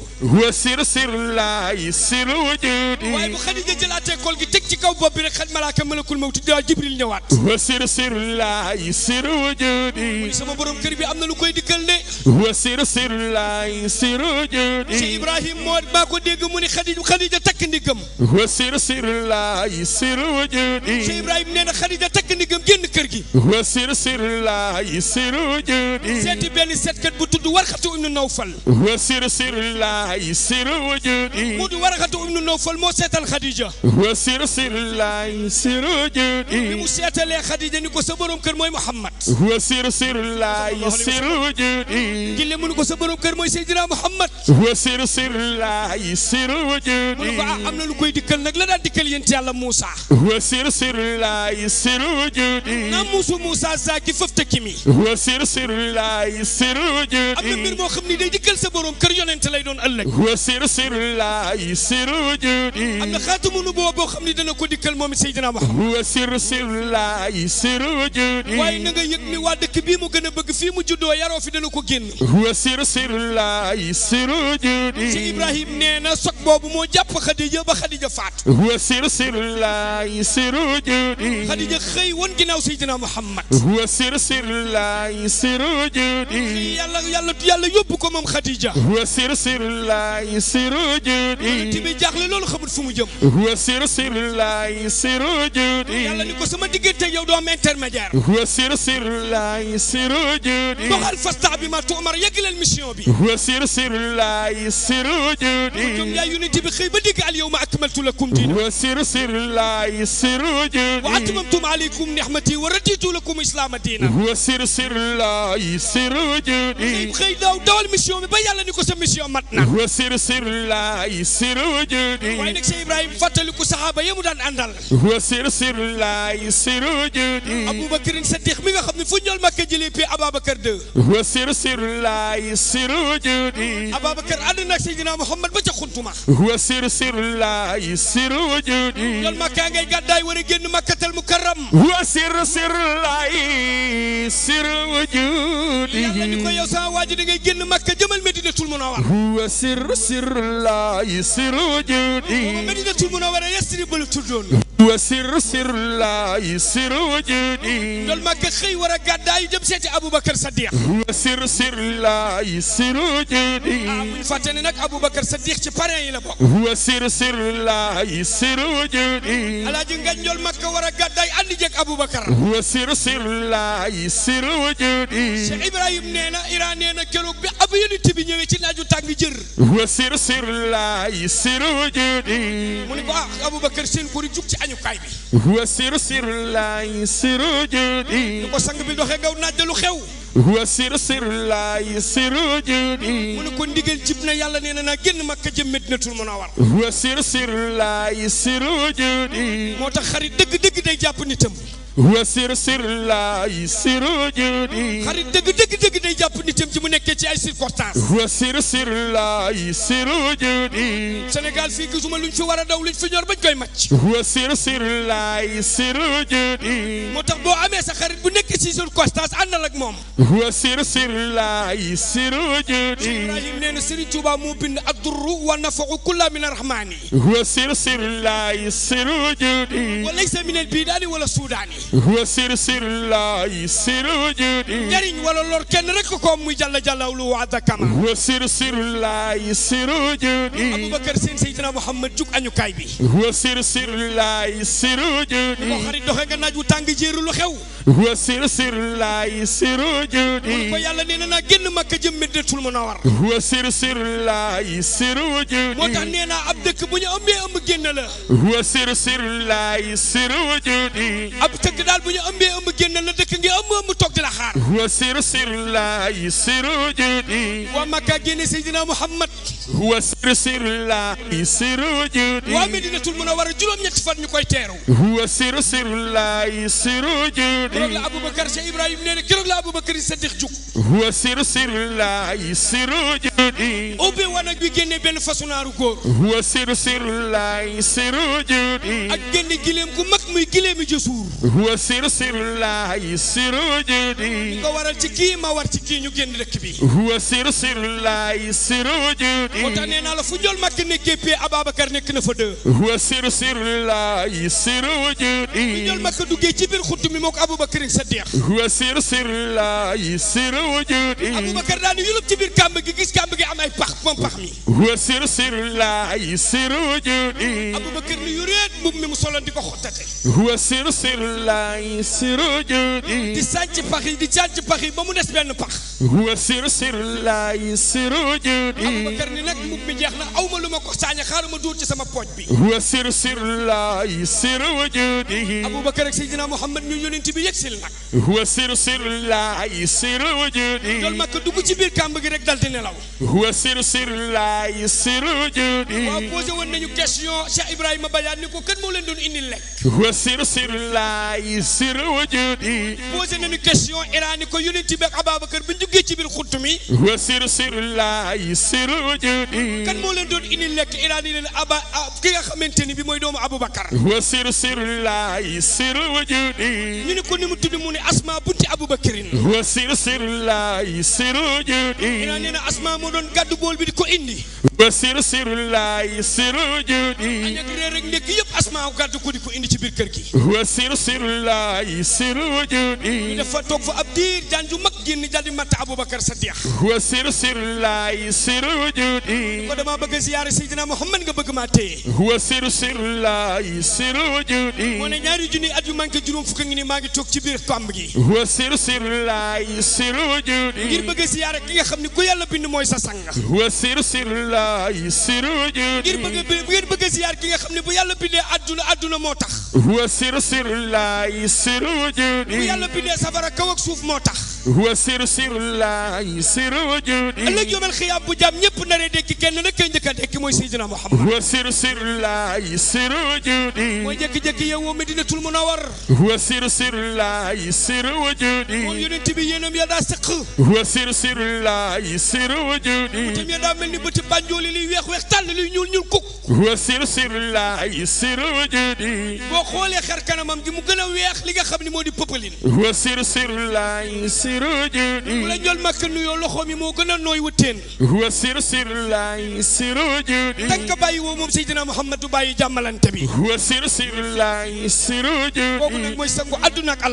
خديجه جلاته كول كي تك سي كاو بوبي رك خاد ملائكه ملك الموت دا جبريل نيوات وسير سير لا يسير وجودي سما بروم كير بي امنا لو كوي ديكل ني وسير سير لا يسير وجودي سي ابراهيم مود باكو ديغ موني خديجه خديجه تك نيغم وسير سير لا يسير وجودي سي ابراهيم نينا خديجه تك نيغم ген كير كي وسير سير لا يسير وجودي سيتي بن سيت كات بو تود ورخاتو ابن نوفل وسير سير لا يسير وجودي مود ورخاتو ابن نوفل مو سيتال Khadija. wa sir sir laay siru judi. ni mu seetalee Khadija ni ko sa borom kër mooy Muhammad. wa sir sir laay siru judi. gille mu ko sa borom kër mooy Seydina Muhammad. wa sir sir laay siru judi. mu ne ko ah, lu koy dikkal nag la daan yàlla Moussa. wa sir sir laay siru judi. na musu Moussa Zaki fëf tëkki mi. wa sir sir laay siru judi. am na mbir moo xam ni day dikkal sa borom kër yonent lay doon ëllëg. wa sir sir laay siru judi. xaatamu nubuwa boo xam ne dana ko dikkal moom it Seydina Muhammad huwa sirru sirrullaahi sirru wujudi waaye na nga yëg ni waa dëkk bii mu gën a bëgg fii mu juddoo yaroo fi dana ko génn huwa sirru sirrullaahi sirru wujudi si Ibrahim nee na sog boobu moo jàpp Xadija ba Xadija faat huwa sirru sirrullaahi sirru wujudi Xadija xëy woon ginnaaw Seydina Muhammad huwa sirru sirrullaahi sirru wujudi yàlla yàlla yàlla yóbbu ko moom Xadija huwa sirru sirrullaahi sirru wujudi bi jaaxle loolu xamul fu mu jëm هو سر سر الله سر جودي يلا نكو سما ديغنتك يو دوم انترميدير هو سر سر الله سر جودي بخل فاستع بما تؤمر يقل المشيون بي هو سر سر الله سر جودي يا يونيتي بخي بديك اليوم اكملت لكم دينكم هو سر سر الله سر جودي واتممتم عليكم نعمتي ورديت لكم اسلام دينا هو سر سر الله سر جودي بخي داو داو المشيون بي يلا نكو سما مشيون متنا هو سر سر الله سر جودي وينك سي ابراهيم day fàttaliku saxaaba yi mu daan àndal. wa sir sir laay siru juudi. Aboubacar Sadiq mi nga xam ne fu ñol Makka jëlee pee Ababacar deux. wa sir sir laay siru juudi. Ababacar ànd na ak Seydina Mouhamad ba ca Xuntuma. wa sir sir laay siru juudi. ñol Makka ngay gàddaay war a génn Makkatal Mukarram. wa sir sir laay siru juudi. yàlla ni ko yow sama waa ji da ngay génn Makka jëmal Medinatul Munawwara. wa sir sir laay siru juudi. madinatu wa sir sir laay sir wujudi loolu mag xëy war a gàddaayu jëm seeti Aboubacar Saddiq wa sir sir laay sir wujudi ah bu ñu fàtte ne nag Aboubacar Saddiq ci parrain yi la bokk wa sir sir laay sir wujudi alaaji ngañ loolu a gàddaay andi jëg Aboubacar wa sir sir laay sir wujudi Cheikh Ibrahim na Iran nee na bi ab yonent bi ci naaju tàng jër wa sir sir laay sir wujudi mu ni ko ah Aboubacar seen góor yi ci añukaay bi. huwa siru siru laay siru judi. ni ko sang bi doxee gaw naajalu xew. huwa siru siru sir siru judi. mu ni ko ndigal jib na yàlla nee na naa génn Makka jëm Madinatul Munawwar. huwa siru siru laay siru judi. moo tax xarit dëgg-dëgg day jàpp nitam. wa sir sir laay siru judi dëgg dëgg dëgg day jàpp nitam ci mu nekkee ci ay circonstance wa sir sir laay siru judi Sénégal fii gisuma luñ fi war a daw luñ fi ñor bañ koy màcc wa sir sir laay siru judi moo tax boo amee sa xarit bu nekk ci circonstance àndal ak moom wa sir sir laay siru judi Ibrahim nee na Serigne Touba bind addurru wa wa sir sir laay siru judi wa laysa min al bidaani wala suudaani wa sir sir laay sir wujudi njëriñ wala lor kenn rek ko muy jalla jalla lu waada kama wa sir sir laay sir wujudi Abubakar seen Seydina Muhammad jug añukaay bi wa sir sir laay sir wujudi mo xarit doxe nga naaj wu tàng jéeru lu xew wa sir sir laay sir wujudi ko yàlla nee na naa génn Makka jëm Medinatul wa sir sir laay sir moo tax nee ab dëkk bu ñu ëmbee ëmb génn la dëkk daal bu ñu ëmbee ëmb génn la dëkk ngi la xaar huwa sir sir laay siru judi waa Makka génne Seydina Muhammad huwa sir sir laay waa Medinatul Munawwara juróom-ñetti fan teeru huwa la Aboubacar Cheikh Ibrahim nee na keroog la Aboubacar Sadiq jug huwa sir sir laay siru judi gileem gu mag wa sir sir laay siru judi. li ko waral ci kii ma war ci kii ñu génn dëkk bi. wa sir sir laay siru judi. moo la fu Ndiol Mack nekkee pee Ababacar nekk na fa deux. wa ci biir xuttu mi moo ko Aboubacar Saddiq. wa daanu yulub ci biir kàmb gi gis kàmb gi am ay pax moom pax mi. wa sir sir laay mi mu soloon di ko xottate. wa laay siru judi. di sànci pax yi di sànci pax yi ba mu des benn pax. wa siru siru laay siru judi. Abubakar ni nag mbubb mi jeex na aw ma lu ma ko saaña xaaral ma duur ci sama pooj bi. wa siru siru laay siru judi. Abubakar ak Seydina Muhammad ñu yonent bi yegsil nag. wa siru siru laay siru judi. loolu mag dugg ci biir kàmb gi rek dal di nelaw. wa siru siru laay siru judi. waaw posé woon nañu question Cheikh Ibrahima ni ko kan moo leen doon indil lekk. yaysir wujudi posé nañu question Iran ni ko yonent bi ak Ababacar bu ñu jógee ci biir xutt mi wa sir sir laysir wujudi kan moo leen doon indi lekk Iran ni leen aba ah, ki nga xamante ni bi mooy doomu Aboubacar wa sir sir laysir wujudi ñu ne mu tudd mu ne Asma bunti Aboubacarin wa sir sir laysir na Asma moo doon gàddu bool bi di ko indi wa sir sir laysir wujudi añak réer rek nekk yëpp Asma ko indi ci biir kër gi الله سر وجودي dafa toog fa ab diir jaan ju mag génn daal di matt Aboubacar Sadiq wa sir sir laay sir wujudi ko dama bëgg ziyaare Seydina Mouhamad nga bëgg maa téye wa sir sir laay sir wujudi mu ne ñaari junni at yu manqué juróom fukk ngi ni maa ngi toog ci biir kàmb gi wa sir sir laay sir wujudi ngir bëgg ziyaare ki nga xam ne ku yàlla bind mooy sa sang wa sir sir laay sir wujudi ngir bëgg ngir bëgg ziyaare ki nga xam ne bu yàlla bindee àdduna àdduna moo tax laay siru judi. bu yàlla bindee safara kaw ak suuf moo tax. wa siru siru laay siru judi. ëllëg yomal xiyaam bu jàmm ñëpp naree dekki kenn nag kenn njëkk a dekki mooy Seydina Muhammad. wa siru siru laay siru judi. mooy jékki-jékki yow Madinatul Munawwar. wa siru siru laay siru judi. moom yonent bi yéenam ya daa sëq. wa siru siru laay siru judi. bu tam ya daa mel ni bëti bànjooli liy weex weex tàll liy ñuul ñuul kuk. wa siru siru laay siru judi. boo xoolee xar kanamam gi mu gën a weex li nga xam ne moo di pëpalin wa sir siru laay siru judi bu la jol màkk nuyoo loxo mi moo gën a nooy wuteen wa sir siru laay siru judi tànk bàyyi woo moom Seydina Mouhamadou bàyyi jàmmalante bi wa sir siru laay siru judi kooku nag mooy sangu àdduna ak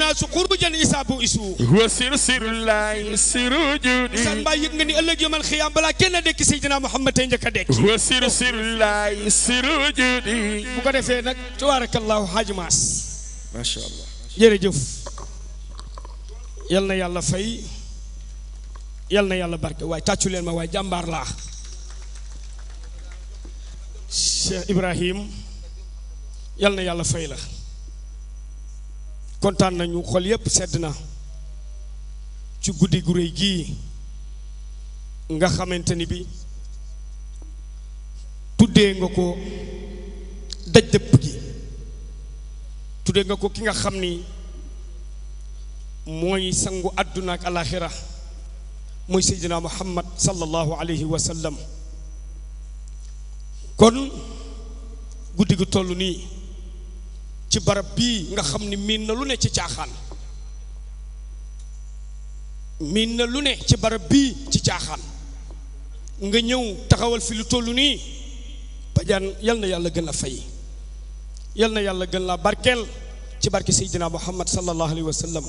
naasu xurbujan isaabu isu wa a judi bu ko defee nag tabaarakallaahu xaaji maas macha allah yal na yàlla fay yal na yàlla barke waaye tàccu leen ma waaye jàmbaar laa Cheikh Ibrahim yal na yàlla fay la kontaan nañu xol yépp sedd na ci guddi gu réy gii nga xamante bi tuddee nga ko daj depp gi tuddee nga ko ki nga xam ni mooy sangu àdduna ak alaxira mooy seydina muhammad sallallahu alayhi wa sallam kon guddi gu toll nii ci barab bii nga xam ni miin na lu ne ci caaxaan miin na lu ne ci barab bii ci caaxaan nga ñëw taxawal fi lu toll nii Badiane yalna yalla yàlla gën la fay yalna na yàlla gën la barkel ci barki sayyidina Muhammad sallallahu Alaihi Wasallam.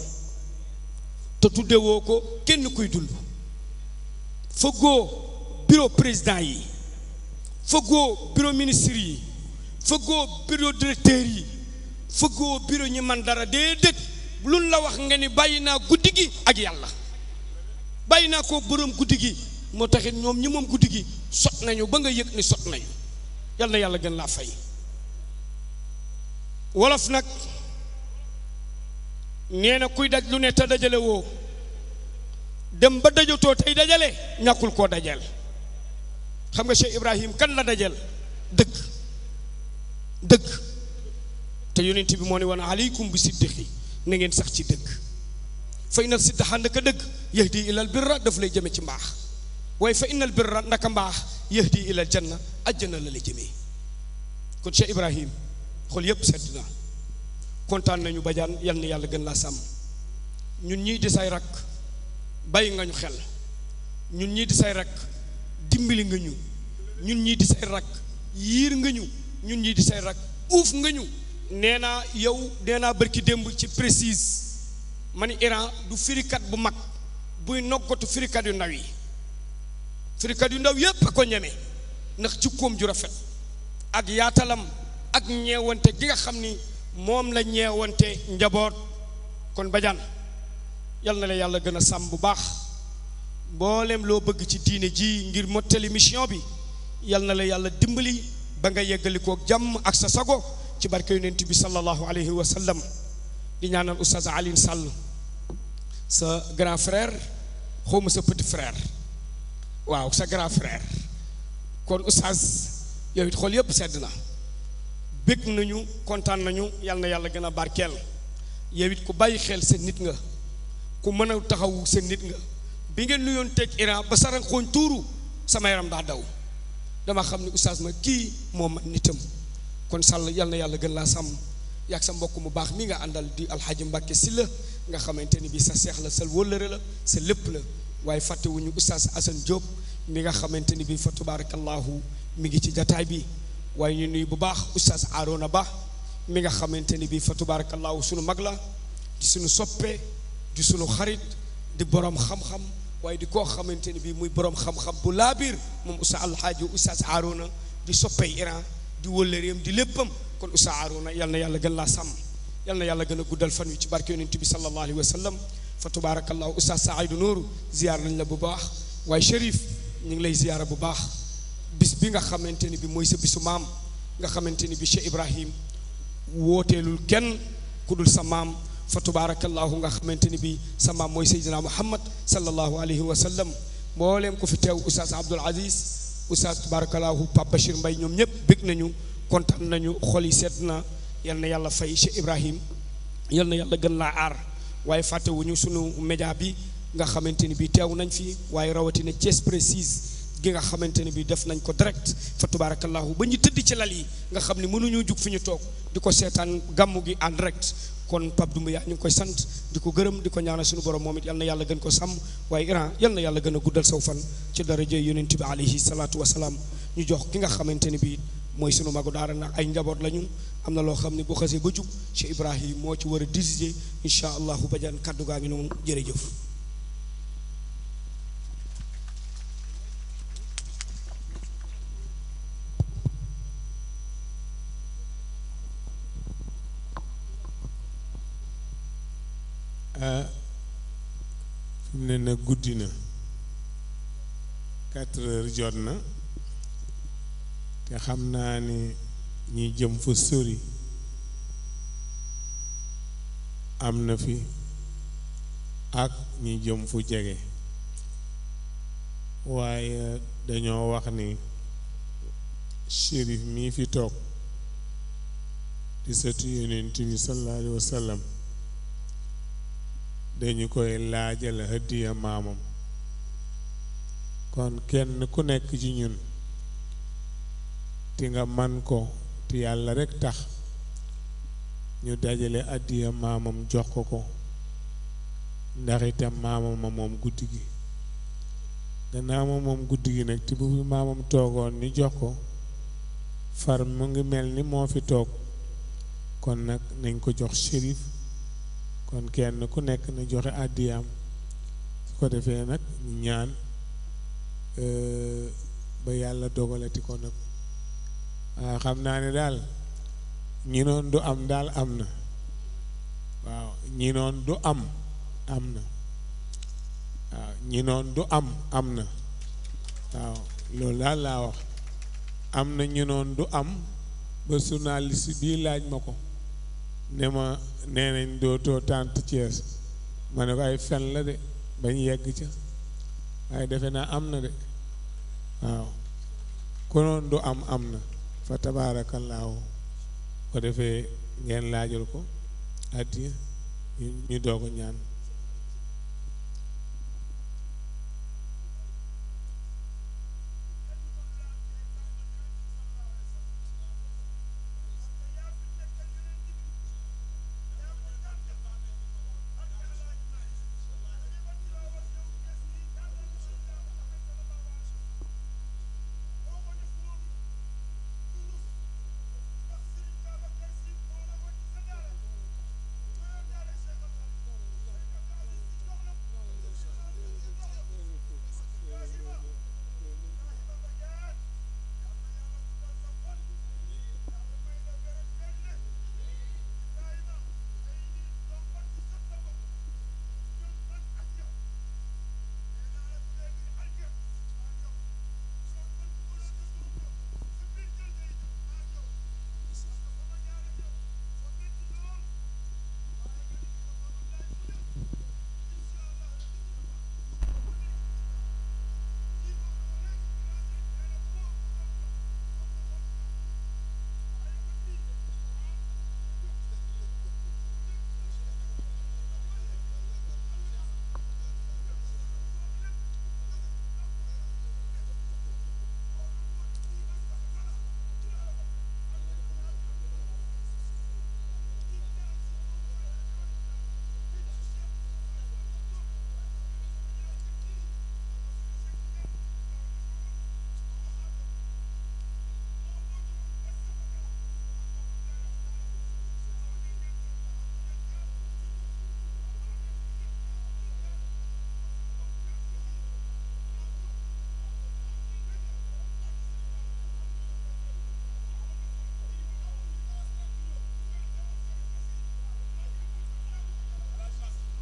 to tudde ko kenn kuy dul fëggoo bureau président yi fogo bureau ministre yi fogo bureau directeur yi fëggoo bureau ñi man dara déedéet agi la wax nga ni bayina guddigi ak yalla bayina ko borom guddigi mo taxit ñom ñi mom guddigi sot nañu ba nga yek ni sot nañu yal yàlla gën laa fay wolof nag nee na kuy daj lu ne te dajale woo dem ba dajatoo tey dajale ñàkkul koo dajal xam nga Cheikh Ibrahim kan la dajal dëgg dëgg te yonent bi moo ne woon aleykum bi siddiqi na ngeen sax ci dëgg fay na siddaxaan ka dëgg yahdi ilal birra daf lay jëme ci mbaax waaye fa innal birra ndaka mbaax yahdi ilal janna ajjana la la jëmee kon Cheikh Ibrahim xool yëpp sedd na kontaan nañu bajaan yal yàlla gën laa sàmm ñun ñii di say rakk bàyyi nga ñu xel ñun ñii di say rakk dimbali nga ñu ñun ñii di say rakk yiir ñu ñun say rakk uuf nga ñu nee naa yow nee naa barki démb ci précise ma ni Iran du firikat bu mag buy noggatu firikat yu ndaw yi firikat yu ndaw yépp a ko ñeme ndax jikkoom ju rafet ak yaatalam ak ñeewante gi nga xam ni moom la ñeewante njaboot kon bajaan yal na la yàlla gën a sàmm bu baax mboolem loo bëgg ci diine ji ngir mottali mission bi yal na la yàlla dimbali ba nga yeggali jàmm ak sa sago ci barke yonent bi sallallahu alayhi wa sallam di ñaanal oustaz Alioune Sall sa grand frère xawma sa petit frère waaw sa grand frère kon oustaz yow it xool yëpp sedd na bëgg nañu kontaan nañu yàlla na yàlla gën a barkeel yow it ku bàyyi xel seen nit nga ku mën a taxawu seen nit nga bi ngeen nuyoon teg Iran ba saran xooñ tuuru sama yaram daa daw dama xam ne oustaz ma kii moo man nitam kon sàll yàlla na yàlla gën laa sàmm yàq sa mbokk mu baax mi nga àndal di alxaaji Mbàkke si la nga xamante ni bii sa seex la sa wóllëre la sa lépp la waaye fàttewuñu oustaz Assane Diop mi nga xamante ni bii fa tubaarakallahu mi ngi ci jataay bi waaye ñu nuyu bu baax oustaz Arona Ba mi nga xamante ni bii fa tubaarakallahu sunu mag la di sunu soppe di sunu xarit di borom xam-xam waaye di koo xamante ni bii muy borom xam-xam bu laabiir moom oustaz Alhaaji oustaz Arona di soppey Iran di wëllëreem di léppam kon oustaz Arona yal na yàlla gën laa sàmm yal na yàlla gën a guddal fan wi ci barke yonent bi sallallahu alayhi wa sallam فتبارك الله استاذ سعيد نور زيار نان واي شريف نيغ زياره بو باخ بيس بيغا خامتيني بي موي سبيسو مام غا خامتيني بي شي ابراهيم ووتيلول كين كودول سا فتبارك الله غا خامتيني بي سا مام موي محمد صلى الله عليه وسلم مولم كو في استاذ عبد العزيز استاذ تبارك الله باب بشير مباي نيوم نيب بيك نانيو كونتان نانيو خولي سيتنا يالنا يالا فاي شي ابراهيم يالنا يالا گن لا waaye fàttewuñu suñu média bi nga xamante ni bi teew nañ fi waaye rawatina Thiès Prestige ki nga xamante ne bi def nañ ko direct fa tubaarakallahu ba ñu tëdd ci lal yi nga xam ne mënuñoo jug fi ñu toog di ko seetaan gàmmu gi en direct kon Pape Doumbia ñu ngi koy sant di ko gërëm di ko ñaanal suñu borom moom it yal na yàlla gën ko sàmm waaye Iran yal na yàlla gën a guddal saw fan ci daraja yonent bi alayhi salaatu wasalaam ñu jox ki nga xamante ni bii mooy sunu magu daara ndax ay njaboot lañu am na loo xam ne bu xasee ba jub Cheikh Ibrahim moo ci war a décider incha allahu bajan kaddu gaa ngi noonu jërëjëf. ah fi mu na. te xam naa ni ñu jëm fu sori am na fi ak ñu jëm fu jege waaye dañoo wax ni shérif mii fi toog di sëtu yonent bi sallallahu dañu koy laajal hëddiya maamam kon kenn ku nekk ci ñun ti nga man ko ti yàlla rekk tax ñu dajale àddiya maamam jox ko ko ndax itam maamam ma moom guddi gi gannaaw ma moom guddi gi nag ti bu fi maamam toogoon ni jox ko far mu ngi mel ni moo fi toog kon nag nañ ko jox shérif kon kenn ku nekk na joxe àddiyaam su ko defee nag ñaan euh, ba yàlla dogalati ko nag waaw ah, xam naa ne daal ñi du am daal am na waaw ñi du am am na waaw ñi du am am na waaw daal laa wax am na ñinoon du am ba journaliste bii laaj ma ko ne ma nee nañ dootoo tànt Thiès ma ne ko ay fen la de bañ yegg ca waaye defe naa am na de waaw ku du am am na fa tabaarakallaahu ko defee ngeen laajal ko addiya ñu doog ñaan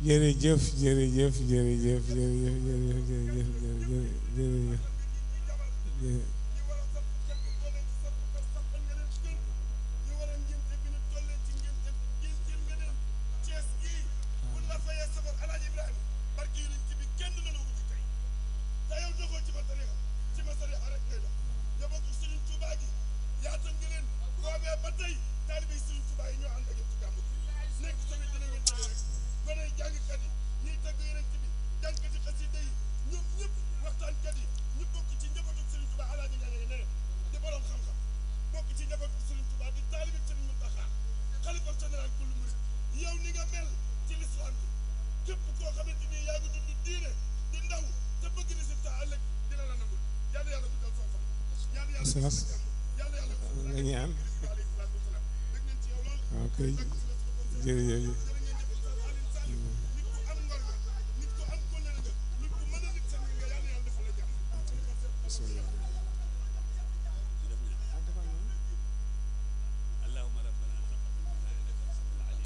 jërëjëf jërëjëf jërëjëf jërëjëf jërëjëf jërëjëf jërëjëf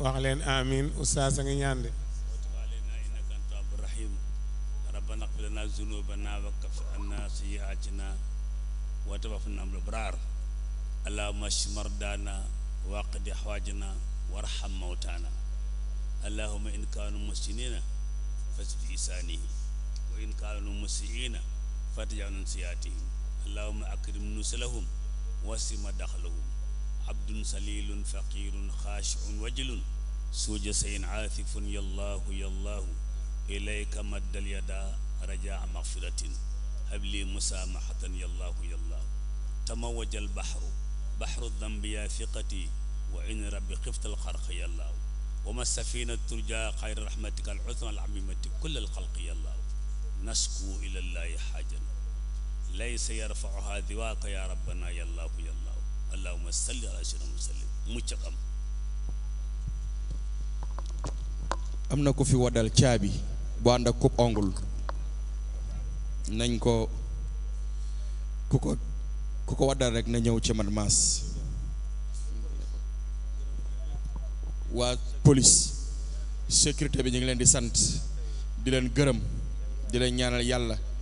wax leen amin oustaz a ngi ñaan de ربنا اغفر ذنوبنا وكفر سيئاتنا وتوفنا مع الابرار اللهم اشف مرضانا واقض وارحم موتانا اللهم ان كانوا مسلمين فاسد لسانهم وان كانوا مسيئين فتجعل سيئاتهم اللهم اكرم نسلهم دخلهم عبد سليل فقير خاشع وجل سوج سين عاثف يا الله يا الله إليك مد اليد رجاء مغفرة هب لي مسامحة يا الله يا الله تموج البحر بحر الذنب يا ثقتي وإن ربي خفت الخرق يا الله وما السفينة ترجى خير رحمتك العثمى العميمة كل الخلق يا الله نسكو إلى الله حاجنا ليس يرفعها ذواك يا ربنا يا الله يا الله اللهم صل على سيدنا محمد متقم am na ko fi waddal caabi boo ànd ak coupe ongle nañ ko ku ko ku ko waddal rek na ñëw ci man maas waa police sécurité bi ñu ngi leen di sant di leen gërëm di leen ñaanal yàlla